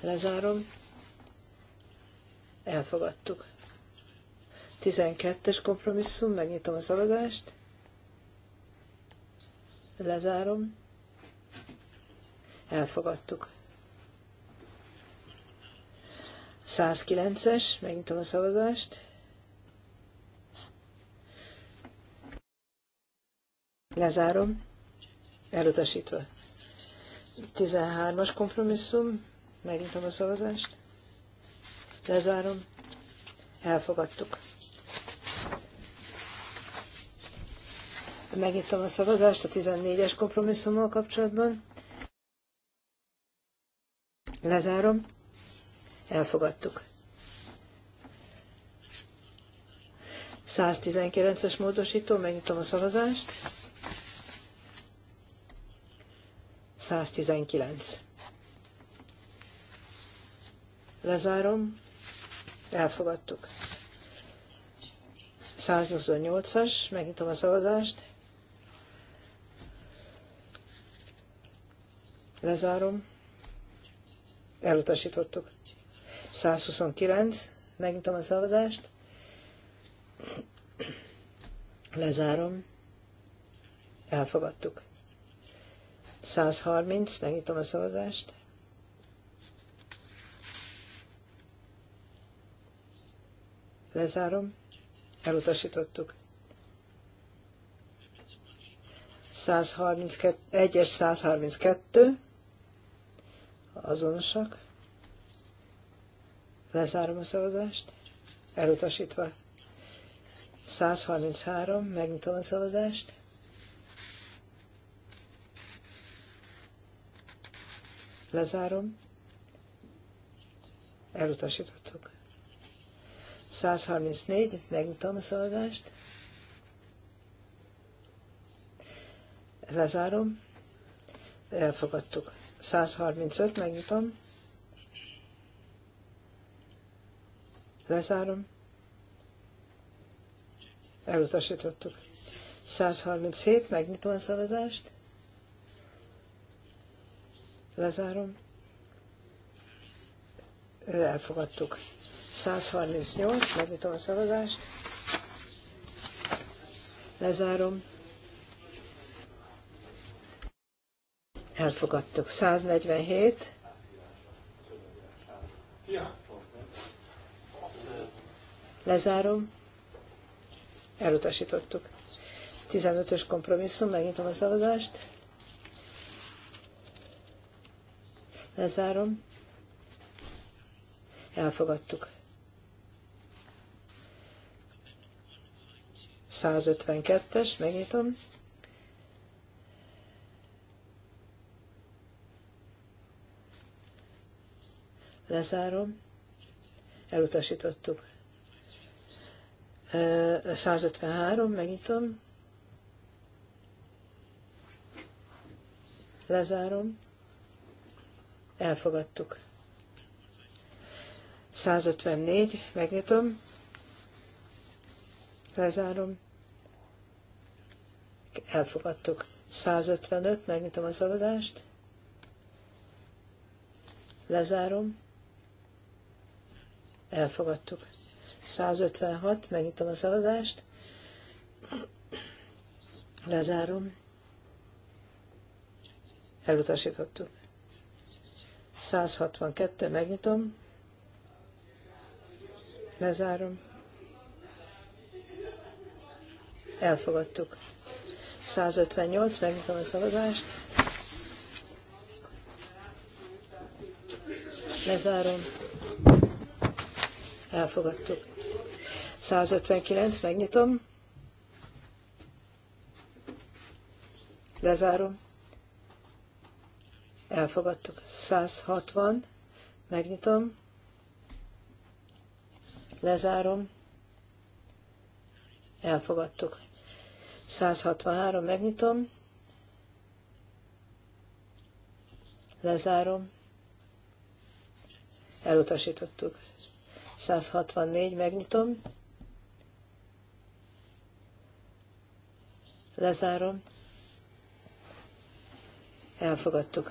Lezárom. Elfogadtuk. 12-es kompromisszum, megnyitom a szavazást. Lezárom. Elfogadtuk. 109-es, megnyitom a szavazást. Lezárom. Elutasítva. 13-as kompromisszum, megnyitom a szavazást. Lezárom. Elfogadtuk. Megnyitom a szavazást a 14-es kompromisszummal kapcsolatban. Lezárom. Elfogadtuk. 119-es módosító, megnyitom a szavazást. 119. Lezárom. Elfogadtuk. 188-as, megnyitom a szavazást. Lezárom. Elutasítottuk. 129, megnyitom a szavazást. Lezárom. Elfogadtuk. 130, megnyitom a szavazást. Lezárom. Elutasítottuk. 132, 1-es 132 azonosak. Lezárom a szavazást. Elutasítva. 133, megnyitom a szavazást. Lezárom. Elutasítottuk. 134, megnyitom a szavazást. Lezárom. Elfogadtuk. 135, megnyitom. Lezárom. Elutasítottuk. 137, megnyitom a szavazást. Lezárom. Elfogadtuk. 138, megnyitom a szavazást. Lezárom. Elfogadtuk. 147. Lezárom. Elutasítottuk. 15-ös kompromisszum, megnyitom a szavazást. Lezárom. Elfogadtuk. 152-es, megnyitom. Lezárom. Elutasítottuk. 153, megnyitom. Lezárom. Elfogadtuk. 154, megnyitom. Lezárom elfogadtuk. 155, megnyitom a szavazást, lezárom, elfogadtuk. 156, megnyitom a szavazást, lezárom, elutasítottuk. 162, megnyitom, lezárom, elfogadtuk. 158, megnyitom a szavazást. Lezárom. Elfogadtuk. 159, megnyitom. Lezárom. Elfogadtuk. 160, megnyitom. Lezárom. Elfogadtuk. 163, megnyitom. Lezárom. Elutasítottuk. 164, megnyitom. Lezárom. Elfogadtuk.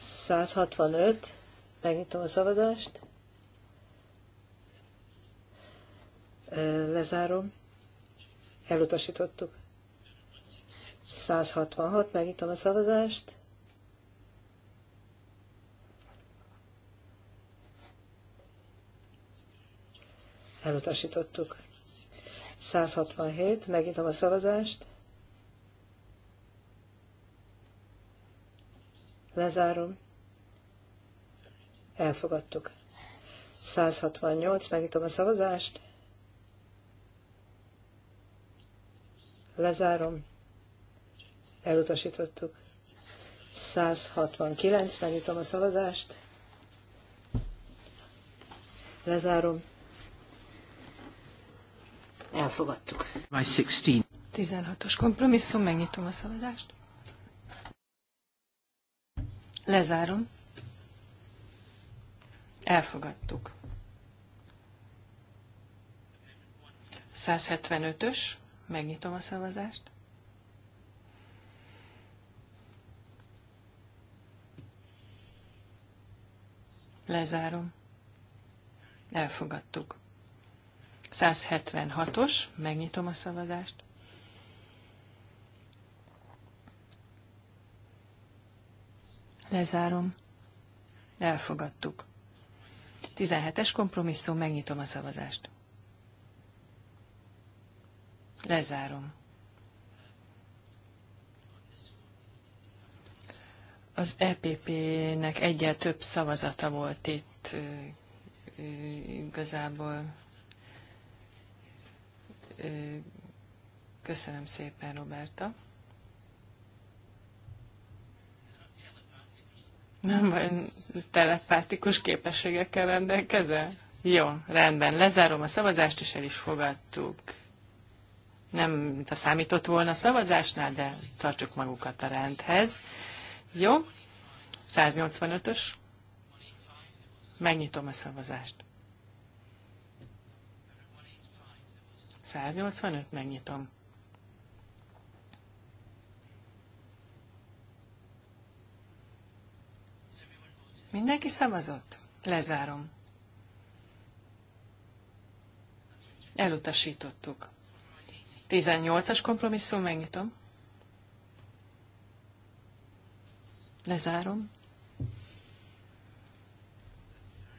165, megnyitom a szavazást. Lezárom. Elutasítottuk. 166, megnyitom a szavazást. Elutasítottuk. 167, megnyitom a szavazást. Lezárom. Elfogadtuk. 168, megnyitom a szavazást. Lezárom. Elutasítottuk. 169, megnyitom a szavazást. Lezárom. Elfogadtuk. 16-os kompromisszum, megnyitom a szavazást. Lezárom. Elfogadtuk. 175-ös. Megnyitom a szavazást. Lezárom. Elfogadtuk. 176-os, megnyitom a szavazást. Lezárom. Elfogadtuk. 17-es kompromisszum, megnyitom a szavazást. Lezárom. Az EPP-nek egyel több szavazata volt itt igazából. Köszönöm szépen, Roberta. Nem vagy telepátikus képességekkel rendelkezel? Jó, rendben, lezárom a szavazást, és el is fogadtuk nem mint a számított volna szavazásnál, de tartsuk magukat a rendhez. Jó, 185-ös. Megnyitom a szavazást. 185, megnyitom. Mindenki szavazott? Lezárom. Elutasítottuk. 18-as kompromisszum, megnyitom. Lezárom.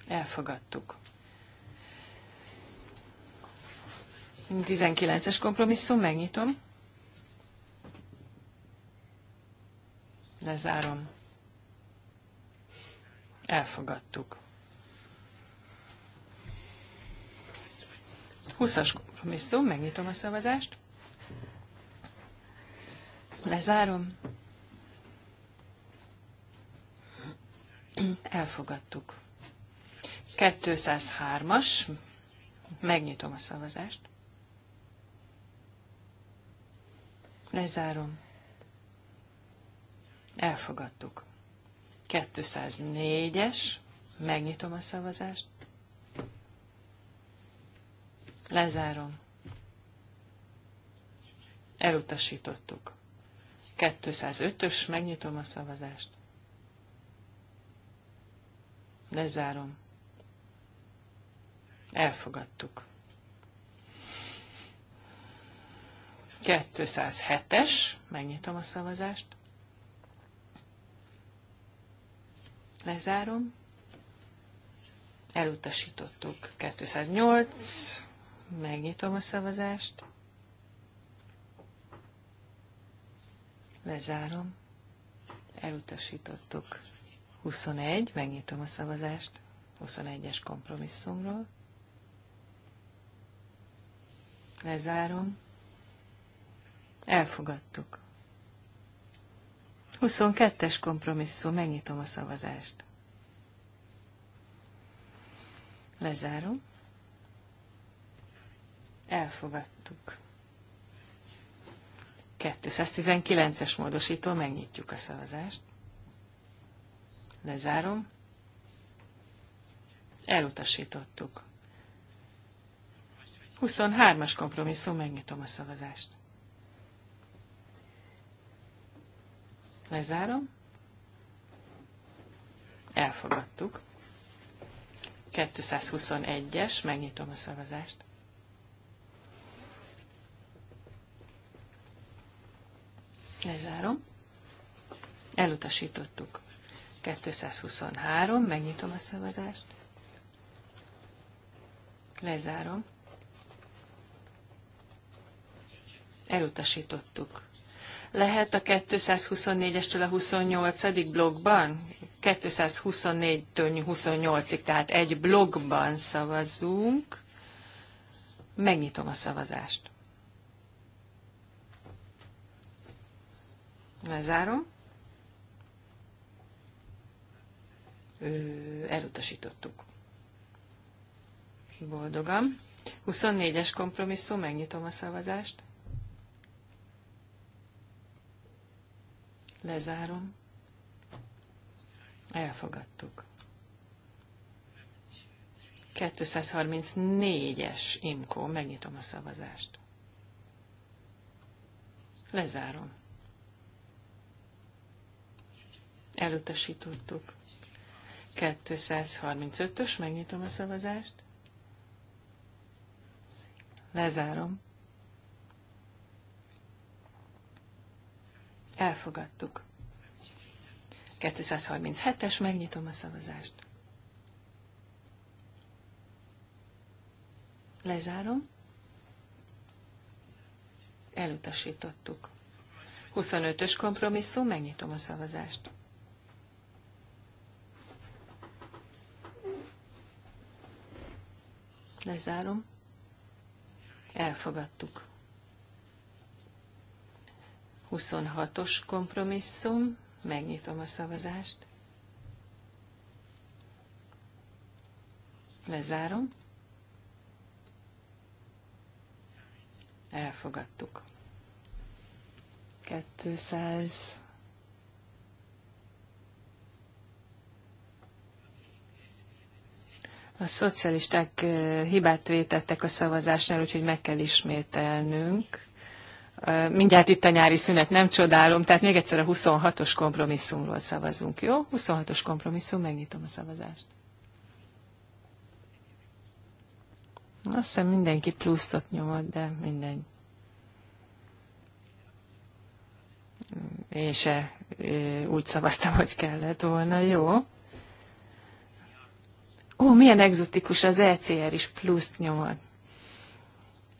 Elfogadtuk. 19-es kompromisszum, megnyitom. Lezárom. Elfogadtuk. 20-as kompromisszum, megnyitom a szavazást. Lezárom. Elfogadtuk. 203-as. Megnyitom a szavazást. Lezárom. Elfogadtuk. 204-es. Megnyitom a szavazást. Lezárom. Elutasítottuk. 205-ös, megnyitom a szavazást. Lezárom. Elfogadtuk. 207-es, megnyitom a szavazást. Lezárom. Elutasítottuk. 208, megnyitom a szavazást. Lezárom. Elutasítottuk. 21, megnyitom a szavazást. 21-es kompromisszumról. Lezárom. Elfogadtuk. 22-es kompromisszum, megnyitom a szavazást. Lezárom. Elfogadtuk. 219-es módosító, megnyitjuk a szavazást. Lezárom. Elutasítottuk. 23-as kompromisszum, megnyitom a szavazást. Lezárom. Elfogadtuk. 221-es, megnyitom a szavazást. Lezárom. Elutasítottuk. 223, megnyitom a szavazást. Lezárom. Elutasítottuk. Lehet a 224-estől a 28. blogban? 224-től 28-ig, tehát egy blogban szavazunk. Megnyitom a szavazást. Lezárom. Elutasítottuk. Boldogam. 24-es kompromisszum, megnyitom a szavazást. Lezárom. Elfogadtuk. 234-es imkó, megnyitom a szavazást. Lezárom. Elutasítottuk. 235-ös, megnyitom a szavazást. Lezárom. Elfogadtuk. 237-es, megnyitom a szavazást. Lezárom. Elutasítottuk. 25-ös kompromisszum, megnyitom a szavazást. Lezárom. Elfogadtuk. 26-os kompromisszum. Megnyitom a szavazást. Lezárom. Elfogadtuk. 200 A szocialisták hibát vétettek a szavazásnál, úgyhogy meg kell ismételnünk. Mindjárt itt a nyári szünet, nem csodálom, tehát még egyszer a 26-os kompromisszumról szavazunk, jó? 26-os kompromisszum, megnyitom a szavazást. Azt hiszem mindenki plusztot nyomott, de mindegy. Én se úgy szavaztam, hogy kellett volna, jó? ó, milyen egzotikus az ECR is pluszt nyomod.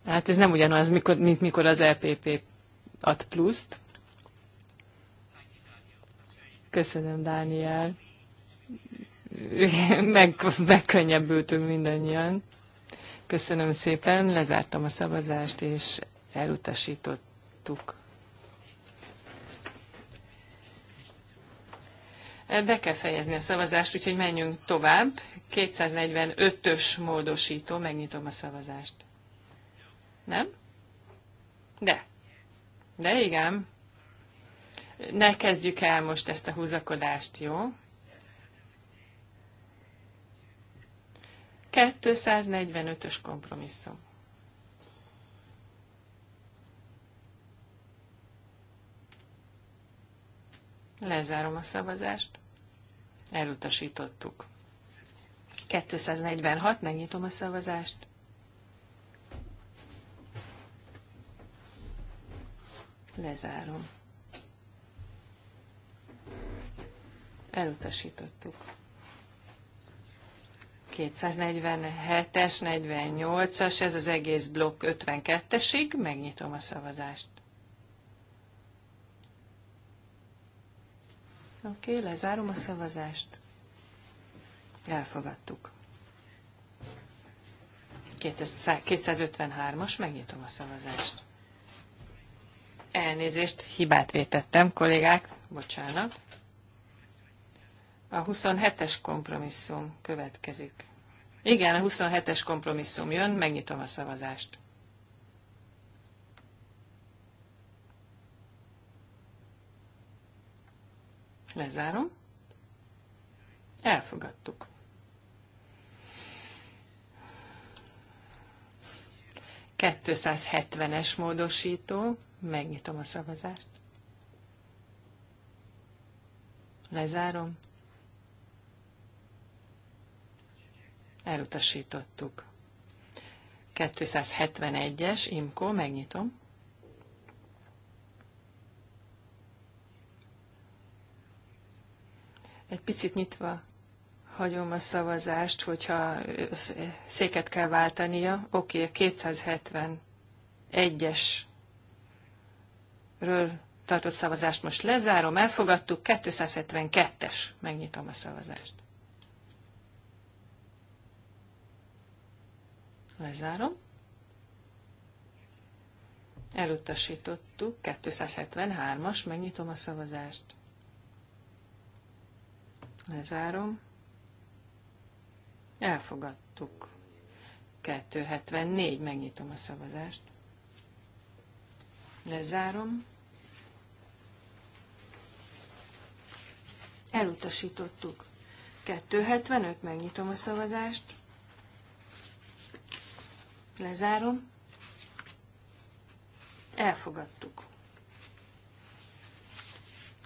Hát ez nem ugyanaz, mikor, mint mikor az LPP e ad pluszt. Köszönöm, Dániel. Meg, megkönnyebbültünk mindannyian. Köszönöm szépen, lezártam a szavazást, és elutasítottuk Be kell fejezni a szavazást, úgyhogy menjünk tovább. 245-ös módosító, megnyitom a szavazást. Nem? De. De igen. Ne kezdjük el most ezt a húzakodást, jó? 245-ös kompromisszum. Lezárom a szavazást. Elutasítottuk. 246, megnyitom a szavazást. Lezárom. Elutasítottuk. 247-es, 48-as, ez az egész blokk 52-esig, megnyitom a szavazást. Oké, okay, lezárom a szavazást. Elfogadtuk. 253-as, megnyitom a szavazást. Elnézést, hibát vétettem, kollégák, bocsánat. A 27-es kompromisszum következik. Igen, a 27-es kompromisszum jön, megnyitom a szavazást. lezárom. Elfogadtuk. es módosító, megnyitom a szavazást. Lezárom. Elutasítottuk. 271-es, Imko, megnyitom. egy picit nyitva hagyom a szavazást, hogyha széket kell váltania. Oké, okay, 271 esről ről tartott szavazást most lezárom, elfogadtuk, 272-es, megnyitom a szavazást. Lezárom. Elutasítottuk, 273-as, megnyitom a szavazást. Lezárom. Elfogadtuk. 274, megnyitom a szavazást. Lezárom. Elutasítottuk. 275, megnyitom a szavazást. Lezárom. Elfogadtuk.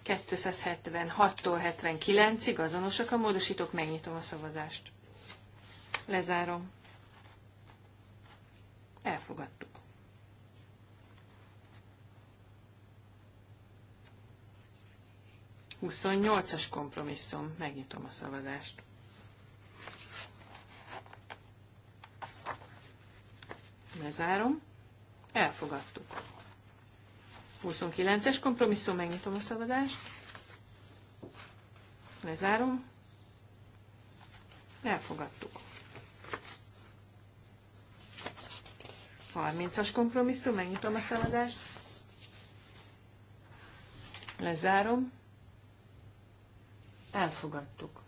276-tól 79-ig azonosak a módosítók, megnyitom a szavazást. Lezárom. Elfogadtuk. Huszonnyolcas kompromisszum. Megnyitom a szavazást. Lezárom. Elfogadtuk. 29-es kompromisszum, megnyitom a szavazást. Lezárom. Elfogadtuk. 30-as kompromisszum, megnyitom a szavazást. Lezárom. Elfogadtuk.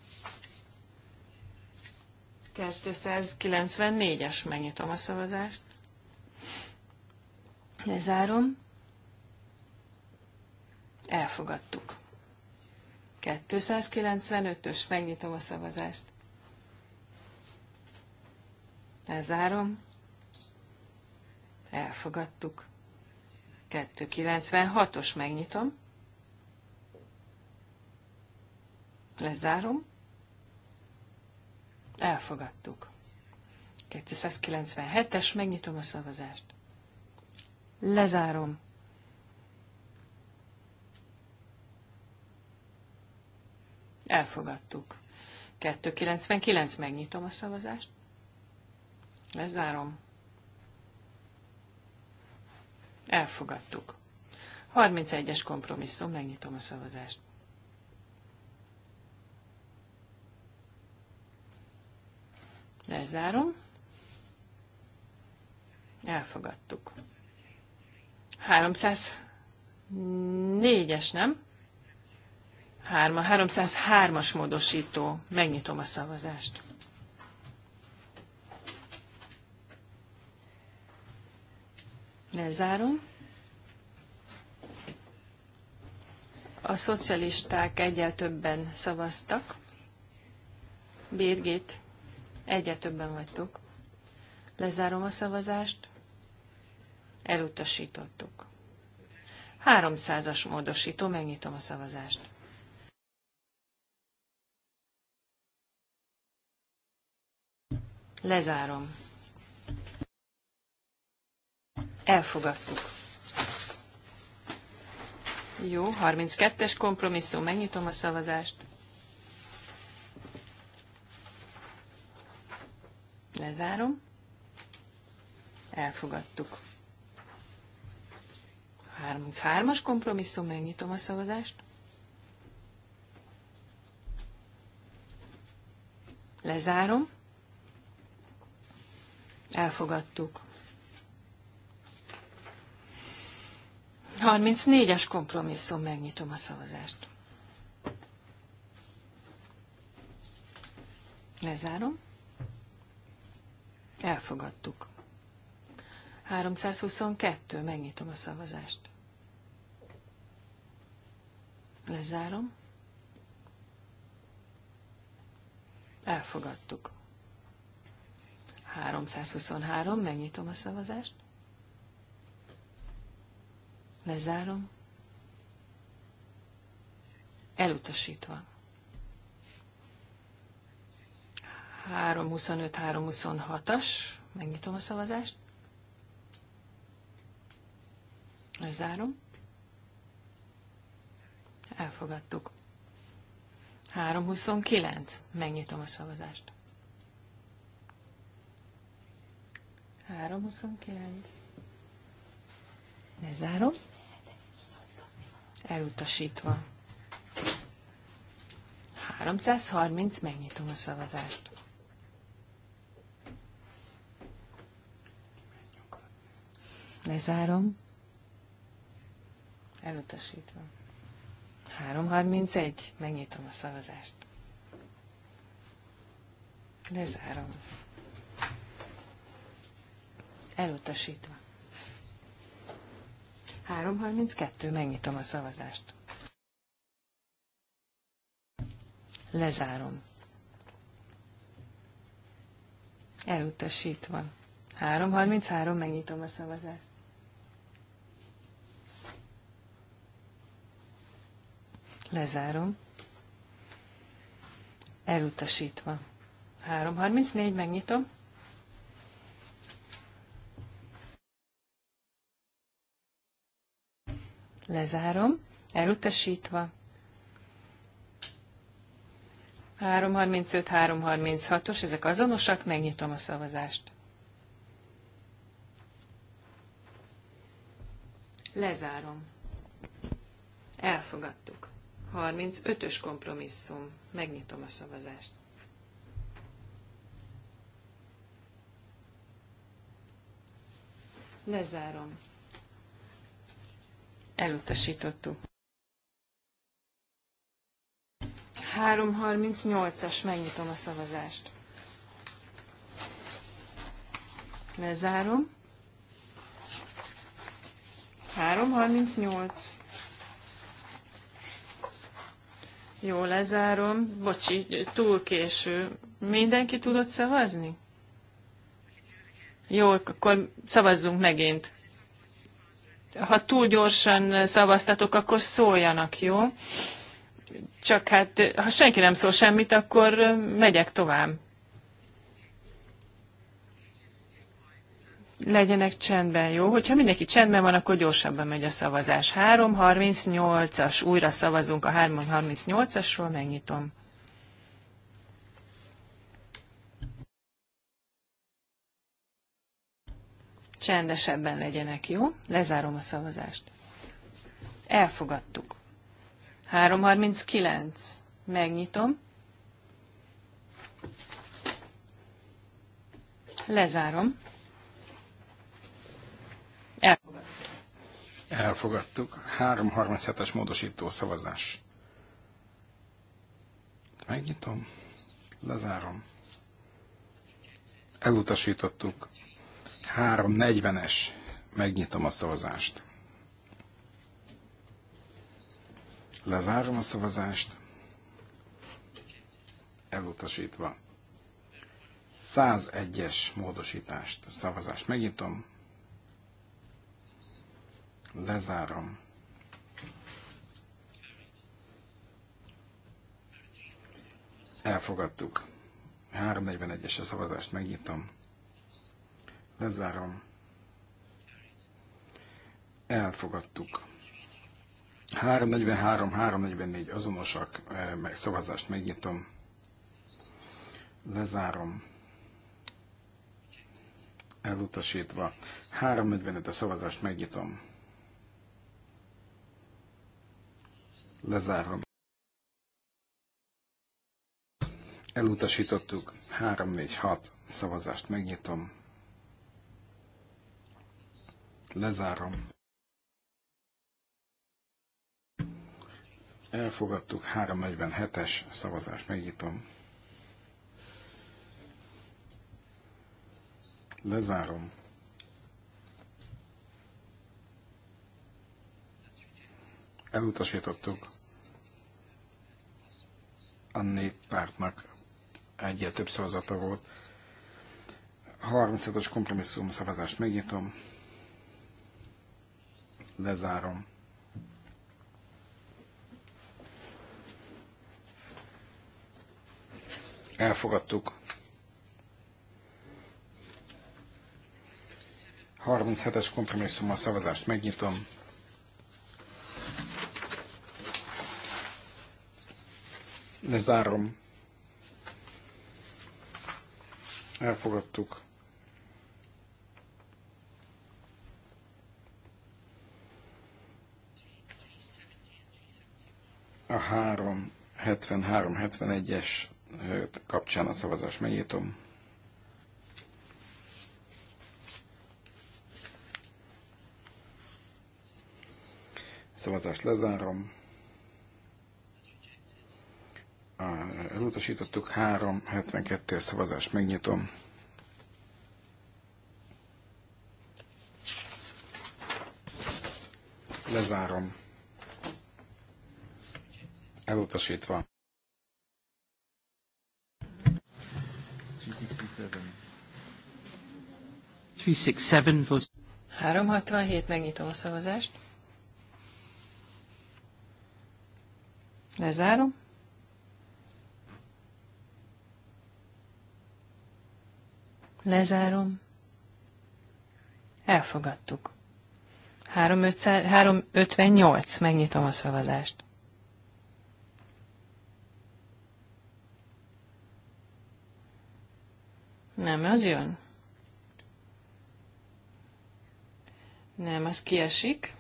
294-es, megnyitom a szavazást. Lezárom. Elfogadtuk. 295-ös, megnyitom a szavazást. Lezárom. Elfogadtuk. 296-os, megnyitom. Lezárom. Elfogadtuk. 297-es, megnyitom a szavazást. Lezárom. elfogadtuk. 299, megnyitom a szavazást. Lezárom. Elfogadtuk. 31-es kompromisszum, megnyitom a szavazást. Lezárom. Elfogadtuk. 304-es, nem? 3, 303-as módosító. Megnyitom a szavazást. Lezárom. A szocialisták egyel többen szavaztak. Birgit, egyel többen vagytok. Lezárom a szavazást. Elutasítottuk. 300-as módosító, megnyitom a szavazást. Lezárom. Elfogadtuk. Jó, 32-es kompromisszum, megnyitom a szavazást. Lezárom. Elfogadtuk. 33-as kompromisszum, megnyitom a szavazást. Lezárom. Elfogadtuk. 34-es kompromisszum, megnyitom a szavazást. Lezárom. Elfogadtuk. 322, megnyitom a szavazást. Lezárom. Elfogadtuk. 323, megnyitom a szavazást. Lezárom. Elutasítva. 325-326-as, megnyitom a szavazást. Lezárom. Elfogadtuk. 329, megnyitom a szavazást. 329. Lezárom. Elutasítva. 330, megnyitom a szavazást. Lezárom. Elutasítva. 331, megnyitom a szavazást. Lezárom. Elutasítva. 3.32. Megnyitom a szavazást. Lezárom. Elutasítva. 3.33. Megnyitom a szavazást. Lezárom. Elutasítva. 3.34. Megnyitom. Lezárom. Elutasítva. 335, 336-os, ezek azonosak, megnyitom a szavazást. Lezárom. Elfogadtuk. 35-ös kompromisszum. Megnyitom a szavazást. Lezárom elutasítottuk. 338-as, megnyitom a szavazást. Lezárom. 338. Jó, lezárom. Bocsi, túl késő. Mindenki tudott szavazni? Jó, akkor szavazzunk megint ha túl gyorsan szavaztatok, akkor szóljanak, jó? Csak hát, ha senki nem szól semmit, akkor megyek tovább. legyenek csendben, jó? Hogyha mindenki csendben van, akkor gyorsabban megy a szavazás. 3.38-as, újra szavazunk a 3.38-asról, megnyitom. csendesebben legyenek, jó? Lezárom a szavazást. Elfogadtuk. 339. Megnyitom. Lezárom. Elfogadtuk. Elfogadtuk. 337-es módosító szavazás. Megnyitom. Lezárom. Elutasítottuk. 340-es. Megnyitom a szavazást. Lezárom a szavazást. Elutasítva. 101-es módosítást, szavazást megnyitom. Lezárom. Elfogadtuk. 341-es a szavazást megnyitom. Lezárom. Elfogadtuk. 343, 344 azonosak, eh, meg szavazást megnyitom. Lezárom. Elutasítva. 345 a szavazást megnyitom. Lezárom. Elutasítottuk. 346 szavazást megnyitom. Lezárom. Elfogadtuk 347-es szavazást, megnyitom. Lezárom. Elutasítottuk a néppártnak egyet több szavazata volt. 35-ös kompromisszum szavazást megnyitom. Lezárom. Elfogadtuk. 37-es kompromisszummal szavazást megnyitom. Lezárom. Elfogadtuk. A 373-71-es kapcsán a szavazás. megnyitom. Szavazást lezárom. Elutasítottuk 372 es szavazást megnyitom. Lezárom. Elutasítva. 367. 367, megnyitom a szavazást. Lezárom. Lezárom. Elfogadtuk. 358, megnyitom a szavazást. Nem, az jön. Nem, az kiesik.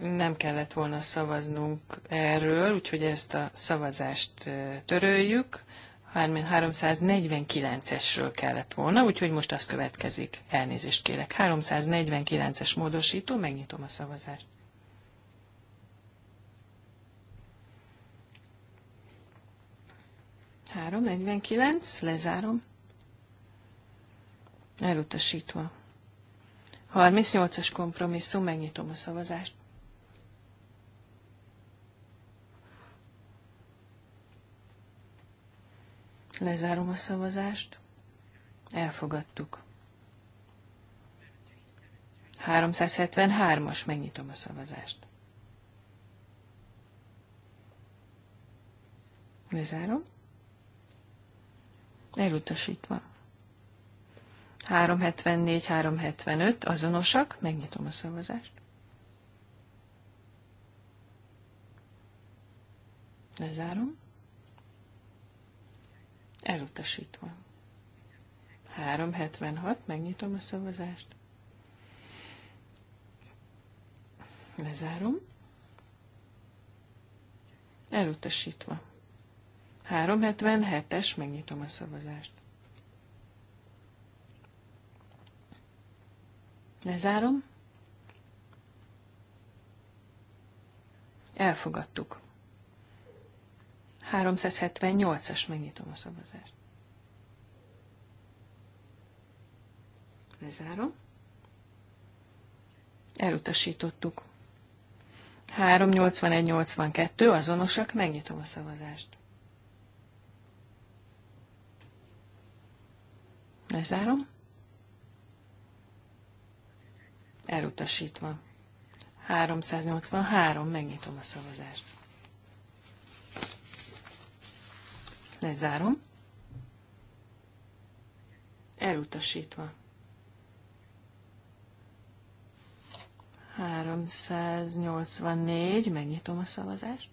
Nem kellett volna szavaznunk erről, úgyhogy ezt a szavazást töröljük. 349-esről kellett volna, úgyhogy most az következik. Elnézést kérek. 349-es módosító, megnyitom a szavazást. 43, 49, lezárom. Elutasítva. 38-as kompromisszum, megnyitom a szavazást. Lezárom a szavazást. Elfogadtuk. 373-as, megnyitom a szavazást. Lezárom. Elutasítva. 374, 375 azonosak. Megnyitom a szavazást. Lezárom. Elutasítva. 376, megnyitom a szavazást. Lezárom. Elutasítva. 377-es, megnyitom a szavazást. Lezárom. Elfogadtuk. 378-as, megnyitom a szavazást. Lezárom. Elutasítottuk. 381-82, azonosak, megnyitom a szavazást. Lezárom. Elutasítva. 383, megnyitom a szavazást. Lezárom. Elutasítva. 384, megnyitom a szavazást.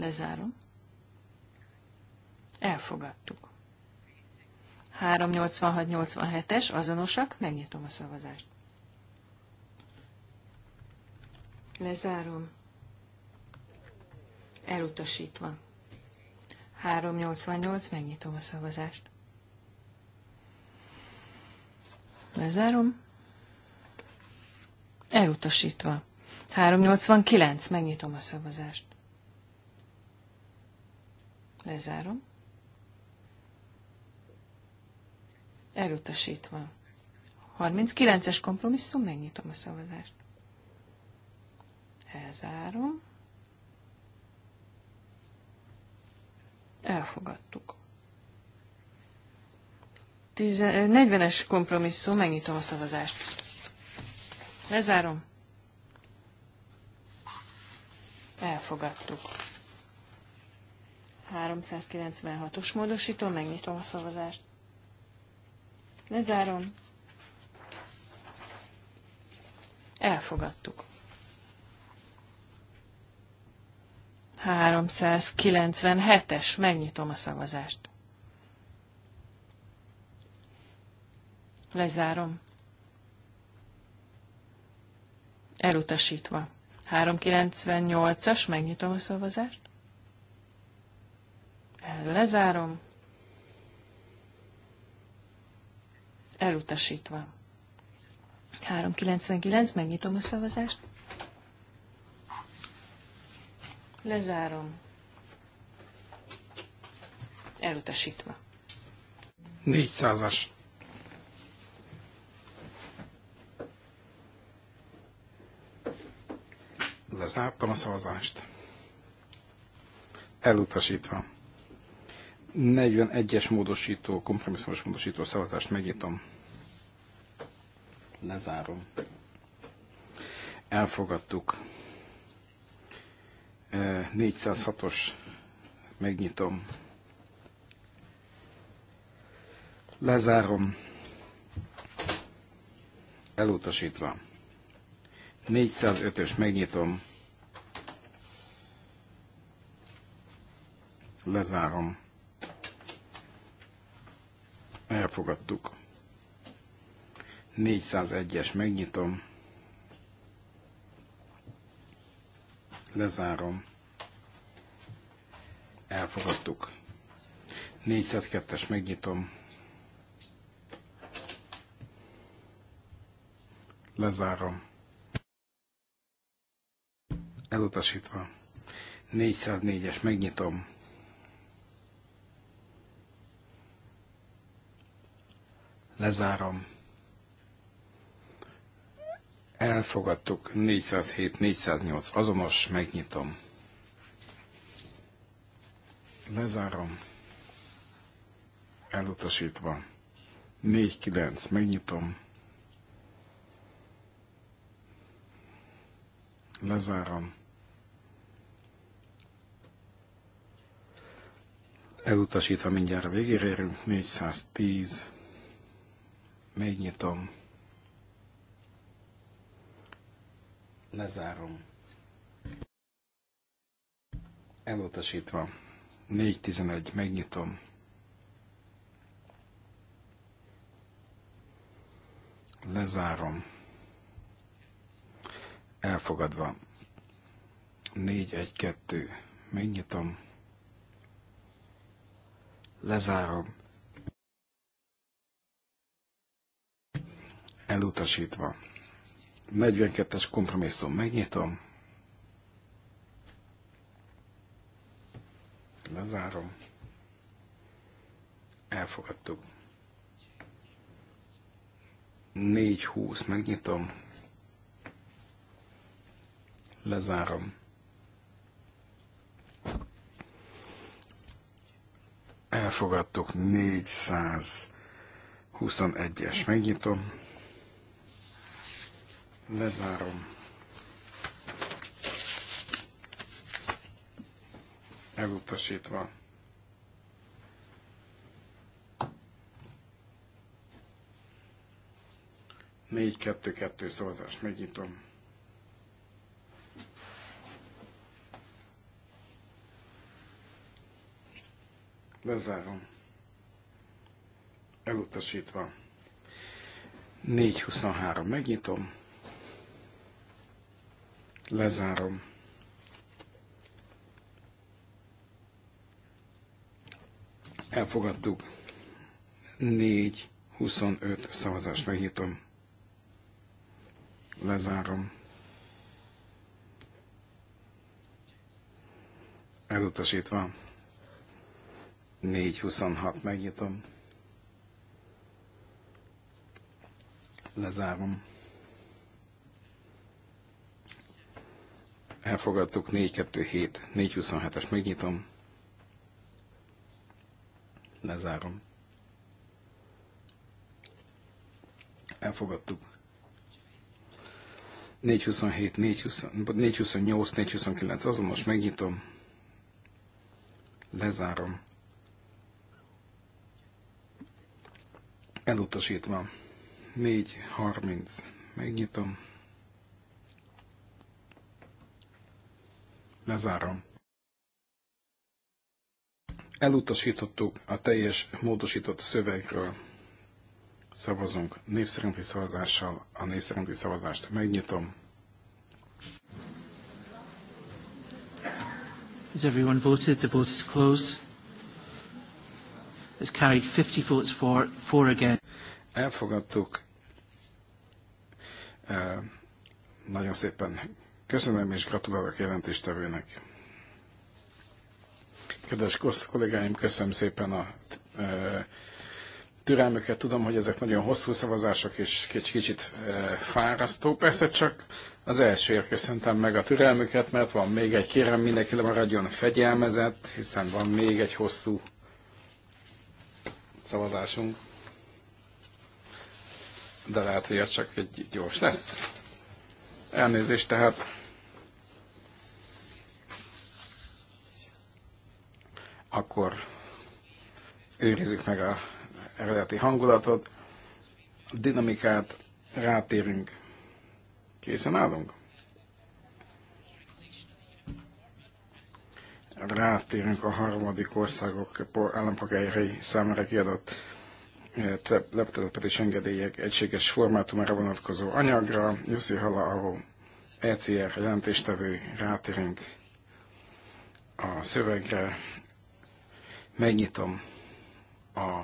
Lezárom. Elfogadtuk. 386-87-es azonosak, megnyitom a szavazást. Lezárom. Elutasítva. 388, megnyitom a szavazást. Lezárom. Elutasítva. 389, megnyitom a szavazást. Lezárom. Elutasítva. 39-es kompromisszum, megnyitom a szavazást. Elzárom. Elfogadtuk. 40-es kompromisszum, megnyitom a szavazást. Lezárom. Elfogadtuk. 396-os módosító, megnyitom a szavazást. Lezárom. Elfogadtuk. 397-es, megnyitom a szavazást. Lezárom. Elutasítva. 398-as, megnyitom a szavazást. Lezárom. Elutasítva. 399, megnyitom a szavazást. Lezárom. Elutasítva. 400-as. Lezártam a szavazást. Elutasítva. 41-es módosító, kompromisszumos módosító szavazást megnyitom. Lezárom. Elfogadtuk. 406-os megnyitom. Lezárom. Elutasítva. 405-ös megnyitom. Lezárom Elfogadtuk. 401-es megnyitom. Lezárom. Elfogadtuk. 402-es megnyitom. Lezárom. Elutasítva. 404-es megnyitom. Lezárom. Elfogadtuk 407-408 azonos, megnyitom. Lezárom. Elutasítva. 49, megnyitom. Lezárom. Elutasítva mindjárt végére érünk. 410. Megnyitom. Lezárom. Elutasítva. 4.11. Megnyitom. Lezárom. Elfogadva. 4.1.2. Megnyitom. Lezárom elutasítva. 42-es kompromisszum megnyitom. Lezárom. Elfogadtuk. 4-20 megnyitom. Lezárom. Elfogadtuk 421-es. Megnyitom. Lezárom. Elutasítva. Négy kettő kettő szózás. Megnyitom. Lezárom. Elutasítva. 4.23 megnyitom. Lezárom. Elfogadtuk. 4-25 szavazást megnyitom. Lezárom. Elutasítva. 4-26 megnyitom. Lezárom. elfogadtuk 427, 427-es megnyitom, lezárom. Elfogadtuk. 427, 420, 428, 429 azonos, megnyitom, lezárom. Elutasítva. 430, megnyitom, Lezárom. Elutasítottuk a teljes módosított szövegről. Szavazunk népszerinti szavazással. A népszerinti szavazást megnyitom. Has everyone voted? The vote is closed. It's carried 50 votes for, four again. Elfogadtuk. Uh, nagyon szépen Köszönöm és gratulálok jelentéstevőnek. Kedves kollégáim, köszönöm szépen a e, türelmüket. Tudom, hogy ezek nagyon hosszú szavazások és kicsit e, fárasztó. Persze csak az elsőért köszöntem meg a türelmüket, mert van még egy, kérem mindenki maradjon fegyelmezett, hiszen van még egy hosszú szavazásunk. De lehet, hogy ez csak egy gyors lesz. Elnézést tehát. akkor őrizzük meg a eredeti hangulatot, a dinamikát, rátérünk. Készen állunk? Rátérünk a harmadik országok állampolgárai számára kiadott leptelepedés engedélyek egységes formátumára vonatkozó anyagra. Jussi Hala, ahol ECR jelentéstevő, rátérünk a szövegre, Megnyitom a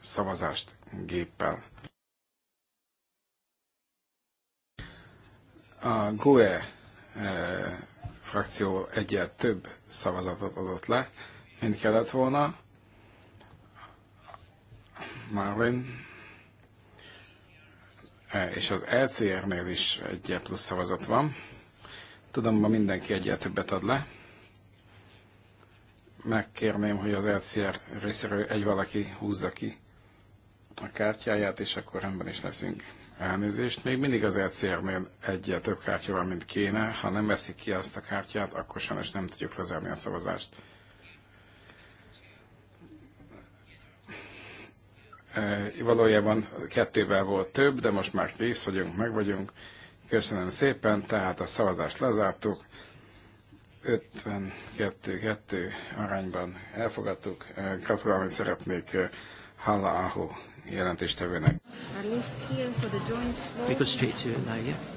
szavazást géppel. A GUE eh, frakció egyel több szavazatot adott le, mint kellett volna. Marlin eh, és az LCR-nél e is egy plusz szavazat van. Tudom, ma mindenki egyet többet ad le megkérném, hogy az LCR részéről egy valaki húzza ki a kártyáját, és akkor rendben is leszünk. Elnézést, még mindig az LCR-nél egyel több kártya van, mint kéne. Ha nem veszik ki azt a kártyát, akkor sajnos nem tudjuk lezárni a szavazást. Eh, valójában kettővel volt több, de most már kész vagyunk, meg vagyunk. Köszönöm szépen, tehát a szavazást lezártuk. 52-2 arányban elfogadtuk. Gratulálni szeretnék Hala Aho jelentéstevőnek. We